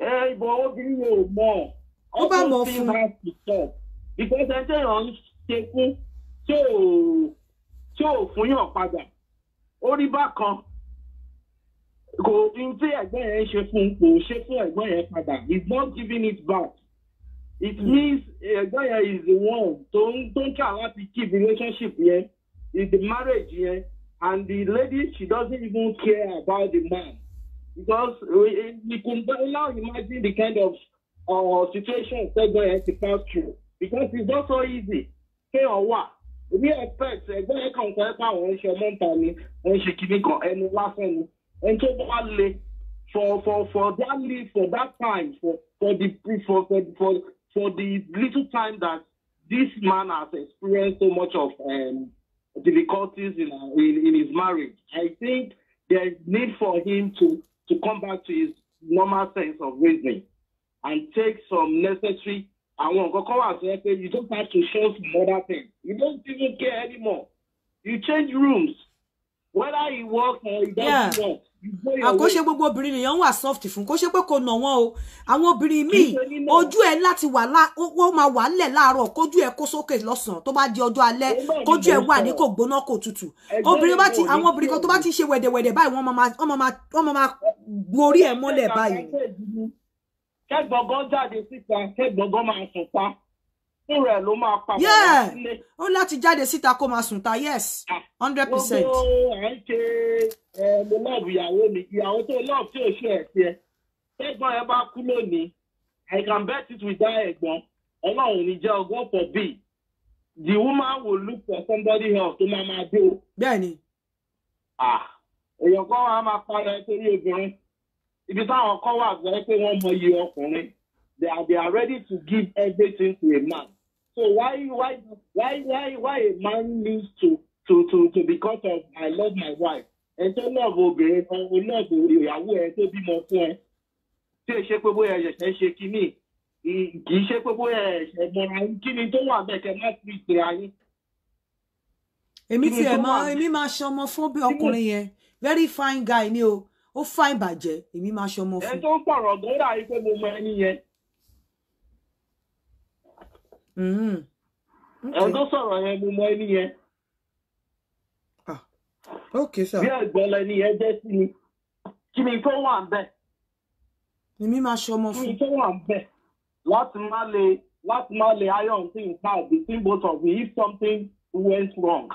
ẹ eh, ìbọn obìnrin yóò mọ̀ ó bá mọ̀ fún. because ẹ tẹ̀yàn ń ṣe fún so ò fún yàn padà ó rí bákan kò ní tí ẹ̀gbọ́n yẹn ṣe fún kò ṣe fún ẹ̀gbọ́n yẹn padà He's not giving it back it hmm. means ẹ̀gbọ́n yẹn is the one tó ń tó ń kà láti keep relationship yẹn is the marriage yẹn and the lady she doesn't even care about the man because we, we can now imagine the kind of uh, situation ẹ̀gbọ́n yẹn ti pass through because it's not so easy kéèyàn wà èmi expect ẹ̀gbọ́n yẹn kàn ń sọ ẹ́ pé àwọn ń ṣe ọmọ ń ta ni wọ́n ń ṣe kíní kan ẹnu lásán ni. And so, wá for for for that for that time for for the for for for for the little time that this man has experienced so much of um, difficulties in, in in his marriage. I think there is need for him to to come back to his normal sense of reasoning and take some necessary I nǹkan kan wà tó yẹ say. you don't have to show some other things you don't even care anymore you change rooms whether he works or he doesn't work àkóṣe ah, gbogbo obìnrin nìyẹn ń wà soft fún kó ṣe pé kò nà wọn o àwọn obìnrin míì ojú ẹ láti wà lá wọn máa wà nílẹ̀ láàárọ̀ kójú ẹ kó sókè lọ́sàn tó bá di ọjọ́ alẹ́ kójú ẹ wà ní kò gbóná kò tutù obìnrin bá ti àwọn obìnrin kan tó bá ti ṣe wẹ̀dẹ̀wẹ̀dẹ̀ báyìí wọn máa wọn máa gborí ẹ mọ́lẹ̀ báyìí. kẹgbọgán jáde síta kẹgbọgán máa sùn pa fún rẹ̀ ló máa pa wọ́n sílé. ó láti jáde síta kó máa sùn ta yes ah, hundred percent. gbogbo à ń ṣe ẹ mo lọ́ọ̀bù ìyàwó mi ìyàwó tó lọ́ọ̀bù tí ò ṣe ẹ̀ tiẹ̀ tẹ́gbọ́n ẹ bá kú lónìí I can bet it with that. ẹ̀gbọ́n ọlọ́run ní jẹ́ ọgbọ́n pọ̀ bíi the woman will look for somebody else tó máa máa dé o. bẹ́ẹ̀ni. Ah, èèyàn kan wà máa padà nítorí obìnrin ibi táwọn kan wà gbọ́ pé wọ́n mọyì ọkùnrin they are they are ready to give everything to a man. So why why why why why a man needs to to to to because of I love my wife. Ẹ tó lọ́ọ̀bù obìnrin kan, o lọ́ọ̀bù ìyàwó ẹ tó bímọ fún ẹ. Ṣé ṣe pé bóyá ẹ̀ṣẹ̀ Kì í ṣe pé bóyá ẹ̀ṣẹ̀ mọ̀ra kínní tó wà bẹ́ẹ̀ kẹ́ má fi ìpè ayé. Èmi ti ẹ̀ máa èmi máa ṣọmọ fún bí ọkùnrin yẹn very fine guy ni o, ó fine bàjẹ́, èmi máa ṣọmọ fún. Ẹ tó ń pọ̀rọ̀ gọ́dà yìí pé mo mọ ẹni yẹn. Mm. ẹ̀wọ̀n tó sọ̀rọ̀ yẹn mo mọ ẹni yẹn. Ah. okay sir. bí ẹ̀gbọ́n lẹni yẹn jẹ́ sí mi kí ni tó wà ń ni mi máa ṣe ọmọ fún. kí ni tó wà ń láti má lè láti má lè iron sí nǹkan àbí symbol of me if something went wrong.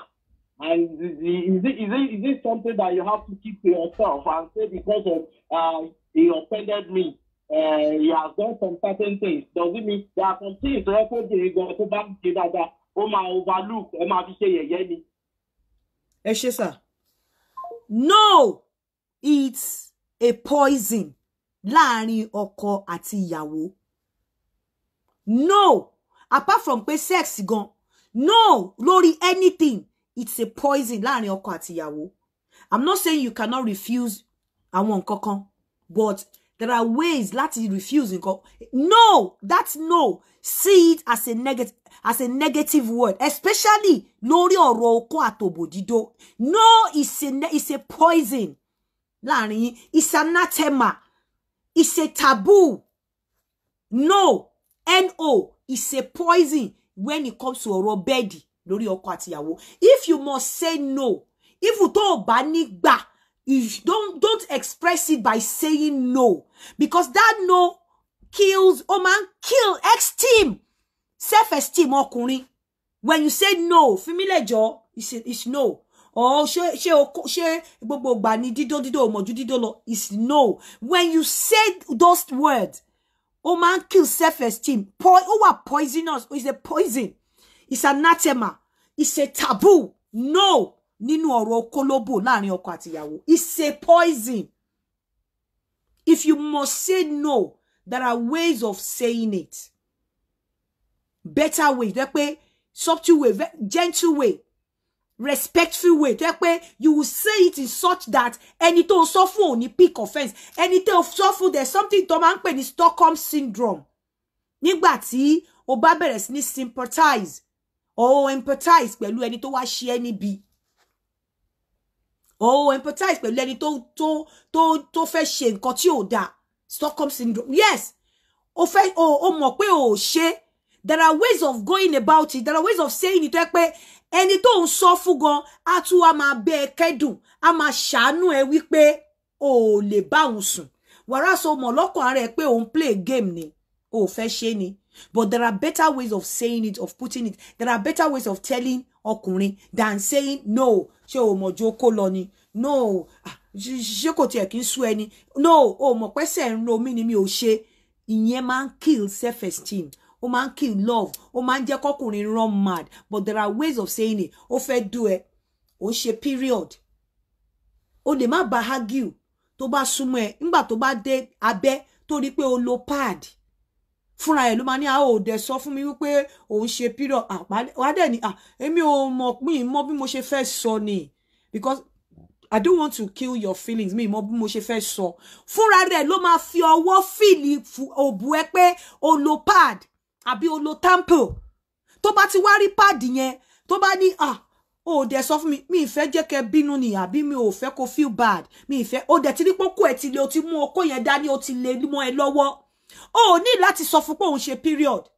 And is it, is, it, is it something that you have to keep to yourself and say because of uh, he offended me uh, you have done some certain things Does it mean there are some things rẹ kó bìnrin gan tó bá ń ṣe dáadáa ó máa overlook ẹ máa fi ṣe yẹ̀yẹ́ ni. ẹ ṣe sà no it's a poison láàrin ọkọ àti ìyàwó no apart from pé sex gan no lori, anything it's a poison láàrin ọkọ àti ìyàwó i'm not saying you cannot refuse àwọn nǹkan kan but There are ways That is refusing. No, that's no. See it as a negative as a negative word, especially lórí ọ̀rọ̀ oko atobodido. No it's a it's a poison. Lani, yín, it's anathema. It's a taboo. No, no it's a poison when it comes to ọ̀rọ̀ bẹ́ẹ̀dì lórí ọkọ àtìyàwó. If you must say no, if you tó o bá is don't don't express it by saying no because that no kills Oh man, ń kill esteem self esteem ọkùnrin when you say no fún mi lẹ́jọ́ is is no Oh she she she. ṣe gbogbo ìgbà ni dídó dídó òmòjú dídó lọ is no when you say those words oh man, kill self esteem po ó wà poisonous is a poison It's anathema It's a taboo no nínú ọ̀rọ̀ okólóbò láàrin ọkọ àtìyàwó it's a poison if you must say no there are ways of saying it better way jẹ́ pé subtle way gentle way respectful way jẹ́ pé you will say it in such that ẹni tó sọ fún ò ní pick offence ẹni tó sọ fún there's something tó máa ń pè ní Stockholm syndrome nígbà tí o bá bẹ̀rẹ̀ sí ní sympathize or empathize pẹ̀lú ẹni tó wá ṣe ẹ́ níbi o empathize pẹ̀lú ẹni tó tó tó tó fẹ́ ṣe nǹkan tí ò dáa Stockholm syndrome yes o fẹ́ o o mọ̀ pé o ṣe there are ways of going about it there are ways of saying it tó yẹ pé ẹni tó ń sọ fún gan á tún wá máa bẹ ẹ kẹ́dùn á máa ṣàánú ẹ wípé o ò lè bá òun sùn wàrà so mọ̀ lọ́kàn ara ẹ pé òun play game ni o ò fẹ́ ṣe ni but there are better ways of saying it of putting it there are better ways of telling ọkùnrin dan saying no ṣé o mọ̀ jó lọ ni no ah, ṣé kò tiẹ̀ kí n sú ẹni no o mọ̀ pẹ́sẹ̀ ń ro mí ni mi ò ṣe ìyẹn máa ń kill self esteem o máa ń kill love o máa ń jẹ́ kọ́kùnrin run mad but there are ways of saying it o fẹ́ do ẹ ó ṣe period o lè má ba argue tó bá súnmọ́ ẹ nígbà tó bá dé abẹ́ torí pé o lo pad fúnra ẹ̀ ló máa ní àwọn òde sọ fún mi wípé òun ṣe pírọ̀ wà dẹ̀ ni èmi ò mọ̀ pín in mọ́ bí mo ṣe fẹ́ sọ ni because I don't want to kill your feelings mi mọ̀ bí mo ṣe fẹ́ sọ fúnra rẹ̀ ló máa fi ọwọ́ fìlì òbú ẹ pé o lo pad àbí o lo tampo tó bá ti wá rí pad yẹn tó bá ní ah o dẹ̀ sọ fún mi mi ìfẹ́ jẹ́ kẹ́ bínú ni àbí mi ò fẹ́ kó feel bad mi ìfẹ́ o dẹ̀ ti rí pọ́kú ẹ̀ ti le o ti mú okó yẹn dání o ti le mọ́ ẹ lọ́wọ́ o ni lati sọ fún pé òun ṣe period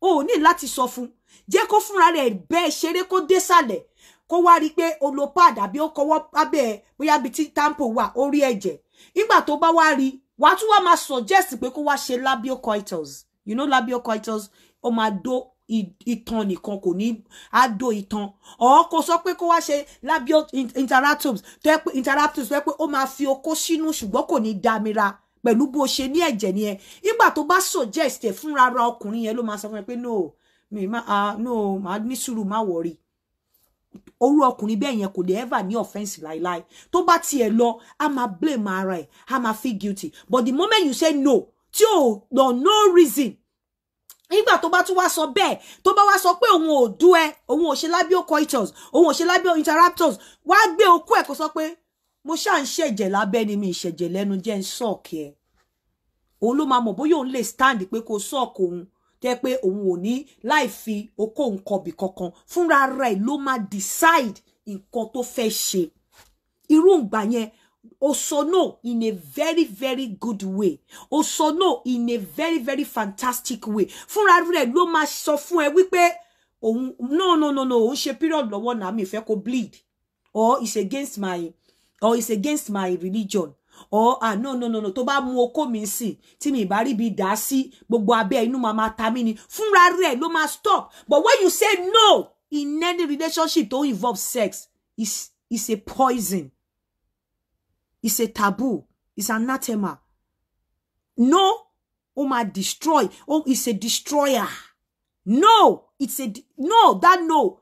o ni lati sọ fún jẹ́ kó fúnra rẹ̀ bẹ́ẹ̀ ṣeré kó désàlẹ̀ kó wá rí i pé o lo pad àbí ó kọwọ́ abẹ́ bóyá bíi tí tampo wà ó rí ẹ̀jẹ̀ nígbà tó bá wá rí wàá tún wá suggest pé kó wá ṣe labial coitus you know labial coitus ó máa dó ìtàn nìkan kò ní á do ìtàn ọ̀hún kò sọ pé kó wá ṣe labial interruptums tó yẹ pé interruptums tó yẹ pé fi okó sínú ṣùgbọ́n kò ní dámira pẹ̀lú bó ṣe ní ẹ̀jẹ̀ ni ẹ nígbà tó bá suggest ẹ fúnra ra ọkùnrin yẹn ló máa sọ fún ẹ pé no mi ma ah no ma ní sùúrù má wọrí orú ọkùnrin bẹ́ẹ̀ yẹn kò lè ever ní offense láíláí tó bá tiẹ̀ lọ a máa blame ara ẹ̀ a máa feel guilty but the moment you say no tí ò lọ no reason nígbà tó bá tún wá sọ bẹ́ẹ̀ tó bá wá sọ pé òun ò dú ẹ òun ò ṣe lábíò coitus òun ò ṣe lábíò interruptors wá gbé okú ẹ̀ kó sọ pé mo ṣáà ń ṣẹ̀jẹ̀ lábẹ́ ni mi ìṣẹ̀jẹ̀ lẹ́nu jẹ́ ń sọ̀kì ẹ̀ òun ló máa mọ̀ bóyá òun lè stand pé kó sọ́ọ̀kù òun tẹ́ pé òun ò ní láì fi okó nǹkan bì kankan fúnra rẹ̀ ló máa decide nǹkan tó fẹ́ ṣe irú ìgbà yẹn o sọ no in a very very good way o sọ no in a very very fantastic way fúnra rẹ̀ ló máa sọ fún ẹ wípé òun no no no no òun ṣe period lọ́wọ́ náà mi fẹ́ kó bleed or it's against my or it's against my religion or ah no no no no tó bá mú okó mi sí tí mi bá rí bi dá sí gbogbo abẹ́ inú ma ta mí ni fúnra rẹ̀ ló ma stop but when you say no in any relationship tó involve sex is is a poison is a taboo is anathema no ó ma destroy oh is a destroyer no it's a no that no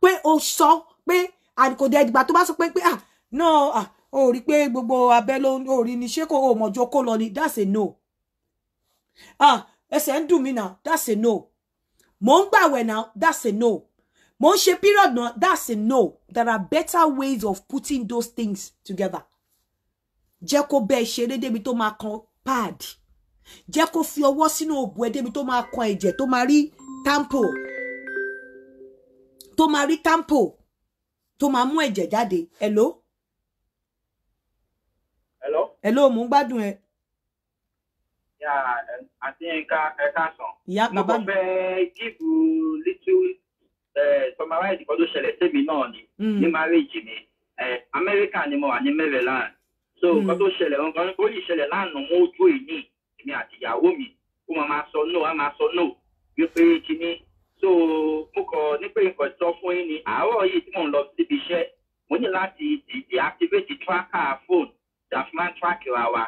pé o sọ pé and kò dé ìgbà tó bá sọ pé pé ah no ah o rí pé gbogbo abẹ́ ló ń rí ni ṣé kò o mọ̀jọ kó lọ ni that's a no ah ẹsẹ̀ ń dùn mí náà that's a no mò ń gbàwẹ̀ náà that's a no mo ń ṣe period na. that's a no there are better ways of putting those things together jẹ́ kó bẹ́ẹ̀ ṣeré débi tó máa kan pad jẹ́ kó fi ọwọ́ sínú òbú ẹ débi tó máa kan ẹ̀jẹ̀ tó máa rí tampo tó máa rí tampo tó máa mú ẹ̀jẹ̀ jáde hello ẹ ló mú gbádùn ẹ. àti ẹ̀ka ẹ̀ka sàn. ìyá kan bá mi. mo kàn fẹ́ gígùn little summarize kan tó ṣẹlẹ̀ sẹ́mi náà ni hmm. ní marriage mi Amẹ́ríkà ni mo wà ní Maryland so hmm. kan tó ṣẹlẹ̀ nǹkan ó yìí ṣẹlẹ̀ lánàá mo ojú ìní èmi àti ìyàwó mi ó máa máa sọ no á máa sọ no wípé kíní so mo kọ ní pé nǹkan sọ fún yín ni àárọ̀ yìí tí mò ń lọ síbi iṣẹ́ mo ní láti deactivate tracker phone tàfimá tíráàkì ra wa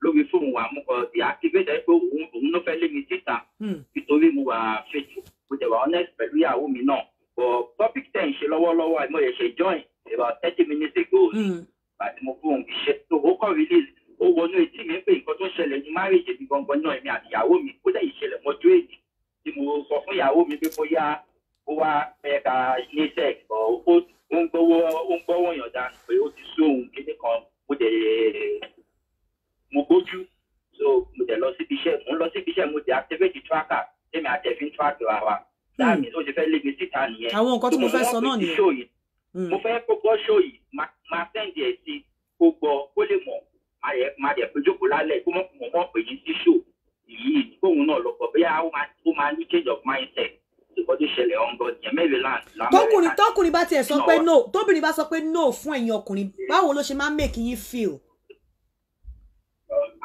lórí fóònù wa mo kọ di activate ẹ pé òun òun ló fẹ́ lé mi síta hmm. nítorí mo wà fètò mo jẹ wà honest pẹ̀lú ìyàwó mi náà but topic ten ṣe lọ́wọ́lọ́wọ́ àìmọ̀ yẹn ṣe join about thirty minutes ago hmm. àti mo fóònù iṣẹ́ tó o kọ́ release o wọnú etí mi pé nǹkan tó ṣẹlẹ̀ ní márèjì mi gangan náà èmi àti ìyàwó mi kó dẹ̀ ìṣẹ̀lẹ̀ mọ́jú èyí tí mo sọ fún ìyàwó mi pé bóyá ó wá fẹ́ ka ní sex ó ń gbọ́wọ́ ó pé ó ti sóhun kíní kan mo dẹ̀ mo gbójú so mo dẹ̀ lọ síbi iṣẹ́ mo ń lọ síbi iṣẹ́ mo dẹ̀ activate tracker tẹ́mi àtẹ̀fín tracker wa wa láàmì tó ṣe fẹ́ lé mi síta nìyẹn. àwọn nǹkan tí mo fẹ́ sọ náà nìyẹn. mo fẹ́ kó gbọ́ ṣó yìí máa sẹ́ǹdì ẹ̀ sí kó gbọ́ kó lè mọ̀ máa dẹ̀ pé jókòó lálẹ́ kó mọ̀ mọ̀ pé yín sí ṣó yìí kóun náà lọ pọ̀ bóyá ó máa ní change of mindset nǹkan tó ṣẹlẹ̀ ọ̀n gan yẹn mẹ́rin tọkùnrin tọkùnrin bá tiẹ̀ sọ pé no tóbìnrin bá sọ pé no fún ẹ̀yin ọkùnrin báwo ló ṣe máa ń make yín feel.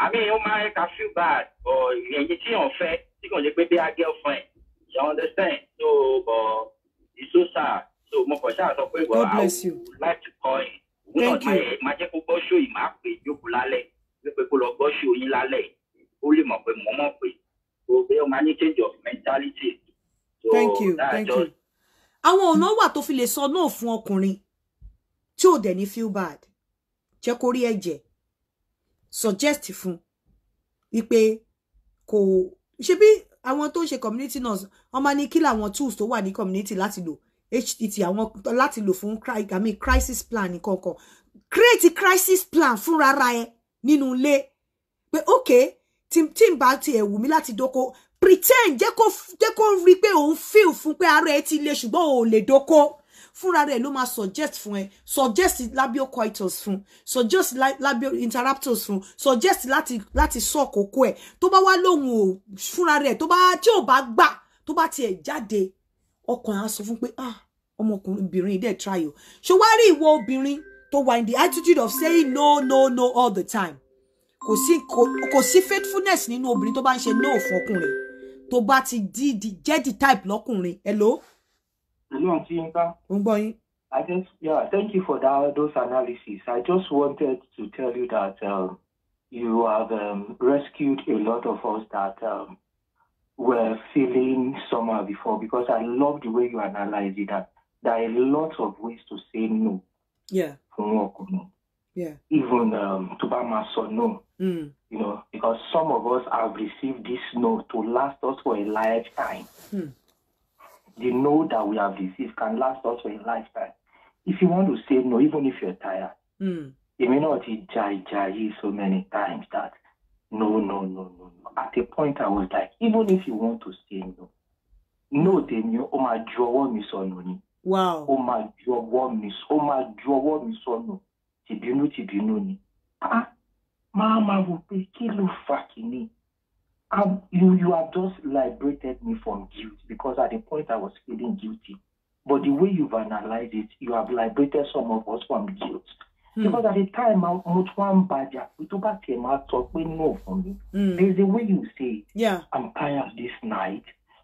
àmì ó máa ń ka feel bad bọ̀ ẹ̀yin tí yàn fẹ́ tí kò ní pé bí a girlfriend you understand so bọ̀ ìṣó sáà so mo kàn ṣáà sọ pé bọ̀ I would like to call him. thank you máa jẹ́ kó gbọ́ ṣó ì máa pè jókòó lálẹ́ wípé kó lọ gbọ́ ṣó yín lálẹ́ ó lè mọ̀ pé mo mọ̀ pé o bẹ́ẹ̀ máa ní change of mentality thank you thank you àwọn ọ̀nà wà tó fi lè sọ náà fun, ọkùnrin tí ò dẹ̀ ní feel bad jẹ́ kó rí ẹ̀jẹ̀ suggest fún wípé kò ṣe bí àwọn tó to ṣe community nurse wọ́n máa ní kí làwọn tools to wà ní community láti lò htt àwọn láti lò fún i mean crisis plan nìkan kan create crisis plan Fun ra ẹ nínú ilé pé okay Tim n bá tiẹ̀ wù mí láti dóko pretend jẹ́ kó jẹ́ kó rí pé òun feel fún pé ara ẹ ti le ṣùgbọ́n ò lè doko fúnra rẹ̀ ló máa suggest fún ẹ suggest labial coitus fún suggest labial interruptus fún suggest láti láti sọ kókó ẹ tó bá wá lóhùn o fúnra rẹ̀ tó bá tí ò bá gbà tó bá tiẹ̀ jáde ọkàn á sọ fún pé ah ọmọkùnrin obìnrin dẹ̀ try o ṣé wá rí ìwọ obìnrin tó wà in the attitude of saying no no no all the time kò sí kò sí faithfulness nínú obìnrin tó bá ń ṣe no fún ọkùnrin tó bá ti di di jẹ́ the type lọ́kùnrin hello. hello aunty Yinka. ó ń gbọ́ yín. I just yeah thank you for that those analysis I just wanted to tell you that um, you have um, rescued a lot of us that um, were feeling somehow before because I love the way you analyze it that there are a lot of ways to say no. Yeah. fún ọkùnrin. Yeah. Even um, to buy my son, no. Mm. You know, because some of us have received this no to last us for a lifetime. Mm. The no that we have received can last us for a lifetime. If you want to say no, even if you're tired, mm. you may not jai jai so many times that no, no, no, no, no. At a point, I was like, even if you want to say no, no, then you, oh my, draw one is on Wow. Oh my, draw one is, oh my, draw one is on tìbínú tìbínú ni a máa máa wò pé kí ló fà kíní you you have just liberated me from guilt because at the point I was feeling guilty but the way you've analysed it you have liberated some of us from guilt. Mm. Because at the time mo tún wá ń bàjá pé tó bá tiẹ̀ máa sọ pé no fún mi. Hmm. There is a way you say Yeah. I'm tired this night.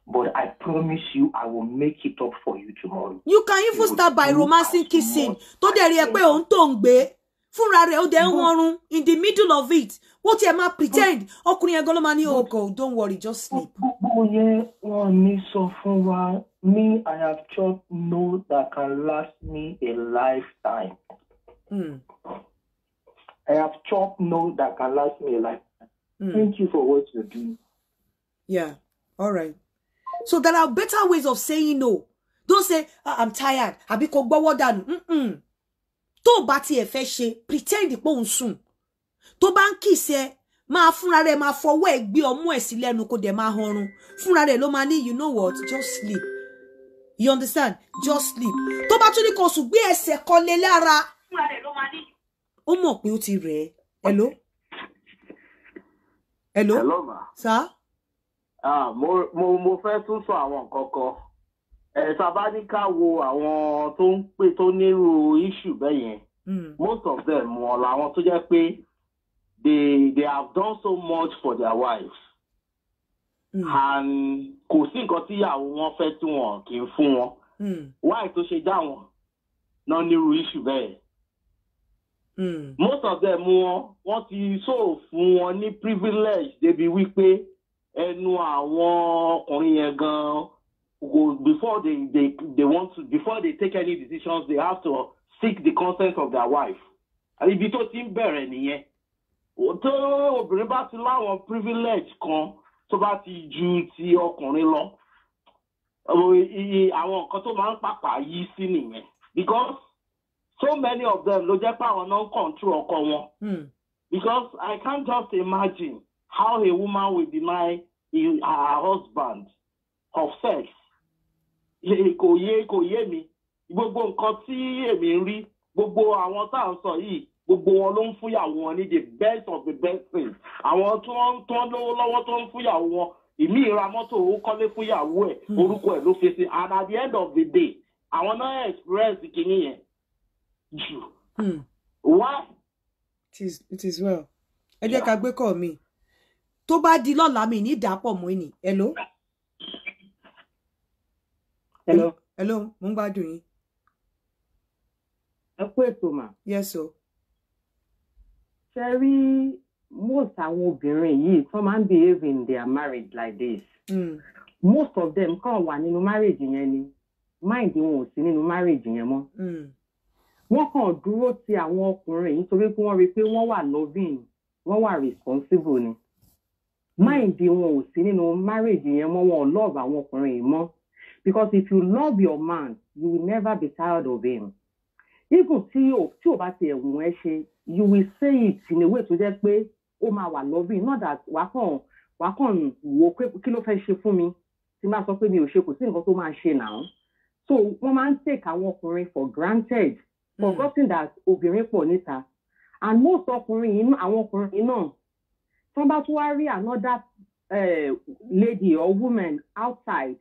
But I promise you, I will make it up for you tomorrow. You can even start by romancing kissing. Tó dẹ̀ rí ẹ pé òun tó ń gbé. Fúnra rẹ̀ ó dẹ̀ in the middle of it. Wọ́n ti ẹ̀ máa pretend. Ọkùnrin yẹn gan-an máa oh don't worry just sleep. Gbogbo yẹn wọn ní sọ Me, I have chopped no that can last me a lifetime. Mm. I have chopped no that can last me a lifetime. Mm. Thank you for what you're doing. Yeah, all right. So there are better ways of saying no. Don't say, ah, I'm tired. Àbí kò gbọ́wọ́ dànù. Mm-mm. Tó bá tiẹ̀ fẹ́ ṣe, pretend pé ò ń sùn. Tó bá ń ma ẹ, máa fúnra rẹ̀ máa fọwọ́ ẹ̀ gbé ọmú ẹ̀ sí lẹ́nu kó horun. Fúnra rẹ̀ ló máa ní you know what, just sleep. You understand? Just sleep. To bá tún ní kó sùn gbé ẹsẹ̀ kan lé lára. Fúnra rẹ̀ ló máa ní. Ó mọ̀ pé ó ti rẹ̀ Hello? Hello? Hello ma. Sir? mo fẹ́ tún sọ àwọn nǹkan kan ẹ̀ta bá ní ká wo àwọn tó ń pè tó nírú issue bẹ́ẹ̀ yẹn hmm. most of them wọn làwọn tó jẹ́ pé they they have done so much for their wives mm. and kò sí nǹkan tí ìyàwó wọn fẹ́ tí wọn kì í fún wọn hmm. why tó ṣe dá wọn náà nírú issue bẹ́ẹ̀. Mm. most of them wọn wọn ti sọ fún wọn ní privilege débi wípé ẹnu àwọn ọkùnrin yẹn gan before they they they want to before they take any decisions they have to seek the consent of their wife ibi tó ti ń bẹ̀rẹ̀ nìyẹn tó obìnrin bá ti láwọn privilege kan tó bá ti ju ti ọkùnrin lọ àwọn nǹkan tó máa ń pàpà yí sí nìyẹn because so many of them ló jẹ́ pé àwọn náà ń control ọkọ wọn hmm. because I can't just imagine how a woman will deny her husband of sex kò yé kò yé mi gbogbo nǹkan tí èmi ń rí gbogbo àwọn tá à ń sọ yìí gbogbo wọn ló ń fúyàwó wọn ní the best of the best thing àwọn tí wọn ń tán lówó lọ́wọ́ tó ń fúyàwó wọn ìmí ìra mọ́tò ó kọ́lé fúyàwó ẹ̀ hmm. orúkọ ẹ̀ ló fi sí and at the end of the day àwọn náà experience kìíní yẹn jù. Hmm. why. it is it is well ẹ jẹ́ ká gbé kọ́ mi tó bá di lọ́la mi ní ìdápọ̀ mọ́ ni hello. hello. hello mo ń gbádùn yín. ẹ kú ètò mà. yes o. ṣe rí most àwọn obìnrin yìí tó máa ń behave in their marriage like this. Mm. most of them kàn wà nínú marriage yẹn ni mind wọn ò sí nínú marriage yẹn mọ́. Mm wọ́n kàn dúró ti àwọn ọkùnrin yìí torí pé wọ́n rí i pé wọ́n wà loving wọ́n wà responsible ni mind wọn ò sí nínú marriage yẹn mọ́ wọn love àwọn ọkùnrin yìí mọ́ because if you love your man you will never be tired of him even tí o tí o bá ti ẹ̀wùn ẹ ṣe you will say it in a way tó jẹ́ pé ó máa wà loving not that wà kàn wà kàn wò ó pé kí ló fẹ́ ṣe fún mi tí n bá sọ pé mi ò ṣe kò sí nǹkan tó máa ṣe now so wọ́n máa ń take àwọn ọkùnrin for granted hmm. forgotten mm. that obìnrin pọ̀ níta and most ọkùnrin yìí àwọn ọkùnrin yìí náà tó bá tún wá rí another uh, lady or woman outside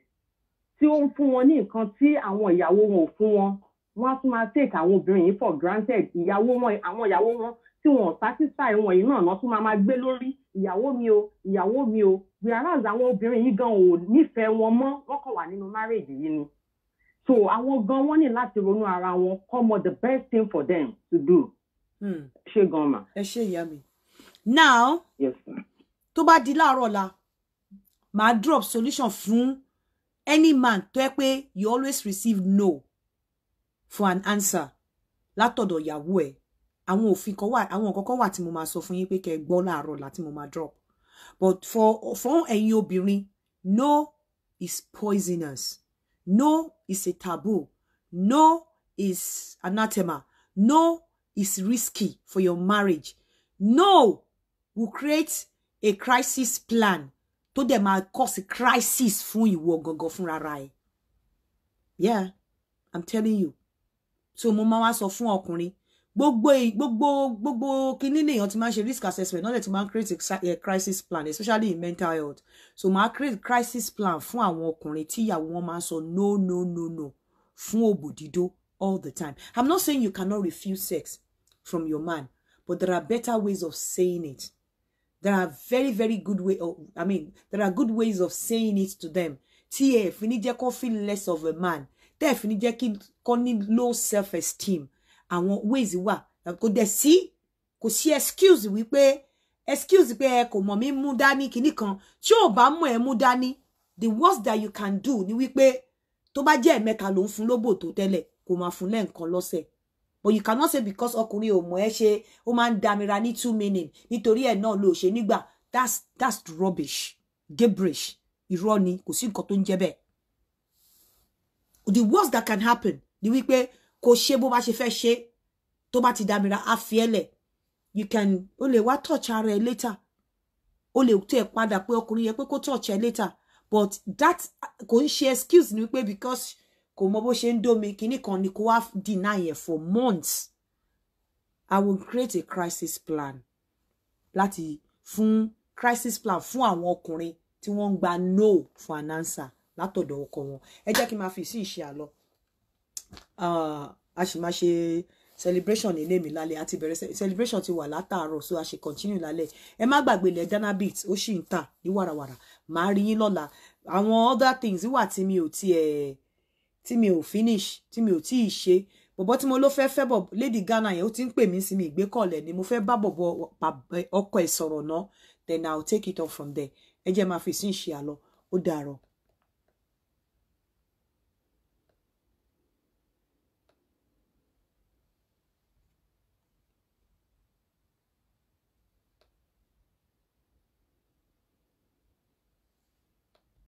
tí ó ń fún wọn ní nǹkan tí àwọn ìyàwó wọn ò fún wọn wọn á tún máa take àwọn obìnrin yìí for granted ìyàwó wọn àwọn ìyàwó wọn tí wọn ò satisfy wọn yìí náà tún máa máa gbé lórí ìyàwó mi o ìyàwó mi o whereas àwọn obìnrin yìí gan ò nífẹ̀ẹ́ wọn mọ́ wọ́n kàn wà nínú marriage yìí ni so àwọn gan wọn ní láti ronú ara wọn kọ́ mọ the best thing for them to do. Hmm. ṣé gan ma. ẹ ṣe ìyá mi now yes tó bá di láàárọ̀ la màá drop solution fún any man to yẹ you always receive no for an answer Latodo ìyàwó ẹ̀ àwọn òfin kan wà àwọn nǹkan kan wà tí mo máa so fún yín pé kẹ́ ẹ gbọ́ láàárọ̀ la tí mo máa drop but for fún ẹ̀yin obìnrin no is poisonous no is a taboo no is anathema no is risky for your marriage no will create a crisis plan To them, máa cause a crisis fún ìwọ gangan Go ra rara. yeah i'm telling you so mo máa wá sọ fún ọkùnrin gbogbo gbogbo gbogbo kinní nìyẹn ti máa ń ṣe risk assessment náà dẹ̀ ti create a eh, crisis plan especially in mental health so máa create crisis plan fún àwọn ọkùnrin tí ìyàwó wọn máa ń no no no no Fun obodido all the time i'm not saying you cannot refuse sex from your man but there are better ways of saying it there are very very good way of, oh, i mean there are good ways of saying it to them TF ẹ fi ní feel less of a man TF need fi ní jẹ́ kí low self esteem àwọn ways wà kò dẹ̀ sí kò sí excuse wípé excuse pé ẹ kò mọ̀ mí mú dání kinní kan tí ò bá mọ̀ ẹ the worst that you can do ni wípé tó bá jẹ́ ẹ̀mẹ́ta ló ń fún lóbò tó tẹ́lẹ̀ kò máa fún lẹ́ǹkan lọ́sẹ̀ but you cannot say because ọkùnrin ò mọ̀ ẹ́ ṣe ó máa ń damira ní two minutes nítorí ẹ̀ náà ló ṣe nígbà that's that's rubbish gibberish irọ́ ni kò sí nǹkan tó ń jẹ́ bẹ́ẹ̀ the worst that can happen ni wípé kò ṣe bó bá ṣe fẹ́ ṣe tó bá ti damira á fi ẹ́lẹ̀ you can o lè wá touch ara ẹ later o lè tó ẹ padà pé ọkùnrin yẹ pé kó touch ẹ later but that kò ń ṣe excuse ni wípé because kò mọ bó ṣe ń dómi kinní kan ni kó wá deny yẹn for months i will create a crisis plan láti fún crisis plan fún àwọn ọkùnrin tí wọ́n ń gba no for an answer látọ̀dọ̀ ọkọ wọn ẹ jẹ́ kí n máa fi sí ìṣe àlọ́ ah, a sì máa ṣe celebration ilé mi lálẹ́ àti bẹ̀rẹ̀ celebration ti wà látàárọ̀ so a ṣe continue lálẹ́ ẹ má gbàgbé ilẹ̀ danabit ó sì ń tà ní wàràwàrà màá rí yín lọ́la àwọn other things wà tí mi ò tiẹ̀. Eh, tí mi ò finish tí mi ò tí ì ṣe bọ̀bọ̀ tí mo ló fẹ́ fẹ́ bọ̀ lady Ghana yẹn ó ti ń pè mí sí mi ìgbékọ̀lẹ̀ ni mo fẹ́ bá bọ̀bọ̀ ọkọ ẹ̀ sọ̀rọ̀ náà then I'll take it off from there ẹ jẹ́ máa fi sí ìṣe àlọ́ ó dàárọ̀.